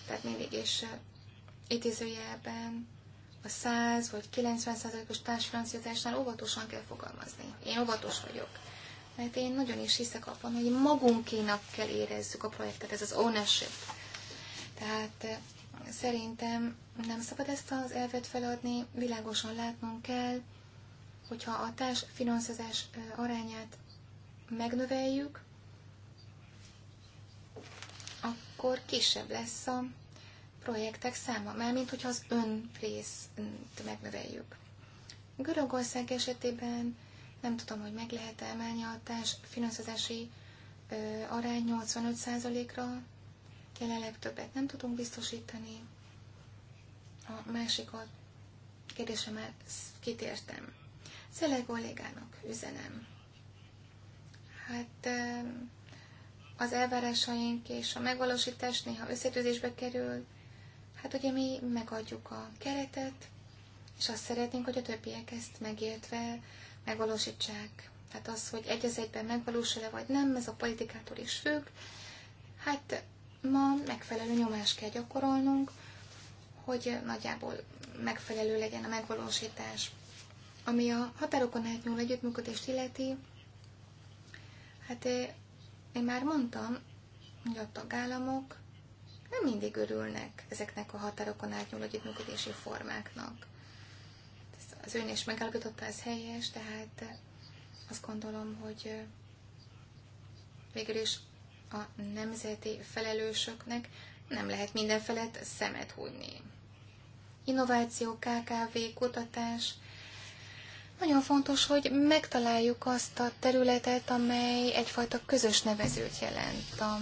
S2: Tehát mindig is eh, idézőjelben a 100 vagy 90 százalékos társfinanszírozásnál óvatosan kell fogalmazni. Én óvatos vagyok. Mert én nagyon is hiszek abban, hogy magunkénak kell érezzük a projektet, ez az ownership. Tehát eh, szerintem nem szabad ezt az elvet feladni, világosan látnunk kell, hogyha a társfinanszírozás eh, arányát megnöveljük, akkor kisebb lesz a projektek száma, mert mint hogyha az ön részt megnöveljük. Görögország esetében nem tudom, hogy meg lehet emelni a társ finanszírozási arány 85%-ra, jelenleg többet nem tudunk biztosítani. A másik a kérdésemre kitértem. Szele kollégának üzenem hát az elvárásaink és a megvalósítás néha összetűzésbe kerül. Hát ugye mi megadjuk a keretet, és azt szeretnénk, hogy a többiek ezt megértve megvalósítsák. Tehát az, hogy egy az egyben megvalósul-e vagy nem, ez a politikától is függ. Hát ma megfelelő nyomást kell gyakorolnunk, hogy nagyjából megfelelő legyen a megvalósítás. Ami a határokon átnyúló együttműködést illeti, Hát én már mondtam, hogy a tagállamok nem mindig örülnek ezeknek a határokon átnyúló együttműködési formáknak. Az ön is megállapította, ez helyes, tehát azt gondolom, hogy végül is a nemzeti felelősöknek nem lehet minden felett szemet hunyni. Innováció, KKV, kutatás, nagyon fontos, hogy megtaláljuk azt a területet, amely egyfajta közös nevezőt jelent a,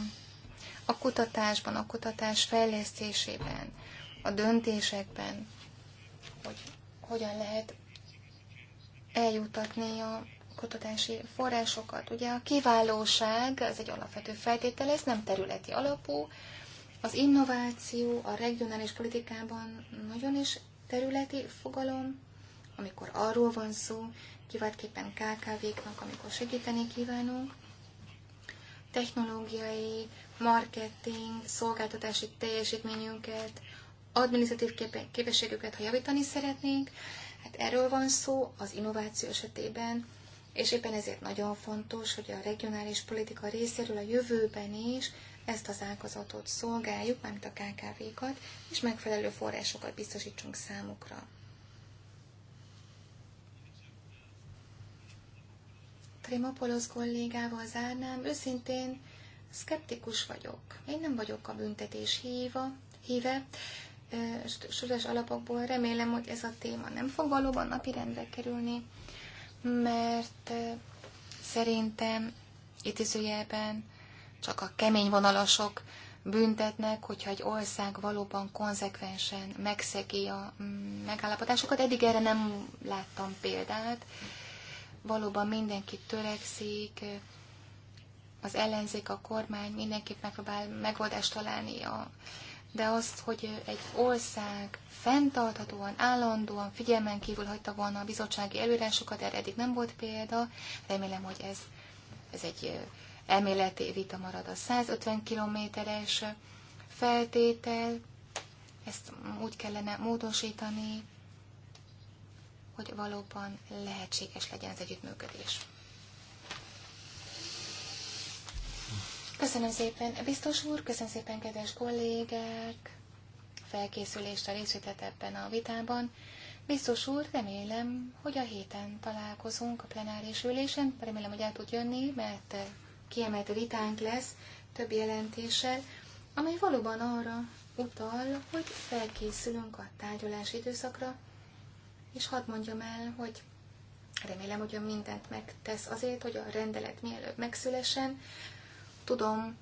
S2: a kutatásban, a kutatás fejlesztésében, a döntésekben, hogy hogyan lehet eljutatni a kutatási forrásokat. Ugye a kiválóság, ez egy alapvető feltétel, ez nem területi alapú. Az innováció a regionális politikában nagyon is területi fogalom, amikor arról van szó, kiváltképpen KKV-knak, amikor segíteni kívánunk, technológiai, marketing, szolgáltatási teljesítményünket, adminisztratív kép- képességüket, ha javítani szeretnénk, hát erről van szó az innováció esetében, és éppen ezért nagyon fontos, hogy a regionális politika részéről a jövőben is ezt az ágazatot szolgáljuk, mármint a KKV-kat, és megfelelő forrásokat biztosítsunk számukra. Trimopolos kollégával zárnám, őszintén szkeptikus vagyok. Én nem vagyok a büntetés híva, híve, súlyos alapokból remélem, hogy ez a téma nem fog valóban rendbe kerülni, mert szerintem idézőjelben csak a kemény vonalasok büntetnek, hogyha egy ország valóban konzekvensen megszegi a mm, megállapodásokat. Eddig erre nem láttam példát valóban mindenki törekszik, az ellenzék, a kormány mindenképp megpróbál megoldást találni, a, de azt, hogy egy ország fenntarthatóan, állandóan figyelmen kívül hagyta volna a bizottsági előírásokat, erre eddig nem volt példa. Remélem, hogy ez, ez egy elméleti vita marad a 150 kilométeres feltétel, ezt úgy kellene módosítani, hogy valóban lehetséges legyen az együttműködés. Köszönöm szépen, biztos úr, köszönöm szépen, kedves kollégák, felkészülést a részvétet ebben a vitában. Biztos úr, remélem, hogy a héten találkozunk a plenáris ülésen, remélem, hogy el tud jönni, mert kiemelt vitánk lesz több jelentéssel, amely valóban arra utal, hogy felkészülünk a tárgyalási időszakra, és hadd mondjam el, hogy remélem, hogy ön mindent megtesz azért, hogy a rendelet mielőbb megszülessen. Tudom,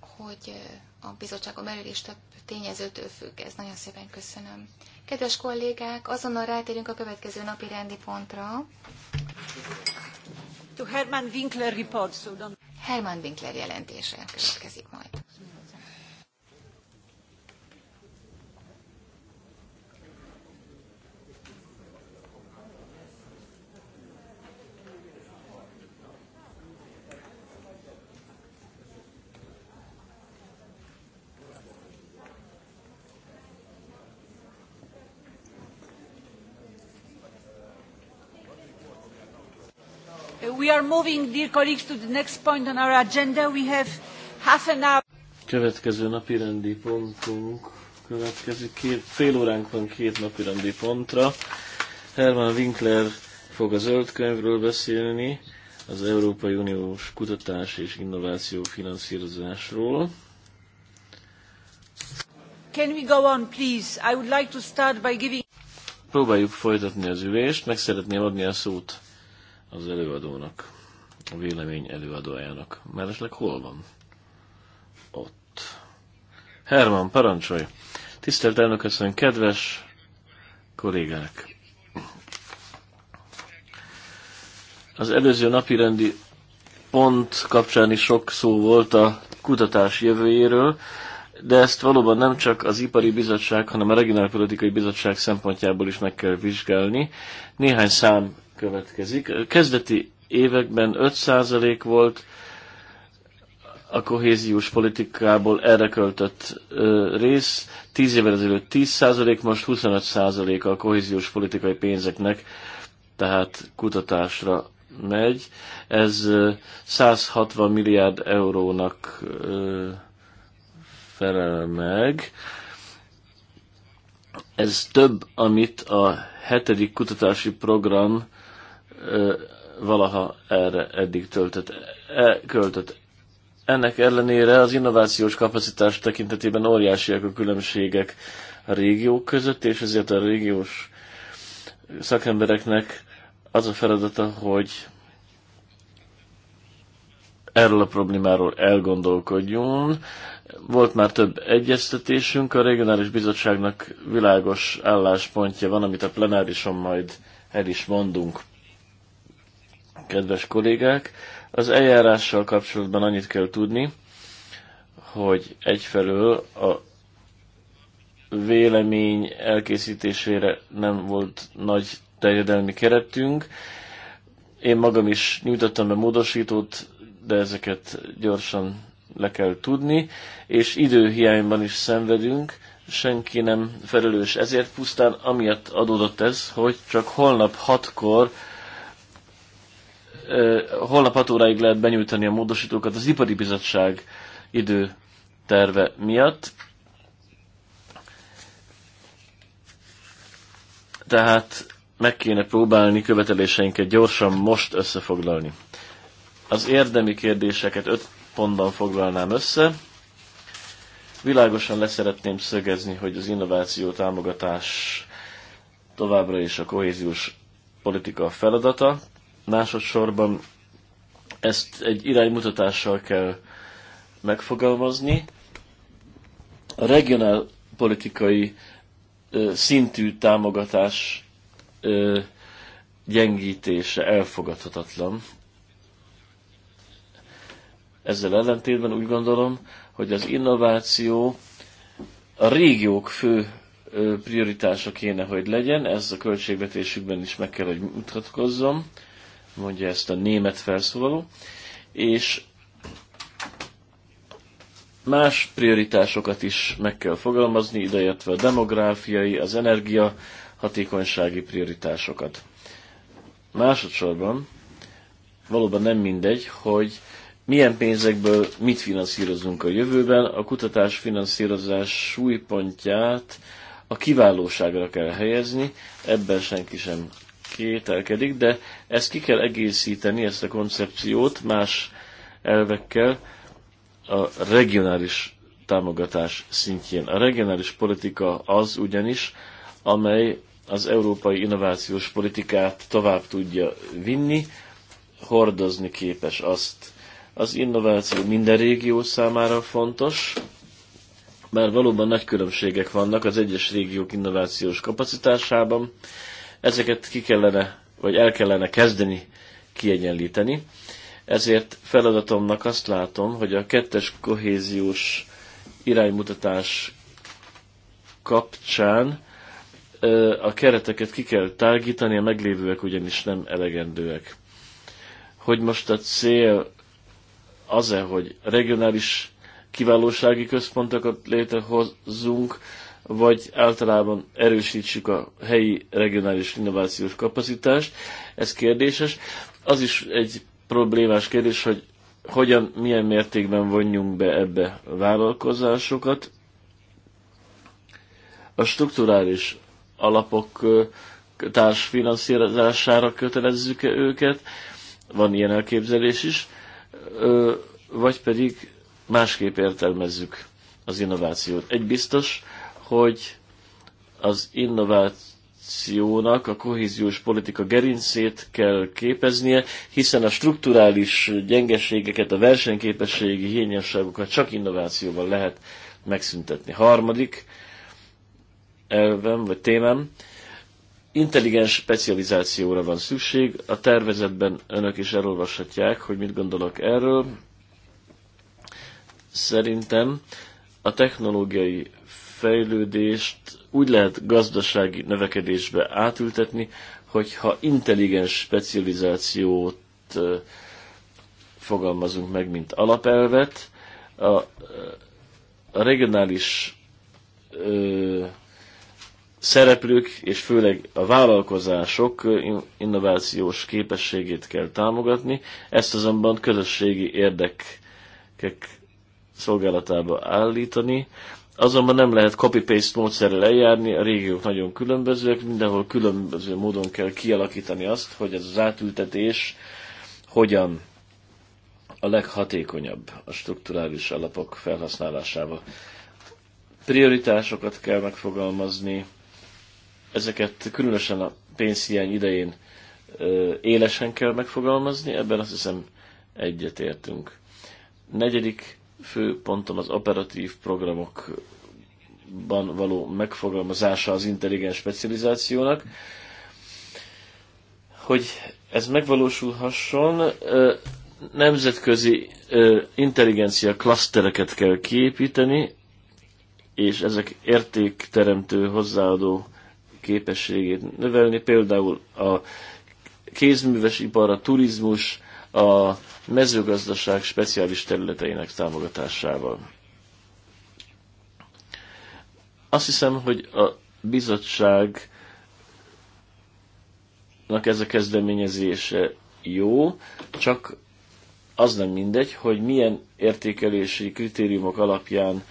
S2: hogy a bizottságom belül is több tényezőtől függ. Ez nagyon szépen köszönöm. Kedves kollégák, azonnal rátérünk a következő napi rendi pontra.
S4: To Hermann Winkler report,
S2: so Hermann Winkler jelentése következik majd. We are moving, dear colleagues, to the next point on our agenda. We have half an hour.
S3: Következő napi rendi pontunk következik. Két, fél óránk van két napi rendi pontra. Herman Winkler fog a zöld könyvről beszélni, az Európai Uniós kutatás és innováció finanszírozásról.
S1: Can we go on, please? I would like to start by giving...
S3: Próbáljuk folytatni az ülést, meg szeretném adni a szót az előadónak, a vélemény előadójának. Mellesleg hol van? Ott. Herman, parancsolj! Tisztelt elnök, köszönöm, kedves kollégák! Az előző napi rendi pont kapcsán is sok szó volt a kutatás jövőjéről, de ezt valóban nem csak az Ipari Bizottság, hanem a Regionálpolitikai Bizottság szempontjából is meg kell vizsgálni. Néhány szám következik. A kezdeti években 5% volt a kohéziós politikából erre költött ö, rész, 10 évvel ezelőtt 10%, most 25% a kohéziós politikai pénzeknek, tehát kutatásra megy. Ez 160 milliárd eurónak ö, felel meg. Ez több, amit a hetedik kutatási program valaha erre eddig töltött, e, költött. Ennek ellenére az innovációs kapacitás tekintetében óriásiak a különbségek a régiók között, és ezért a régiós szakembereknek az a feladata, hogy erről a problémáról elgondolkodjunk Volt már több egyeztetésünk, a regionális bizottságnak világos álláspontja van, amit a plenárison majd el is mondunk kedves kollégák. Az eljárással kapcsolatban annyit kell tudni, hogy egyfelől a vélemény elkészítésére nem volt nagy terjedelmi keretünk. Én magam is nyújtottam be módosítót, de ezeket gyorsan le kell tudni, és időhiányban is szenvedünk, senki nem felelős ezért, pusztán amiatt adódott ez, hogy csak holnap hatkor holnap 6 óráig lehet benyújtani a módosítókat az Ipari Bizottság időterve miatt. Tehát meg kéne próbálni követeléseinket gyorsan most összefoglalni. Az érdemi kérdéseket öt pontban foglalnám össze. Világosan leszeretném szögezni, hogy az innováció támogatás továbbra is a kohéziós politika feladata. Másodszorban ezt egy iránymutatással kell megfogalmazni. A regionál politikai szintű támogatás gyengítése elfogadhatatlan. Ezzel ellentétben úgy gondolom, hogy az innováció a régiók fő prioritása kéne, hogy legyen, ez a költségvetésükben is meg kell, hogy mutatkozzon mondja ezt a német felszólaló, és más prioritásokat is meg kell fogalmazni, ideértve a demográfiai, az energia, hatékonysági prioritásokat. Másodszorban valóban nem mindegy, hogy milyen pénzekből mit finanszírozunk a jövőben, a kutatás finanszírozás súlypontját a kiválóságra kell helyezni, ebben senki sem kételkedik, de ezt ki kell egészíteni, ezt a koncepciót más elvekkel a regionális támogatás szintjén. A regionális politika az ugyanis, amely az európai innovációs politikát tovább tudja vinni, hordozni képes azt. Az innováció minden régió számára fontos, mert valóban nagy különbségek vannak az egyes régiók innovációs kapacitásában, Ezeket ki kellene, vagy el kellene kezdeni kiegyenlíteni. Ezért feladatomnak azt látom, hogy a kettes kohéziós iránymutatás kapcsán a kereteket ki kell tágítani, a meglévőek ugyanis nem elegendőek. Hogy most a cél az-e, hogy regionális kiválósági központokat létrehozzunk, vagy általában erősítsük a helyi regionális innovációs kapacitást. Ez kérdéses. Az is egy problémás kérdés, hogy hogyan, milyen mértékben vonjunk be ebbe a vállalkozásokat. A strukturális alapok társfinanszírozására kötelezzük -e őket, van ilyen elképzelés is, vagy pedig másképp értelmezzük az innovációt. Egy biztos, hogy az innovációnak a kohéziós politika gerincét kell képeznie, hiszen a strukturális gyengeségeket, a versenyképességi hiányosságokat csak innovációval lehet megszüntetni. Harmadik elvem vagy témám, intelligens specializációra van szükség. A tervezetben önök is elolvashatják, hogy mit gondolok erről. Szerintem a technológiai fejlődést úgy lehet gazdasági növekedésbe átültetni, hogyha intelligens specializációt fogalmazunk meg, mint alapelvet. A, regionális szereplők, és főleg a vállalkozások innovációs képességét kell támogatni, ezt azonban közösségi érdekek szolgálatába állítani. Azonban nem lehet copy-paste módszerrel eljárni, a régiók nagyon különbözőek, mindenhol különböző módon kell kialakítani azt, hogy ez az átültetés hogyan a leghatékonyabb a strukturális alapok felhasználásával. Prioritásokat kell megfogalmazni, ezeket különösen a pénzhiány idején élesen kell megfogalmazni, ebben azt hiszem egyetértünk. Negyedik fő pontom az operatív programokban való megfogalmazása az intelligens specializációnak. Hogy ez megvalósulhasson, nemzetközi intelligencia klasztereket kell kiépíteni, és ezek értékteremtő hozzáadó képességét növelni, például a kézműves ipar, a turizmus, a mezőgazdaság speciális területeinek támogatásával. Azt hiszem, hogy a bizottságnak ez a kezdeményezése jó, csak az nem mindegy, hogy milyen értékelési kritériumok alapján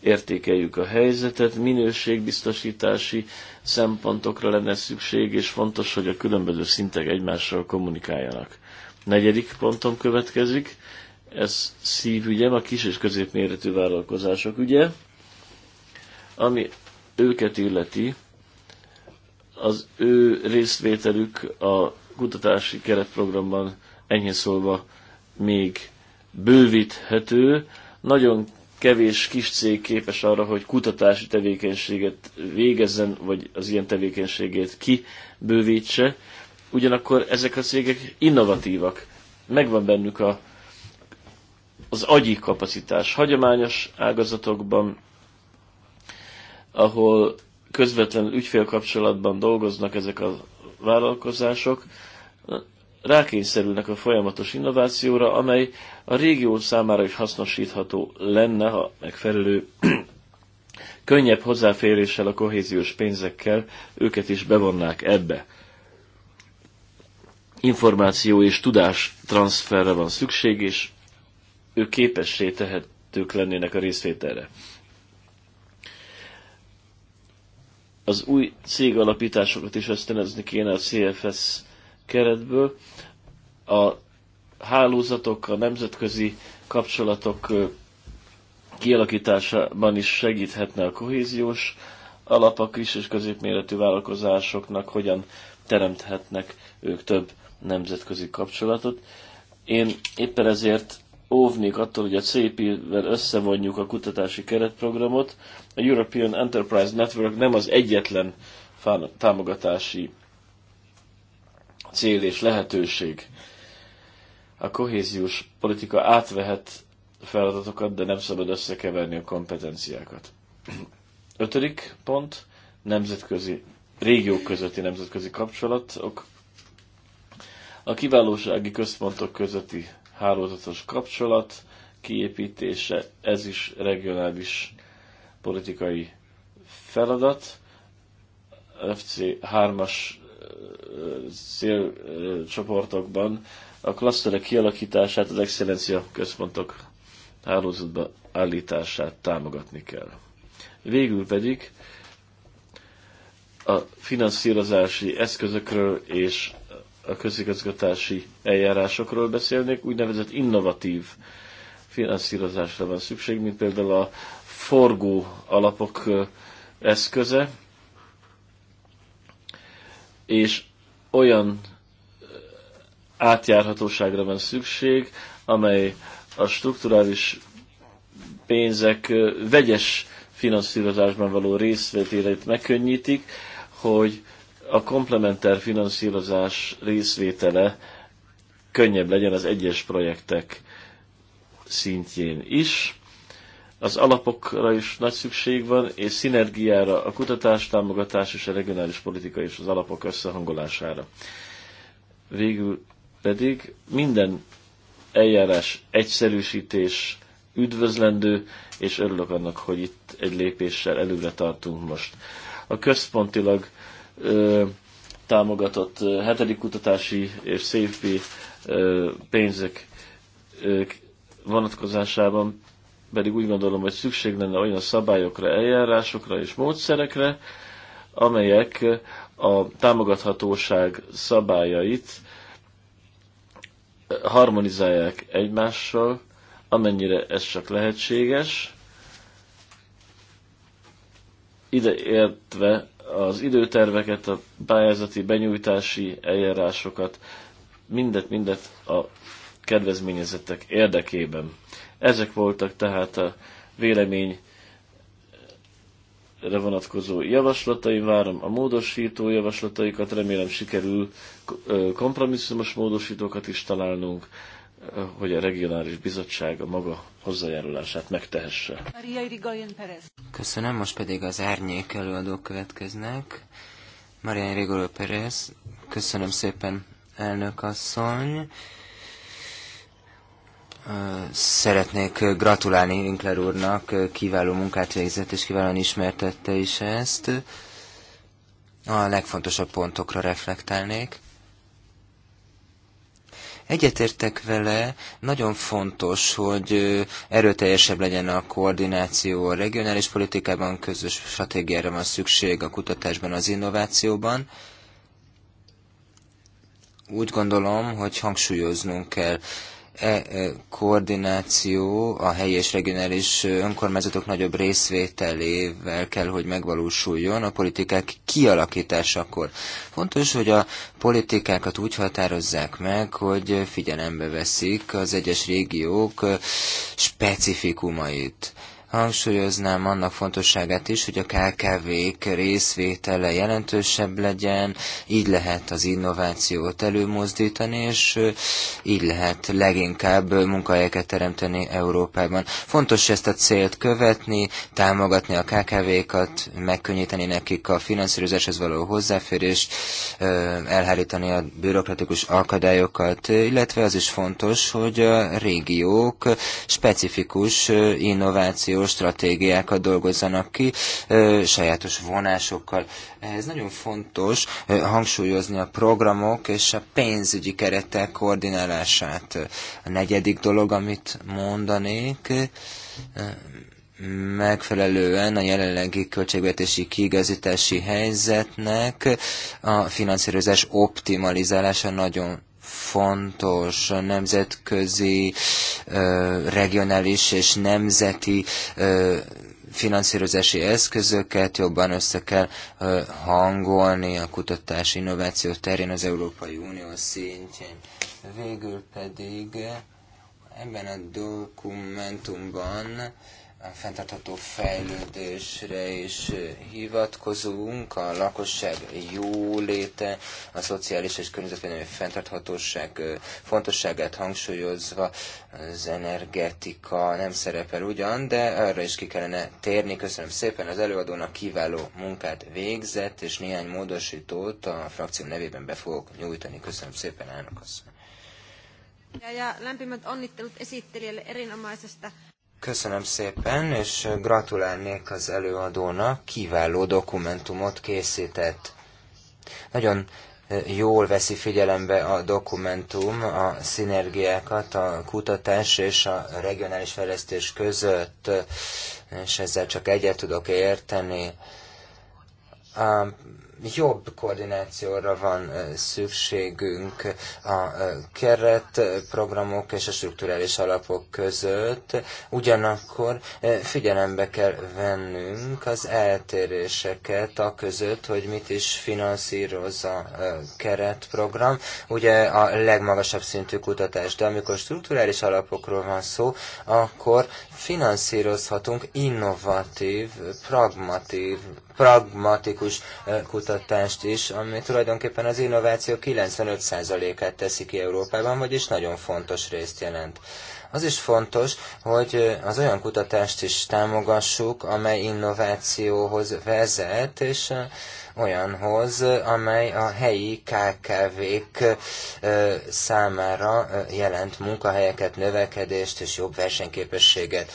S3: értékeljük a helyzetet, minőségbiztosítási szempontokra lenne szükség, és fontos, hogy a különböző szintek egymással kommunikáljanak negyedik pontom következik. Ez szívügyem, a kis és középméretű vállalkozások ügye, ami őket illeti, az ő részvételük a kutatási keretprogramban enyhén szólva még bővíthető. Nagyon kevés kis cég képes arra, hogy kutatási tevékenységet végezzen, vagy az ilyen tevékenységét kibővítse. Ugyanakkor ezek a cégek innovatívak, megvan bennük a, az agyi kapacitás. Hagyományos ágazatokban, ahol közvetlen ügyfélkapcsolatban dolgoznak ezek a vállalkozások, rákényszerülnek a folyamatos innovációra, amely a régió számára is hasznosítható lenne, ha megfelelő *clears throat* könnyebb hozzáféréssel a kohéziós pénzekkel őket is bevonnák ebbe információ és tudás transferre van szükség, és ők képessé tehetők lennének a részvételre. Az új cég alapításokat is ösztönözni kéne a CFS keretből. A hálózatok, a nemzetközi kapcsolatok kialakításában is segíthetne a kohéziós alap a kis és középméretű vállalkozásoknak, hogyan teremthetnek ők több nemzetközi kapcsolatot. Én éppen ezért óvnék attól, hogy a CEP-vel összevonjuk a kutatási keretprogramot. A European Enterprise Network nem az egyetlen támogatási cél és lehetőség. A kohéziós politika átvehet feladatokat, de nem szabad összekeverni a kompetenciákat. Ötödik pont, nemzetközi, régiók közötti nemzetközi kapcsolatok a kiválósági központok közötti hálózatos kapcsolat kiépítése, ez is regionális politikai feladat. FC3-as célcsoportokban a klaszterek kialakítását, az excellencia központok hálózatba állítását támogatni kell. Végül pedig a finanszírozási eszközökről és a közigazgatási eljárásokról beszélnék, úgynevezett innovatív finanszírozásra van szükség, mint például a forgó alapok eszköze, és olyan átjárhatóságra van szükség, amely a strukturális pénzek vegyes finanszírozásban való részvételét megkönnyítik, hogy a komplementer finanszírozás részvétele könnyebb legyen az egyes projektek szintjén is. Az alapokra is nagy szükség van, és szinergiára a kutatás, támogatás és a regionális politika és az alapok összehangolására. Végül pedig minden eljárás egyszerűsítés üdvözlendő, és örülök annak, hogy itt egy lépéssel előre tartunk most. A központilag támogatott hetedik kutatási és safety pénzek vonatkozásában pedig úgy gondolom, hogy szükség lenne olyan szabályokra, eljárásokra és módszerekre, amelyek a támogathatóság szabályait harmonizálják egymással, amennyire ez csak lehetséges, Ideértve az időterveket, a pályázati benyújtási eljárásokat, mindet, mindet a kedvezményezettek érdekében. Ezek voltak tehát a vélemény vonatkozó javaslataim, várom a módosító javaslataikat, remélem sikerül kompromisszumos módosítókat is találnunk, hogy a regionális bizottság a maga hozzájárulását megtehesse. Köszönöm, most
S1: pedig az árnyék előadók következnek. Maria Rigoló Perez, köszönöm szépen, elnök asszony. Szeretnék gratulálni Winkler úrnak, kiváló munkát végzett, és kiválóan ismertette is ezt. A legfontosabb pontokra reflektálnék. Egyetértek vele, nagyon fontos, hogy erőteljesebb legyen a koordináció a regionális politikában, közös stratégiára van szükség a kutatásban, az innovációban. Úgy gondolom, hogy hangsúlyoznunk kell E, e koordináció a helyi és regionális önkormányzatok nagyobb részvételével kell, hogy megvalósuljon a politikák kialakításakor. Fontos, hogy a politikákat úgy határozzák meg, hogy figyelembe veszik az egyes régiók specifikumait hangsúlyoznám annak fontosságát is, hogy a KKV-k részvétele jelentősebb legyen, így lehet az innovációt előmozdítani, és így lehet leginkább munkahelyeket teremteni Európában. Fontos ezt a célt követni, támogatni a KKV-kat, megkönnyíteni nekik a finanszírozáshoz való hozzáférést, elhárítani a bürokratikus akadályokat, illetve az is fontos, hogy a régiók specifikus innováció kommunikációs stratégiákat dolgozzanak ki sajátos vonásokkal. Ehhez nagyon fontos hangsúlyozni a programok és a pénzügyi keretek koordinálását. A negyedik dolog, amit mondanék, megfelelően a jelenlegi költségvetési kiigazítási helyzetnek a finanszírozás optimalizálása nagyon fontos nemzetközi, regionális és nemzeti finanszírozási eszközöket jobban össze kell hangolni a kutatás innováció terén az Európai Unió szintjén. Végül pedig ebben a dokumentumban a fenntartható fejlődésre is hivatkozunk, a lakosság jóléte, a szociális és környezetvédelmi fenntarthatóság fontosságát hangsúlyozva az energetika nem szerepel ugyan, de arra is ki kellene térni. Köszönöm szépen az előadónak kiváló munkát végzett, és néhány módosítót a frakció nevében be fogok nyújtani. Köszönöm szépen, elnök asszony.
S3: Ja, ja lämpimät onnittelut esittelijälle erinomaisesta
S1: Köszönöm szépen, és gratulálnék az előadónak, kiváló dokumentumot készített. Nagyon jól veszi figyelembe a dokumentum a szinergiákat a kutatás és a regionális fejlesztés között, és ezzel csak egyet tudok érteni. A jobb koordinációra van szükségünk a keretprogramok és a strukturális alapok között, ugyanakkor figyelembe kell vennünk az eltéréseket a között, hogy mit is finanszíroz a keretprogram, ugye a legmagasabb szintű kutatás, de amikor strukturális alapokról van szó, akkor finanszírozhatunk innovatív, pragmatív, pragmatikus eh, kutatást is, ami tulajdonképpen az innováció 95%-át teszi ki Európában, vagyis nagyon fontos részt jelent. Az is fontos, hogy eh, az olyan kutatást is támogassuk, amely innovációhoz vezet, és eh, olyanhoz, amely a helyi KKV-k számára jelent munkahelyeket, növekedést és jobb versenyképességet.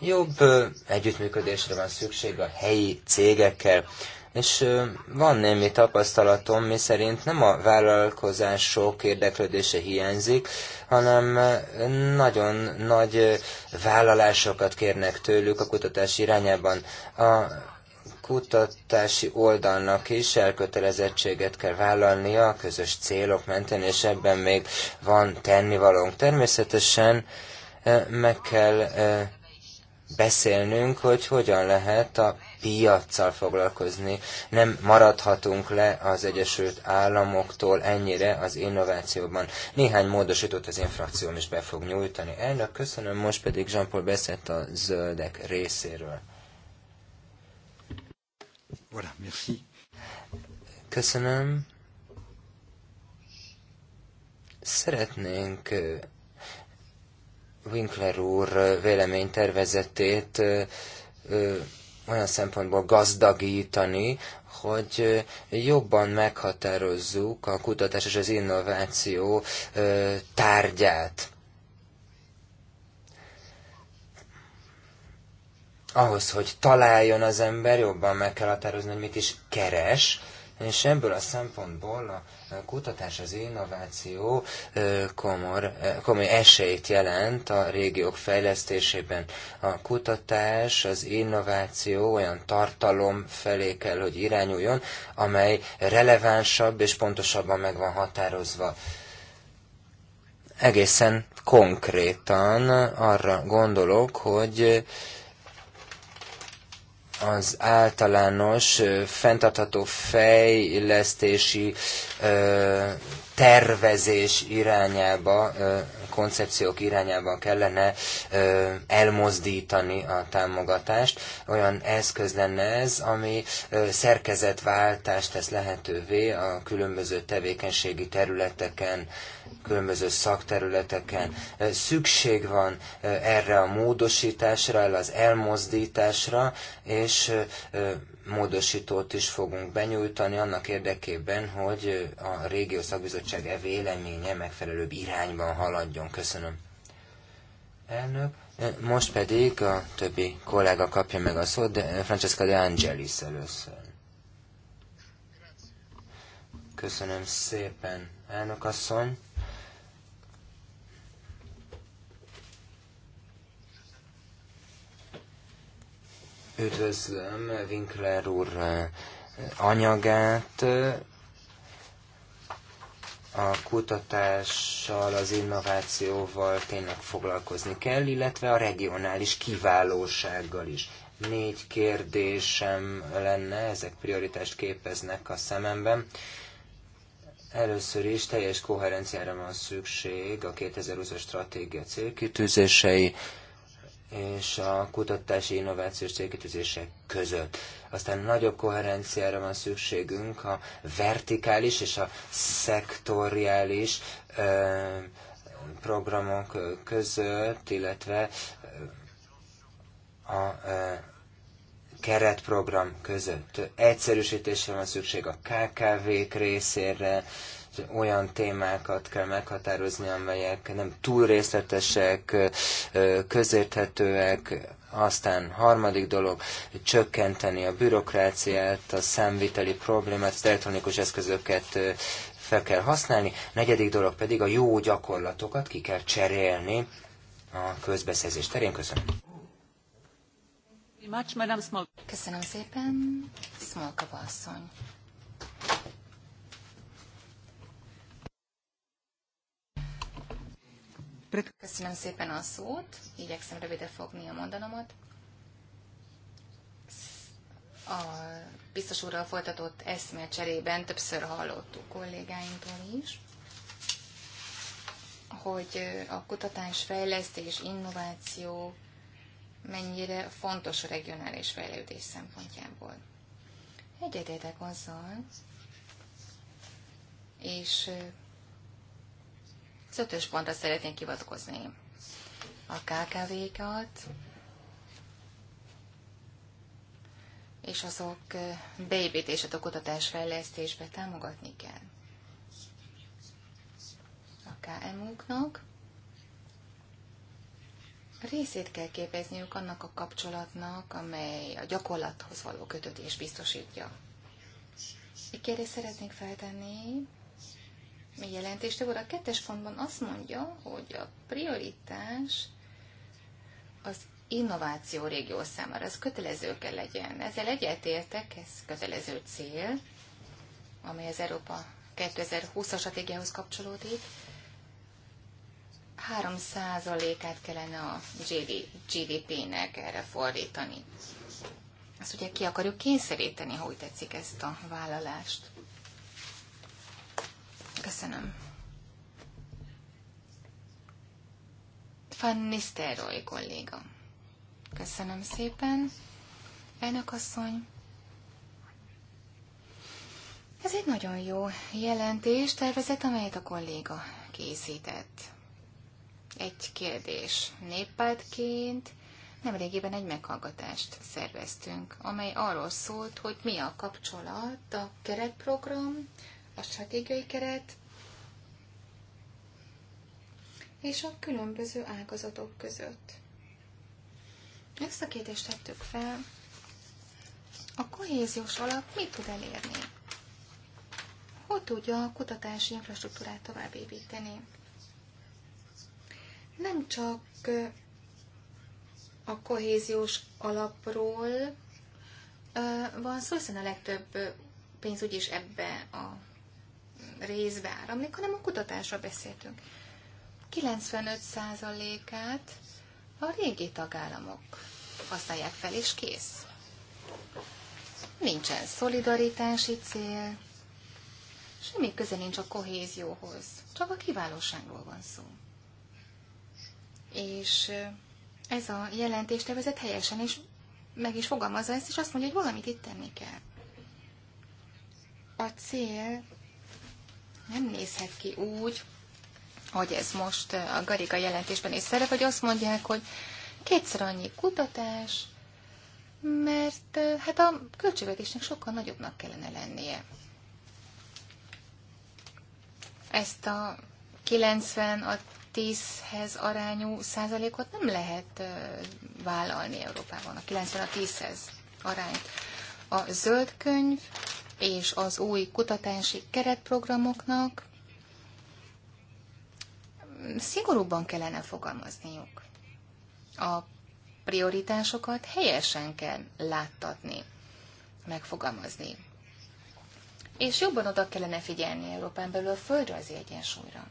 S1: Jobb együttműködésre van szükség a helyi cégekkel és van némi tapasztalatom, mi szerint nem a vállalkozások érdeklődése hiányzik, hanem nagyon nagy vállalásokat kérnek tőlük a kutatás irányában. A kutatási oldalnak is elkötelezettséget kell vállalnia a közös célok mentén, és ebben még van tennivalónk. Természetesen e, meg kell e, beszélnünk, hogy hogyan lehet a piaccal foglalkozni. Nem maradhatunk le az Egyesült Államoktól ennyire az innovációban. Néhány módosítót az én frakcióm is be fog nyújtani. Elnök, köszönöm, most pedig Jean-Paul beszélt a zöldek részéről. Voilà, merci. Köszönöm. Szeretnénk Winkler úr véleménytervezetét olyan szempontból gazdagítani, hogy jobban meghatározzuk a kutatás és az innováció tárgyát. ahhoz, hogy találjon az ember, jobban meg kell határozni, hogy mit is keres, és ebből a szempontból a kutatás, az innováció komor, komoly esélyt jelent a régiók fejlesztésében. A kutatás, az innováció olyan tartalom felé kell, hogy irányuljon, amely relevánsabb és pontosabban meg van határozva. Egészen konkrétan arra gondolok, hogy az általános fenntartható fejlesztési tervezés irányába, koncepciók irányába kellene elmozdítani a támogatást. Olyan eszköz lenne ez, ami szerkezetváltást tesz lehetővé a különböző tevékenységi területeken különböző szakterületeken. Szükség van erre a módosításra, az elmozdításra, és módosítót is fogunk benyújtani annak érdekében, hogy a régió szakbizottság e véleménye megfelelőbb irányban haladjon. Köszönöm. Elnök, most pedig a többi kolléga kapja meg a szót, de Francesca de Angelis először. Köszönöm szépen, elnök asszony. Üdvözlöm Winkler úr eh, anyagát, eh, a kutatással, az innovációval tényleg foglalkozni kell, illetve a regionális kiválósággal is. Négy kérdésem lenne, ezek prioritást képeznek a szememben. Először is teljes koherenciára van szükség a 2020-as stratégia célkitűzései, és a kutatási innovációs célkitűzések között. Aztán nagyobb koherenciára van szükségünk a vertikális és a szektoriális programok között, illetve a keretprogram között. Egyszerűsítésre van szükség a KKV-k részére, olyan témákat kell meghatározni, amelyek nem túl részletesek, közérthetőek, aztán harmadik dolog, csökkenteni a bürokráciát, a számviteli problémát, az elektronikus eszközöket fel kell használni, negyedik dolog pedig a jó gyakorlatokat ki kell cserélni a közbeszerzés terén. Köszönöm.
S2: Köszönöm szépen, Smolkova asszony. Köszönöm szépen a szót, igyekszem rövide fogni a mondanomat. A biztos úrral folytatott cserében többször hallottuk kollégáinktól is, hogy a kutatás, fejlesztés, innováció mennyire fontos a regionális fejlődés szempontjából. Egyetétek azzal, és az ötös pontra szeretnék hivatkozni. A KKV-kat és azok beépítését a kutatás fejlesztésbe támogatni kell. A KMU-knak részét kell képezniük annak a kapcsolatnak, amely a gyakorlathoz való kötődés biztosítja. Egy kérdést szeretnék feltenni, mi Akkor A kettes pontban azt mondja, hogy a prioritás az innováció régió számára, az kötelező kell legyen. Ezzel egyetértek, ez kötelező cél, amely az Európa 2020-as stratégiához kapcsolódik. 3%-át kellene a GDP-nek erre fordítani. Azt ugye ki akarjuk kényszeríteni, hogy tetszik ezt a vállalást. Köszönöm. Van Nisztelrooy kolléga. Köszönöm szépen. Elnök asszony. Ez egy nagyon jó jelentés, tervezet, amelyet a kolléga készített. Egy kérdés. Néppártként nemrégiben egy meghallgatást szerveztünk, amely arról szólt, hogy mi a kapcsolat a keretprogram, a stratégiai keret és a különböző ágazatok között. Ezt a kérdést tettük fel, a kohéziós alap mit tud elérni? Hogy tudja a kutatási infrastruktúrát tovább építeni? Nem csak a kohéziós alapról van szó, hiszen a legtöbb pénz úgyis ebbe a részbe áramlik, hanem a kutatásra beszéltünk. 95%-át a régi tagállamok használják fel, és kész. Nincsen szolidaritási cél, semmi köze nincs a kohézióhoz, csak a kiválóságról van szó. És ez a jelentést jelentéstevezet helyesen és meg is fogalmazza ezt, és azt mondja, hogy valamit itt tenni kell. A cél nem nézhet ki úgy, hogy ez most eh, a Gariga jelentésben is szerep, hogy azt mondják, hogy kétszer annyi kutatás, mert eh, hát a költségvetésnek sokkal nagyobbnak kellene lennie. Ezt a 90 a 10-hez arányú százalékot nem lehet eh, vállalni Európában, a 90 a 10-hez arányt. A zöld könyv és az új kutatási keretprogramoknak szigorúbban kellene fogalmazniuk. A prioritásokat helyesen kell láttatni, megfogalmazni. És jobban oda kellene figyelni Európán belül a földrajzi egyensúlyra.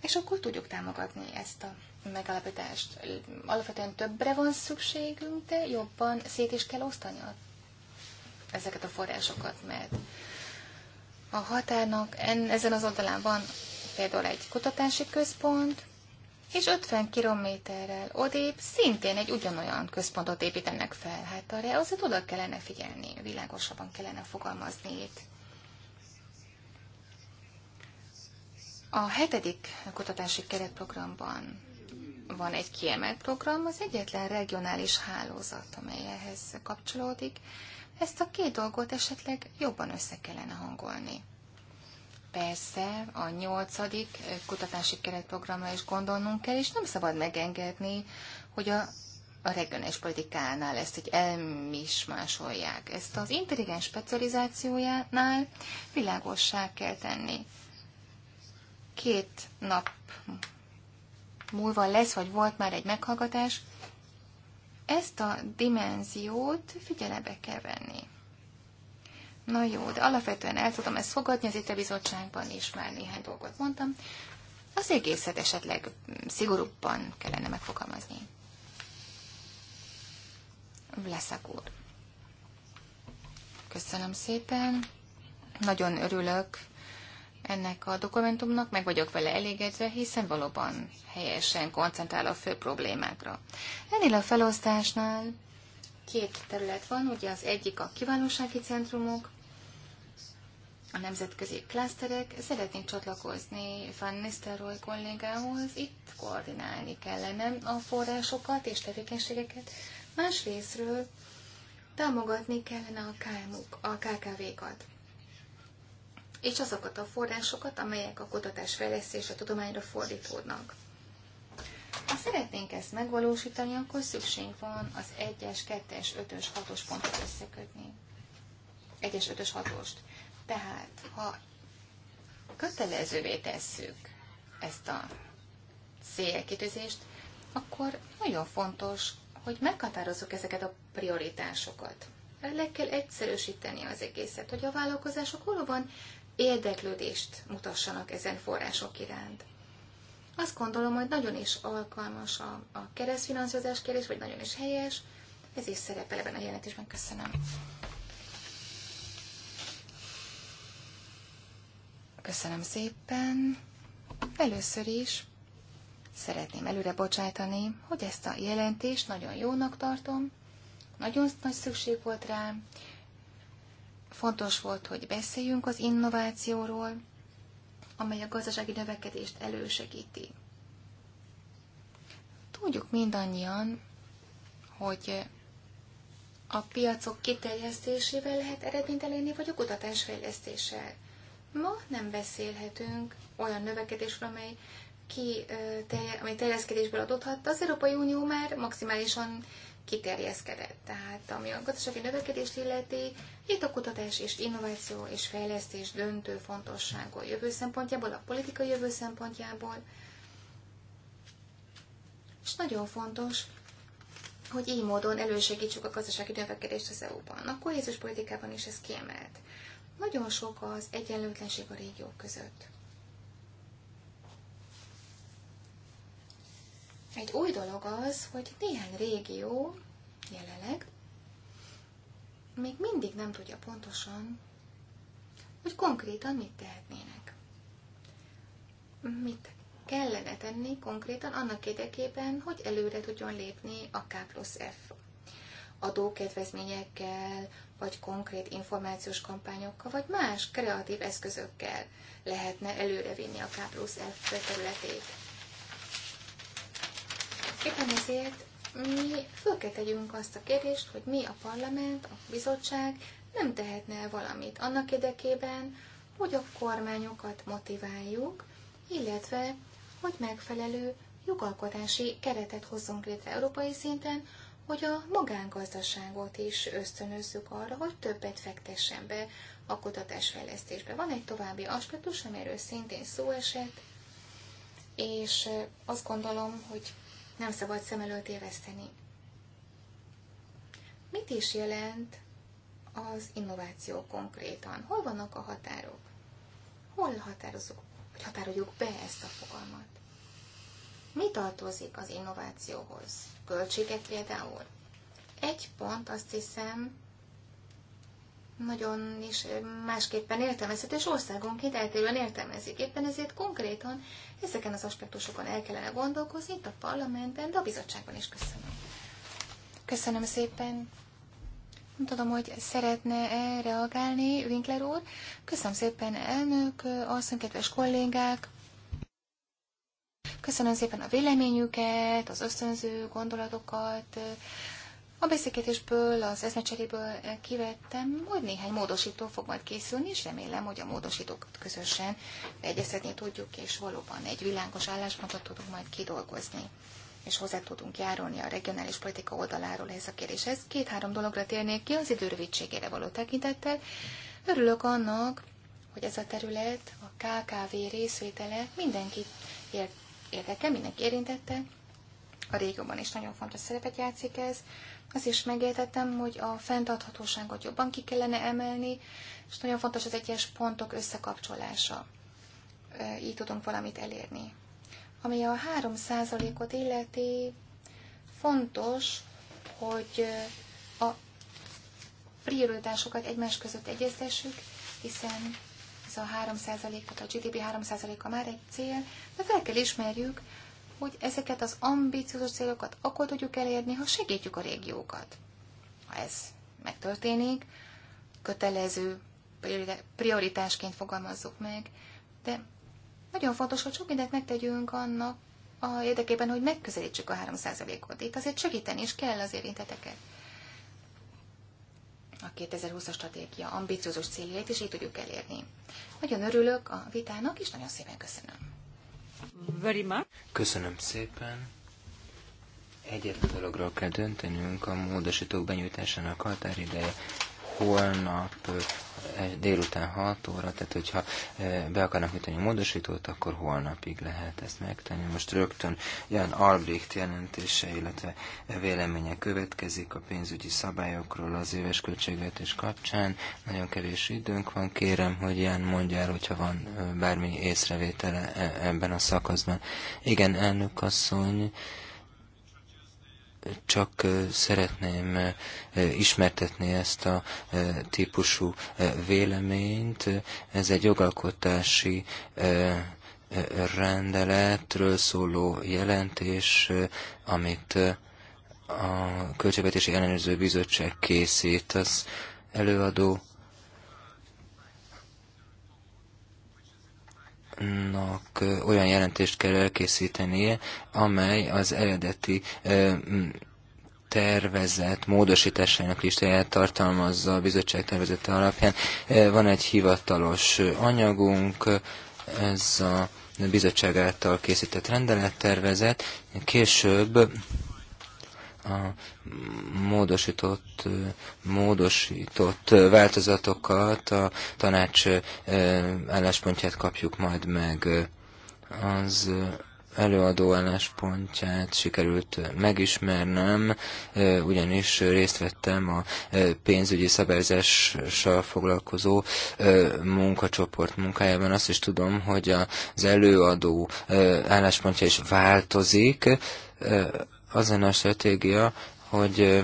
S2: És akkor tudjuk támogatni ezt a megállapítást. Alapvetően többre van szükségünk, de jobban szét is kell osztani a ezeket a forrásokat, mert a határnak en, ezen az oldalán van például egy kutatási központ, és 50 kilométerrel odébb szintén egy ugyanolyan központot építenek fel. Hát arra azért oda kellene figyelni, világosabban kellene fogalmazni itt. A hetedik kutatási keretprogramban van egy kiemelt program, az egyetlen regionális hálózat, amely ehhez kapcsolódik, ezt a két dolgot esetleg jobban össze kellene hangolni. Persze a nyolcadik eh, kutatási keretprogramra is gondolnunk kell, és nem szabad megengedni, hogy a, a regionális politikánál ezt egy elmismásolják. Ezt az intelligens specializációjánál világossá kell tenni. Két nap múlva lesz, vagy volt már egy meghallgatás, ezt a dimenziót figyelembe kell venni. Na jó, de alapvetően el tudom ezt fogadni, az itt a bizottságban is már néhány dolgot mondtam. Az egészet esetleg szigorúbban kellene megfogalmazni. Vleszek úr. Köszönöm szépen. Nagyon örülök ennek a dokumentumnak, meg vagyok vele elégedve, hiszen valóban helyesen koncentrál a fő problémákra. Ennél a felosztásnál két terület van, ugye az egyik a kiválósági centrumok, a nemzetközi klaszterek. Szeretnék csatlakozni Van Nistelrooy kollégához, itt koordinálni kellene a forrásokat és tevékenységeket. Másrésztről támogatni kellene a, KMU, a KKV-kat és azokat a forrásokat, amelyek a kutatás fejlesztés a tudományra fordítódnak. Ha szeretnénk ezt megvalósítani, akkor szükség van az 1-es, 2-es, 5-ös, 6-os pontot összekötni. 1-es, 5-ös, 6-ost. Tehát, ha kötelezővé tesszük ezt a célkitűzést, akkor nagyon fontos, hogy meghatározzuk ezeket a prioritásokat. Le kell egyszerűsíteni az egészet, hogy a vállalkozások valóban érdeklődést mutassanak ezen források iránt. Azt gondolom, hogy nagyon is alkalmas a, a keresztfinanszírozás kérdés, vagy nagyon is helyes, ez is szerepel ebben a jelentésben. Köszönöm. Köszönöm szépen. Először is szeretném előre bocsájtani, hogy ezt a jelentést nagyon jónak tartom, nagyon nagy szükség volt rá, Fontos volt, hogy beszéljünk az innovációról, amely a gazdasági növekedést elősegíti. Tudjuk mindannyian, hogy a piacok kiterjesztésével lehet eredményt elérni, vagy a kutatás Ma nem beszélhetünk olyan növekedésről, amely, ki, ami amely terjeszkedésből adódhat. Az Európai Unió már maximálisan kiterjeszkedett. Tehát ami a gazdasági növekedést illeti, itt a kutatás és innováció és fejlesztés döntő fontosságú a jövő szempontjából, a politika jövő szempontjából. És nagyon fontos, hogy így módon elősegítsük a gazdasági növekedést az EU-ban. A kohézus politikában is ez kiemelt. Nagyon sok az egyenlőtlenség a régiók között. Egy új dolog az, hogy néhány régió jelenleg még mindig nem tudja pontosan, hogy konkrétan mit tehetnének. Mit kellene tenni konkrétan annak érdekében, hogy előre tudjon lépni a K plusz F adókedvezményekkel, vagy konkrét információs kampányokkal, vagy más kreatív eszközökkel lehetne előrevinni a K plusz F területét. Éppen ezért mi föl kell tegyünk azt a kérdést, hogy mi a parlament, a bizottság nem tehetne valamit annak érdekében, hogy a kormányokat motiváljuk, illetve hogy megfelelő jogalkotási keretet hozzunk létre európai szinten, hogy a magángazdaságot is ösztönözzük arra, hogy többet fektessen be a kutatásfejlesztésbe. Van egy további aspektus, amiről szintén szó esett, és azt gondolom, hogy nem szabad szem előtt éveszteni. Mit is jelent az innováció konkrétan? Hol vannak a határok? Hol határozok? Hogy határoljuk be ezt a fogalmat? Mi tartozik az innovációhoz? Költségek például? Egy pont azt hiszem, nagyon is másképpen értelmezhető, és országonként eltérően értelmezik. Éppen ezért konkrétan ezeken az aspektusokon el kellene gondolkozni, itt a parlamentben, de a bizottságban is köszönöm. Köszönöm szépen. Nem tudom, hogy szeretne -e reagálni, Winkler úr. Köszönöm szépen, elnök, asszony, kedves kollégák. Köszönöm szépen a véleményüket, az ösztönző gondolatokat a beszélgetésből, az eszmecseréből kivettem, hogy néhány módosító fog majd készülni, és remélem, hogy a módosítókat közösen egyeztetni tudjuk, és valóban egy világos álláspontot tudunk majd kidolgozni és hozzá tudunk járulni a regionális politika oldaláról ez a kérdéshez. Két-három dologra térnék ki az idő rövidségére való tekintettel. Örülök annak, hogy ez a terület, a KKV részvétele mindenkit érdekel, mindenki érintette. A régióban is nagyon fontos szerepet játszik ez. Azt is megértettem, hogy a fenntarthatóságot jobban ki kellene emelni, és nagyon fontos az egyes pontok összekapcsolása. Így tudunk valamit elérni. Ami a 3%-ot illeti, fontos, hogy a prioritásokat egymás között egyeztessük, hiszen ez a 3%-ot, a GDP 3%-a már egy cél, de fel kell ismerjük, hogy ezeket az ambíciózus célokat akkor tudjuk elérni, ha segítjük a régiókat. Ha ez megtörténik, kötelező prioritásként fogalmazzuk meg, de nagyon fontos, hogy sok mindent megtegyünk annak a érdekében, hogy megközelítsük a 3%-ot. Itt azért segíteni is kell az érinteteket. A 2020-as stratégia ambiciózus céljait is így tudjuk elérni. Nagyon örülök a vitának, és nagyon szépen köszönöm.
S4: Very
S1: much. Köszönöm szépen. Egyetlen dologról kell döntenünk, a módosítók benyújtásának határideje holnap délután 6 óra, tehát hogyha e, be akarnak nyújtani a módosítót, akkor holnapig lehet ezt megtenni. Most rögtön ilyen Albrecht jelentése, illetve e, véleménye következik a pénzügyi szabályokról az éves költségvetés kapcsán. Nagyon kevés időnk van, kérem, hogy ilyen mondjál, hogyha van e, bármi észrevétele ebben a szakaszban. Igen, elnök asszony, csak szeretném ismertetni ezt a típusú véleményt. Ez egy jogalkotási rendeletről szóló jelentés, amit a Költségvetési Ellenőrző Bizottság készít. Az előadó nak olyan jelentést kell elkészítenie, amely az eredeti tervezet módosításának listáját tartalmazza a bizottság tervezete alapján. Van egy hivatalos anyagunk, ez a bizottság által készített rendelettervezet. Később a módosított, módosított változatokat, a tanács álláspontját kapjuk majd meg. Az előadó álláspontját sikerült megismernem, ugyanis részt vettem a pénzügyi szabályzással foglalkozó munkacsoport munkájában. Azt is tudom, hogy az előadó álláspontja is változik, az lenne a stratégia, hogy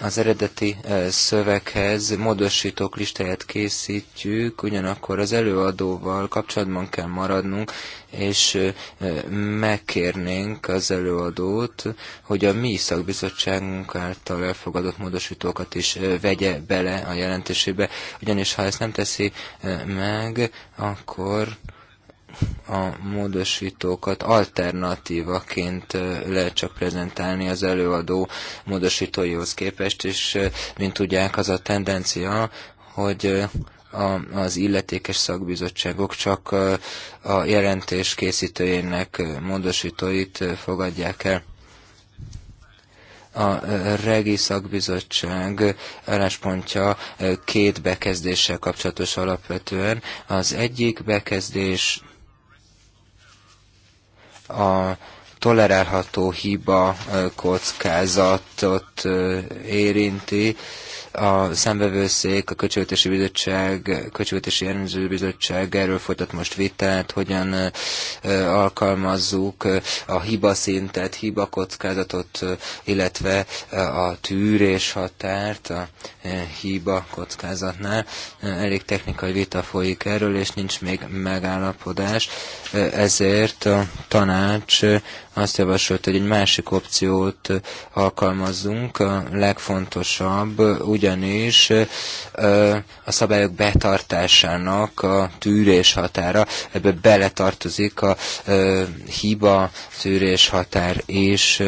S1: az eredeti szöveghez módosítók listáját készítjük, ugyanakkor az előadóval kapcsolatban kell maradnunk, és megkérnénk az előadót, hogy a mi szakbizottságunk által elfogadott módosítókat is vegye bele a jelentésébe, ugyanis ha ezt nem teszi meg, akkor a módosítókat alternatívaként lehet csak prezentálni az előadó módosítóihoz képest, és mint tudják, az a tendencia, hogy a, az illetékes szakbizottságok csak a jelentés készítőjének módosítóit fogadják el. A Regi Szakbizottság álláspontja két bekezdéssel kapcsolatos alapvetően. Az egyik bekezdés a tolerálható hiba kockázatot érinti, a számvevőszék, a Költségvetési Bizottság, Költségvetési jelenző Bizottság erről folytat most vitát, hogyan alkalmazzuk a hibaszintet, hibakockázatot, illetve a tűrés határt a hiba kockázatnál. Elég technikai vita folyik erről, és nincs még megállapodás. Ezért a tanács azt javasolt, hogy egy másik opciót alkalmazzunk, a legfontosabb, ugyanis a szabályok betartásának a tűrés határa, ebbe beletartozik a hiba tűrés határ, és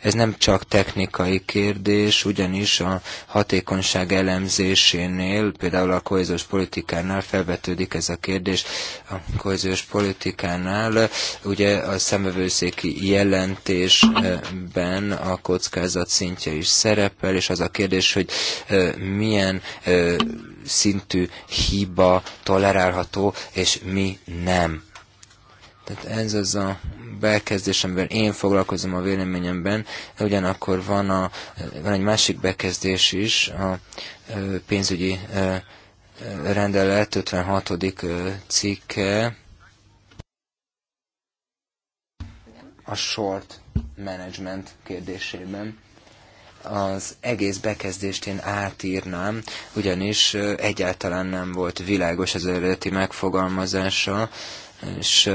S1: ez nem csak technikai kérdés, ugyanis a hatékonyság elemzésénél, például a kohéziós politikánál felvetődik ez a kérdés, a kohéziós politikánál ugye a szemövőszéki jelentésben a kockázat szintje is szerepel, és az a kérdés, hogy milyen szintű hiba tolerálható, és mi nem. Tehát ez az a bekezdés, amivel én foglalkozom a véleményemben, ugyanakkor van, a, van egy másik bekezdés is, a pénzügyi rendelet 56. cikke, a short management kérdésében az egész bekezdést én átírnám, ugyanis egyáltalán nem volt világos az eredeti megfogalmazása, és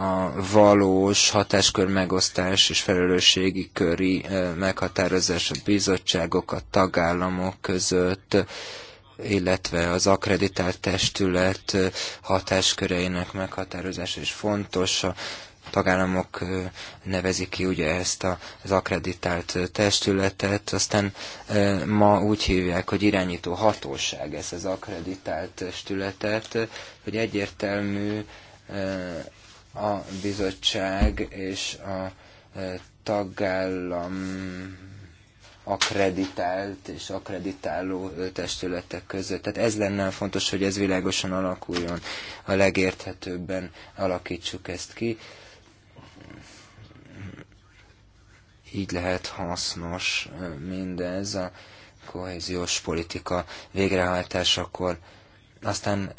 S1: a valós hatáskör megosztás és felelősségi köri meghatározás a bizottságok, a tagállamok között, illetve az akreditált testület hatásköreinek meghatározása is fontos. A tagállamok nevezik ki ugye ezt az akreditált testületet, aztán ma úgy hívják, hogy irányító hatóság ez az akreditált testületet, hogy egyértelmű a bizottság és a tagállam akreditált és akreditáló testületek között. Tehát ez lenne fontos, hogy ez világosan alakuljon, a legérthetőbben alakítsuk ezt ki. Így lehet hasznos mindez a kohéziós politika végrehajtásakor. Aztán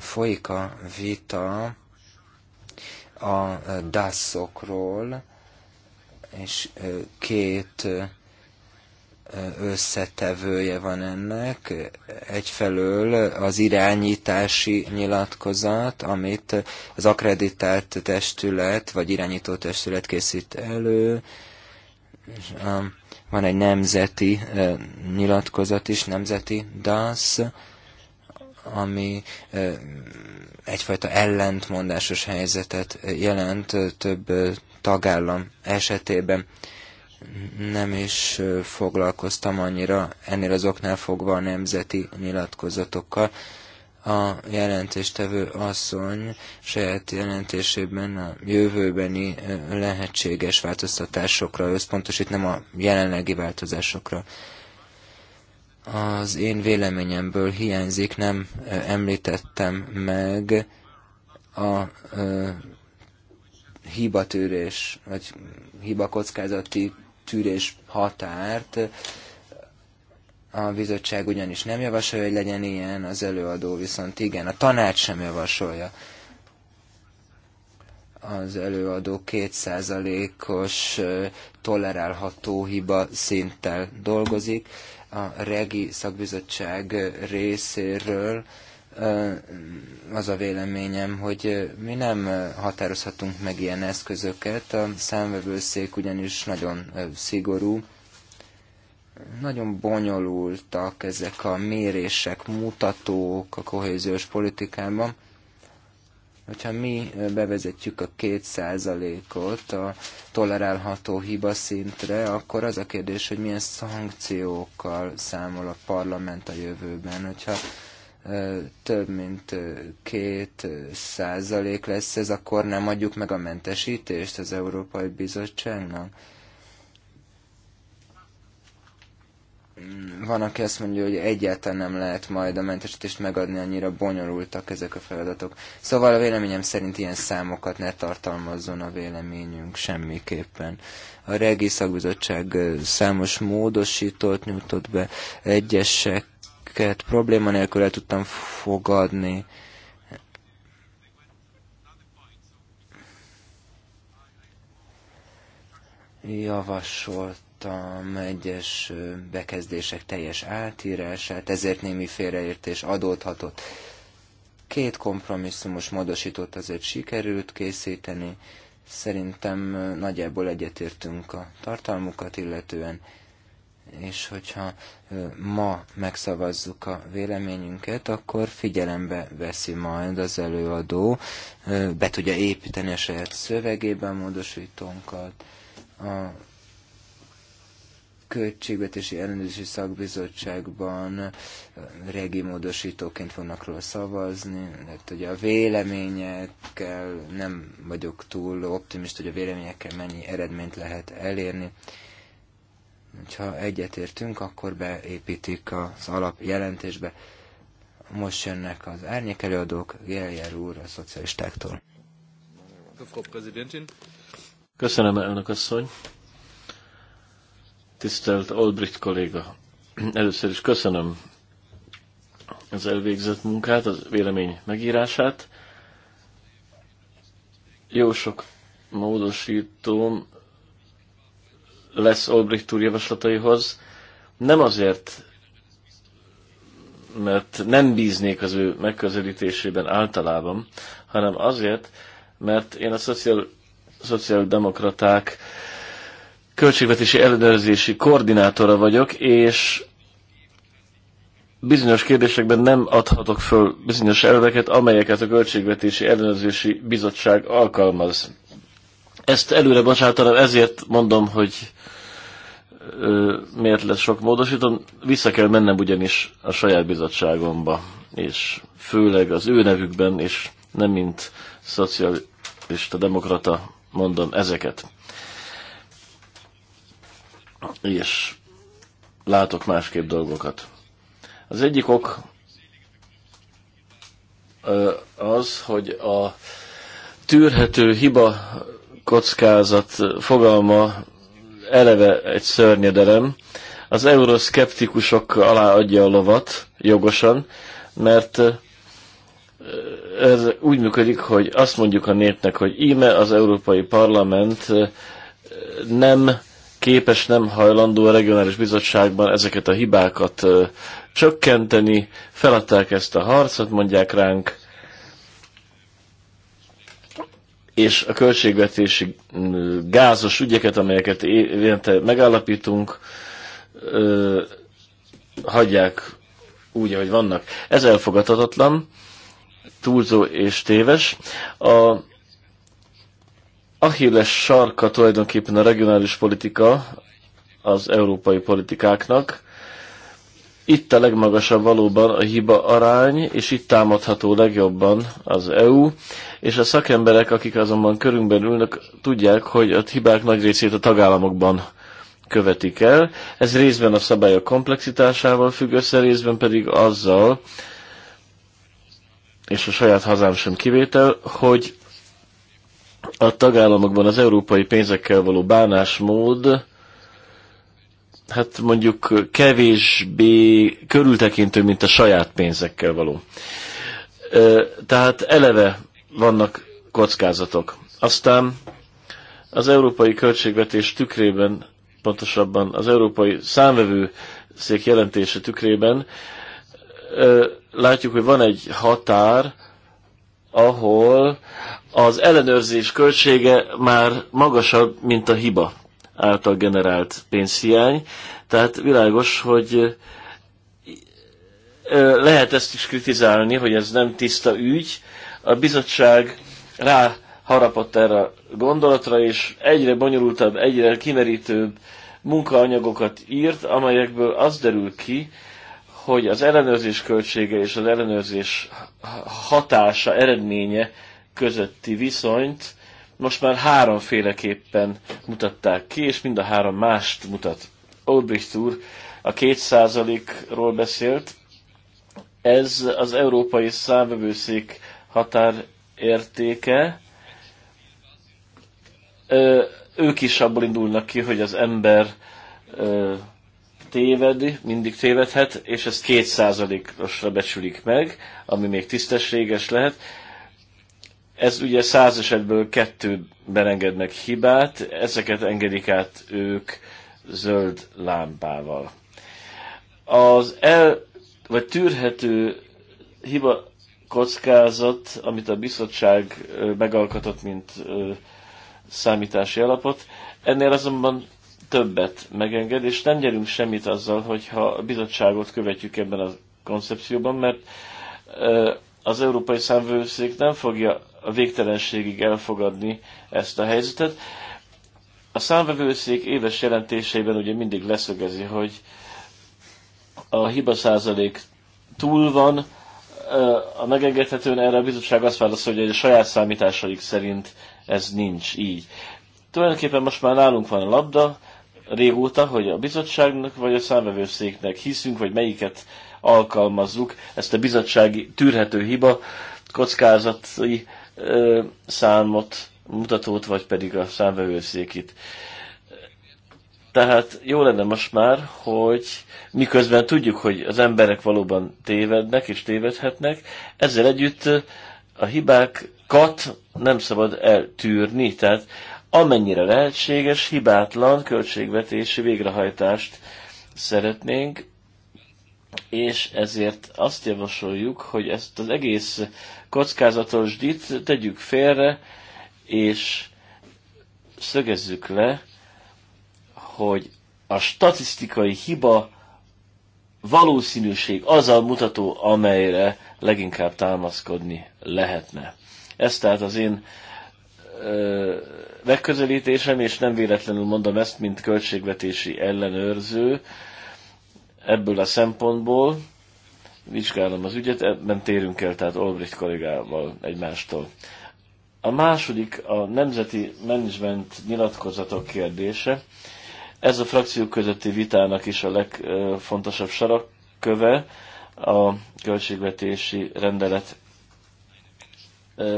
S1: folyik a vita a dászokról, és két összetevője van ennek. Egyfelől az irányítási nyilatkozat, amit az akreditált testület vagy irányító testület készít elő, Um, van egy nemzeti uh, nyilatkozat is, nemzeti DASZ, ami uh, egyfajta ellentmondásos helyzetet jelent uh, több tagállam esetében. Nem is foglalkoztam annyira ennél az oknál fogva a nemzeti nyilatkozatokkal, a jelentéstevő asszony saját jelentésében a jövőbeni lehetséges változtatásokra összpontosít, nem a jelenlegi változásokra. Az én véleményemből hiányzik, nem említettem meg a hibatűrés, vagy hibakockázati tűrés határt, a bizottság ugyanis nem javasolja, hogy legyen ilyen, az előadó viszont igen, a tanács sem javasolja. Az előadó kétszázalékos tolerálható hiba szinttel dolgozik. A regi szakbizottság részéről az a véleményem, hogy mi nem határozhatunk meg ilyen eszközöket. A számvevőszék ugyanis nagyon szigorú, nagyon bonyolultak ezek a mérések, mutatók a kohéziós politikában. Hogyha mi bevezetjük a százalékot a tolerálható hiba szintre, akkor az a kérdés, hogy milyen szankciókkal számol a parlament a jövőben. Hogyha több mint két százalék lesz ez, akkor nem adjuk meg a mentesítést az Európai Bizottságnak Van, aki azt mondja, hogy egyáltalán nem lehet majd a mentesítést megadni, annyira bonyolultak ezek a feladatok. Szóval a véleményem szerint ilyen számokat ne tartalmazzon a véleményünk semmiképpen. A Regi Szakbizottság számos módosítót nyújtott be, egyeseket probléma nélkül el tudtam fogadni. Javasolt támogattam egyes bekezdések teljes átírását, ezért némi félreértés adódhatott. Két kompromisszumos módosítót azért sikerült készíteni, szerintem nagyjából egyetértünk a tartalmukat illetően, és hogyha ma megszavazzuk a véleményünket, akkor figyelembe veszi majd az előadó, be tudja építeni a saját szövegében módosítónkat, a Költségvetési Ellenőrzési Szakbizottságban eh, módosítóként fognak róla szavazni, mert ugye a véleményekkel nem vagyok túl optimist, hogy a véleményekkel mennyi eredményt lehet elérni. Ha egyetértünk, akkor beépítik az alapjelentésbe. Most jönnek az árnyékelőadók, Geljer úr a szocialistáktól.
S3: Köszönöm, elnök asszony. Tisztelt Olbricht kolléga, először is köszönöm az elvégzett munkát, az vélemény megírását. Jó sok módosítóm lesz Olbricht úr javaslataihoz. Nem azért, mert nem bíznék az ő megközelítésében általában, hanem azért, mert én a szociál, szociáldemokraták demokraták költségvetési ellenőrzési koordinátora vagyok, és bizonyos kérdésekben nem adhatok föl bizonyos elveket, amelyeket a Költségvetési Ellenőrzési Bizottság alkalmaz. Ezt előre bocsátanám, ezért mondom, hogy ö, miért lesz sok módosítom. Vissza kell mennem ugyanis a saját bizottságomba, és főleg az ő nevükben, és nem mint szocialista demokrata mondom ezeket és látok másképp dolgokat. Az egyik ok az, hogy a tűrhető hiba kockázat fogalma eleve egy szörnyedelem. Az euroszkeptikusok alá adja a lovat, jogosan, mert ez úgy működik, hogy azt mondjuk a népnek, hogy íme az Európai Parlament nem képes, nem hajlandó a regionális bizottságban ezeket a hibákat ö, csökkenteni, feladták ezt a harcot, mondják ránk, és a költségvetési gázos ügyeket, amelyeket évente megállapítunk, ö, hagyják úgy, ahogy vannak. Ez elfogadhatatlan, túlzó és téves. A Achilles sarka tulajdonképpen a regionális politika az európai politikáknak. Itt a legmagasabb valóban a hiba arány, és itt támadható legjobban az EU, és a szakemberek, akik azonban körünkben ülnek, tudják, hogy a hibák nagy részét a tagállamokban követik el. Ez részben a szabályok komplexitásával függ össze, részben pedig azzal, és a saját hazám sem kivétel, hogy a tagállamokban az európai pénzekkel való bánásmód, hát mondjuk kevésbé körültekintő, mint a saját pénzekkel való. Tehát eleve vannak kockázatok. Aztán az európai költségvetés tükrében, pontosabban az európai számvevő szék jelentése tükrében látjuk, hogy van egy határ, ahol az ellenőrzés költsége már magasabb, mint a hiba által generált pénzhiány. Tehát világos, hogy lehet ezt is kritizálni, hogy ez nem tiszta ügy. A bizottság rá harapott erre a gondolatra, és egyre bonyolultabb, egyre kimerítőbb munkaanyagokat írt, amelyekből az derül ki, hogy az ellenőrzés költsége és az ellenőrzés hatása, eredménye közötti viszonyt most már háromféleképpen mutatták ki, és mind a három mást mutat. Olbricht úr a kétszázalékról beszélt. Ez az európai számvevőszék határértéke. ők is abból indulnak ki, hogy az ember ö, téved, mindig tévedhet, és ezt kétszázalékosra becsülik meg, ami még tisztességes lehet ez ugye száz esetből kettőben meg hibát, ezeket engedik át ők zöld lámpával. Az el, vagy tűrhető hiba kockázat, amit a bizottság megalkotott, mint számítási alapot, ennél azonban többet megenged, és nem nyerünk semmit azzal, hogyha a bizottságot követjük ebben a koncepcióban, mert az Európai Számvőszék nem fogja a végtelenségig elfogadni ezt a helyzetet. A számvevőszék éves jelentéseiben ugye mindig leszögezi, hogy a hiba százalék túl van, a megengedhetőn erre a bizottság azt válaszolja, hogy a saját számításaik szerint ez nincs így. Tulajdonképpen most már nálunk van a labda, régóta, hogy a bizottságnak vagy a számvevőszéknek hiszünk, vagy melyiket alkalmazzuk, ezt a bizottsági tűrhető hiba kockázati ö, számot, mutatót, vagy pedig a számvevőszékit. Tehát jó lenne most már, hogy miközben tudjuk, hogy az emberek valóban tévednek és tévedhetnek, ezzel együtt a hibákat nem szabad eltűrni, tehát amennyire lehetséges, hibátlan költségvetési végrehajtást szeretnénk, és ezért azt javasoljuk, hogy ezt az egész kockázatos dit tegyük félre, és szögezzük le, hogy a statisztikai hiba valószínűség az a mutató, amelyre leginkább támaszkodni lehetne. Ez tehát az én ö, megközelítésem, és nem véletlenül mondom ezt, mint költségvetési ellenőrző ebből a szempontból, vizsgálom az ügyet, ebben térünk el, tehát Olbricht kollégával egymástól. A második a nemzeti menedzsment nyilatkozatok kérdése. Ez a frakciók közötti vitának is a legfontosabb sarakköve a költségvetési rendelet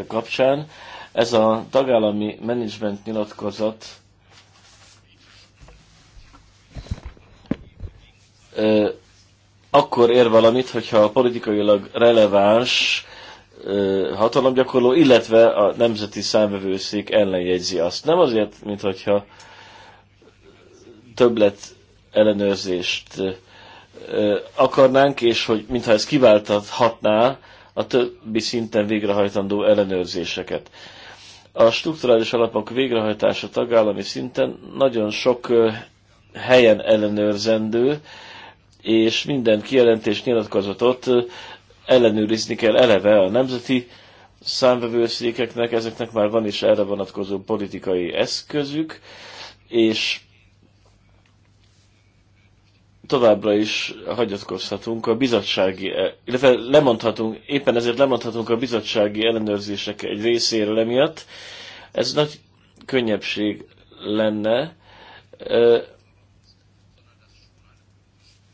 S3: kapcsán. Ez a tagállami menedzsment nyilatkozat akkor ér valamit, hogyha a politikailag releváns hatalomgyakorló, illetve a nemzeti számvevőszék ellenjegyzi azt. Nem azért, mint hogyha többlet ellenőrzést akarnánk, és hogy mintha ez kiváltathatná a többi szinten végrehajtandó ellenőrzéseket. A strukturális alapok végrehajtása tagállami szinten nagyon sok helyen ellenőrzendő, és minden kijelentés nyilatkozatot ellenőrizni kell eleve a nemzeti számvevőszékeknek, ezeknek már van is erre vonatkozó politikai eszközük, és továbbra is hagyatkozhatunk a bizottsági, e, illetve lemondhatunk, éppen ezért lemondhatunk a bizottsági ellenőrzések egy részéről emiatt. Ez nagy könnyebbség lenne,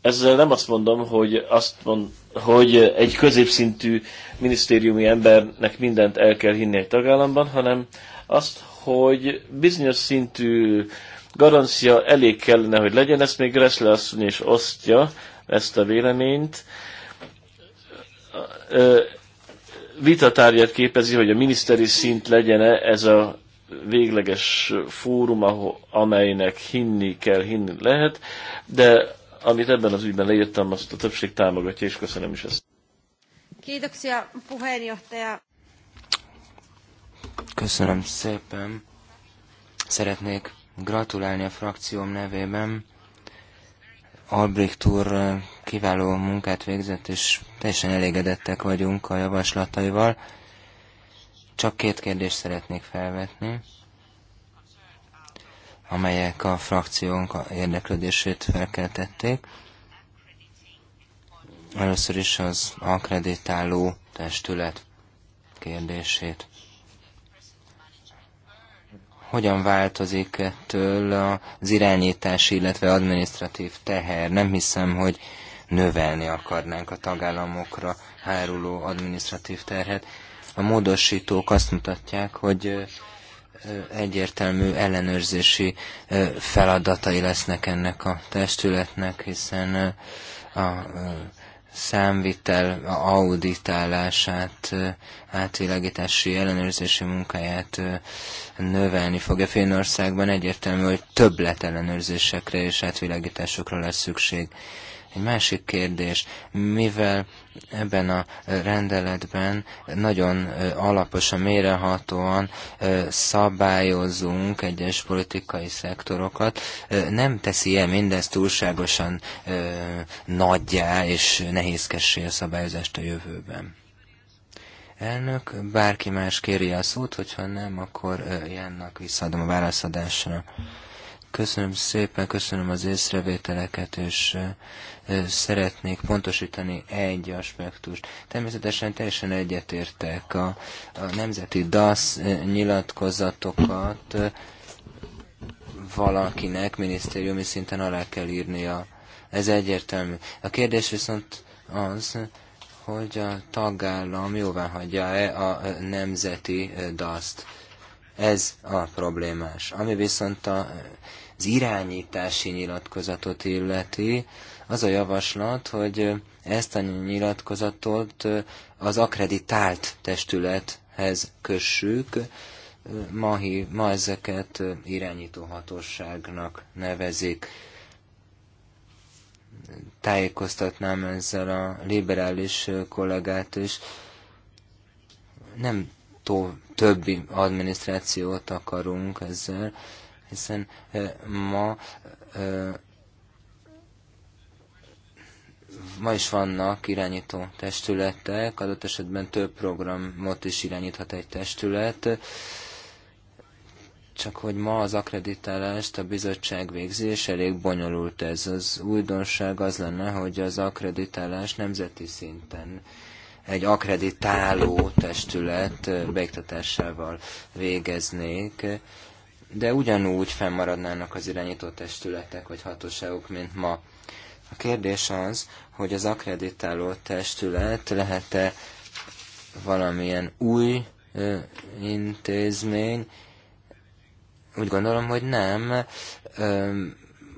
S3: ezzel nem azt mondom, hogy, azt mond, hogy egy középszintű minisztériumi embernek mindent el kell hinni egy tagállamban, hanem azt, hogy bizonyos szintű garancia elég kellene, hogy legyen. Ezt még Gressle asszony is osztja, ezt a véleményt. Vitatárgyat képezi, hogy a miniszteri szint legyen -e ez a végleges fórum, ahol, amelynek hinni kell, hinni lehet, de amit ebben az ügyben leírtam, azt a többség támogatja, és köszönöm is ezt. Köszönöm szépen. Szeretnék
S1: gratulálni a frakcióm nevében. Albrecht úr eh, kiváló munkát végzett, és teljesen elégedettek vagyunk a javaslataival. Csak két kérdést szeretnék felvetni amelyek a frakciónk érdeklődését felkeltették. Először is az akreditáló testület kérdését. Hogyan változik ettől az irányítás, illetve adminisztratív teher? Nem hiszem, hogy növelni akarnánk a tagállamokra háruló adminisztratív terhet. A módosítók azt mutatják, hogy egyértelmű ellenőrzési feladatai lesznek ennek a testületnek, hiszen a számvitel auditálását, átvilágítási ellenőrzési munkáját növelni fogja. Fényországban egyértelmű, hogy többlet ellenőrzésekre és átvilágításokra lesz szükség. Egy másik kérdés, mivel ebben a rendeletben nagyon alaposan, mérehatóan szabályozunk egyes politikai szektorokat, nem teszi el mindezt túlságosan nagyjá és nehézkessé a szabályozást a jövőben? elnök. Bárki más kéri a szót, hogyha nem, akkor Jánnak visszaadom a válaszadásra. Köszönöm szépen, köszönöm az észrevételeket, és szeretnék pontosítani egy aspektust. Természetesen teljesen egyetértek a, a nemzeti DASZ nyilatkozatokat valakinek minisztériumi szinten alá kell írnia. Ez egyértelmű. A kérdés viszont az, hogy a tagállam jóvá hagyja-e a nemzeti DASZ-t. Ez a problémás. Ami viszont a, az irányítási nyilatkozatot illeti, az a javaslat, hogy ezt a nyilatkozatot az akreditált testülethez kössük, ma, ma ezeket irányító hatóságnak nevezik. Tájékoztatnám ezzel a liberális kollégát is. Nem tó, többi adminisztrációt akarunk ezzel, hiszen eh, ma eh, ma is vannak irányító testületek, adott esetben több programot is irányíthat egy testület, csak hogy ma az akreditálást a bizottság végzi, és elég bonyolult ez. Az újdonság az lenne, hogy az akreditálás nemzeti szinten egy akreditáló testület beiktatásával végeznék, de ugyanúgy fennmaradnának az irányító testületek vagy hatóságok, mint ma. A kérdés az, hogy az akreditáló testület lehet-e valamilyen új ö, intézmény. Úgy gondolom, hogy nem. Ö,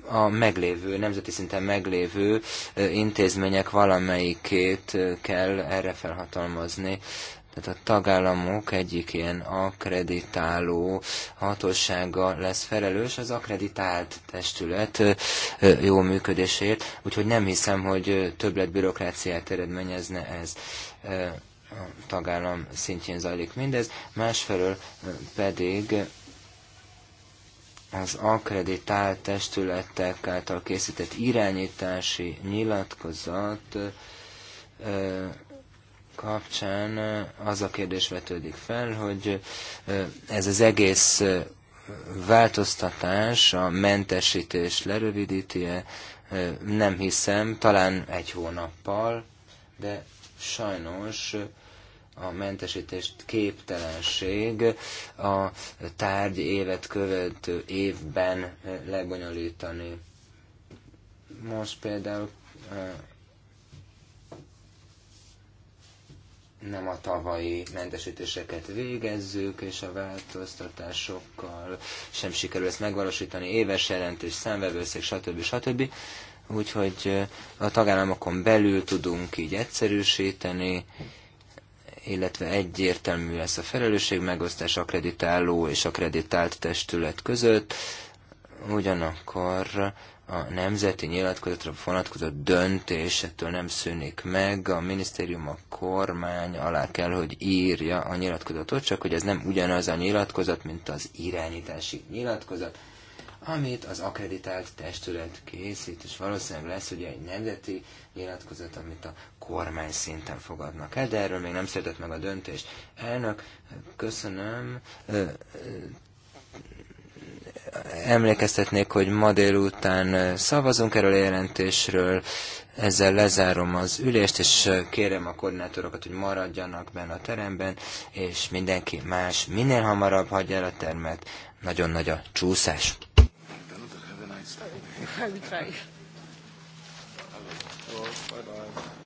S1: a meglévő, nemzeti szinten meglévő intézmények valamelyikét kell erre felhatalmazni. Tehát a tagállamok egyik ilyen akreditáló hatósága lesz felelős az akreditált testület jó működésért, úgyhogy nem hiszem, hogy többlet bürokráciát eredményezne ez a tagállam szintjén zajlik mindez, másfelől pedig az akreditált testületek által készített irányítási nyilatkozat kapcsán az a kérdés vetődik fel, hogy ez az egész változtatás, a mentesítés lerövidíti -e? Nem hiszem, talán egy hónappal, de sajnos a mentesítést képtelenség a tárgy évet követő évben lebonyolítani. Most például nem a tavalyi mentesítéseket végezzük, és a változtatásokkal sem sikerül ezt megvalósítani, éves jelentés, számvevőszék, stb. stb. Úgyhogy a tagállamokon belül tudunk így egyszerűsíteni, illetve egyértelmű lesz a felelősség megosztás akreditáló és akreditált testület között, ugyanakkor a nemzeti nyilatkozatra vonatkozó döntés ettől nem szűnik meg, a minisztérium, a kormány alá kell, hogy írja a nyilatkozatot, csak hogy ez nem ugyanaz a nyilatkozat, mint az irányítási nyilatkozat, amit az akreditált testület készít, és valószínűleg lesz ugye egy nemzeti nyilatkozat, amit a kormány szinten fogadnak el, de erről még nem született meg a döntés. Elnök, köszönöm, Emlékeztetnék, hogy ma délután eh, szavazunk erről a jelentésről, ezzel lezárom az ülést, és eh, kérem a koordinátorokat, hogy maradjanak benne a teremben, és mindenki más minél hamarabb hagyja el a termet. Nagyon nagy a csúszás. *laughs*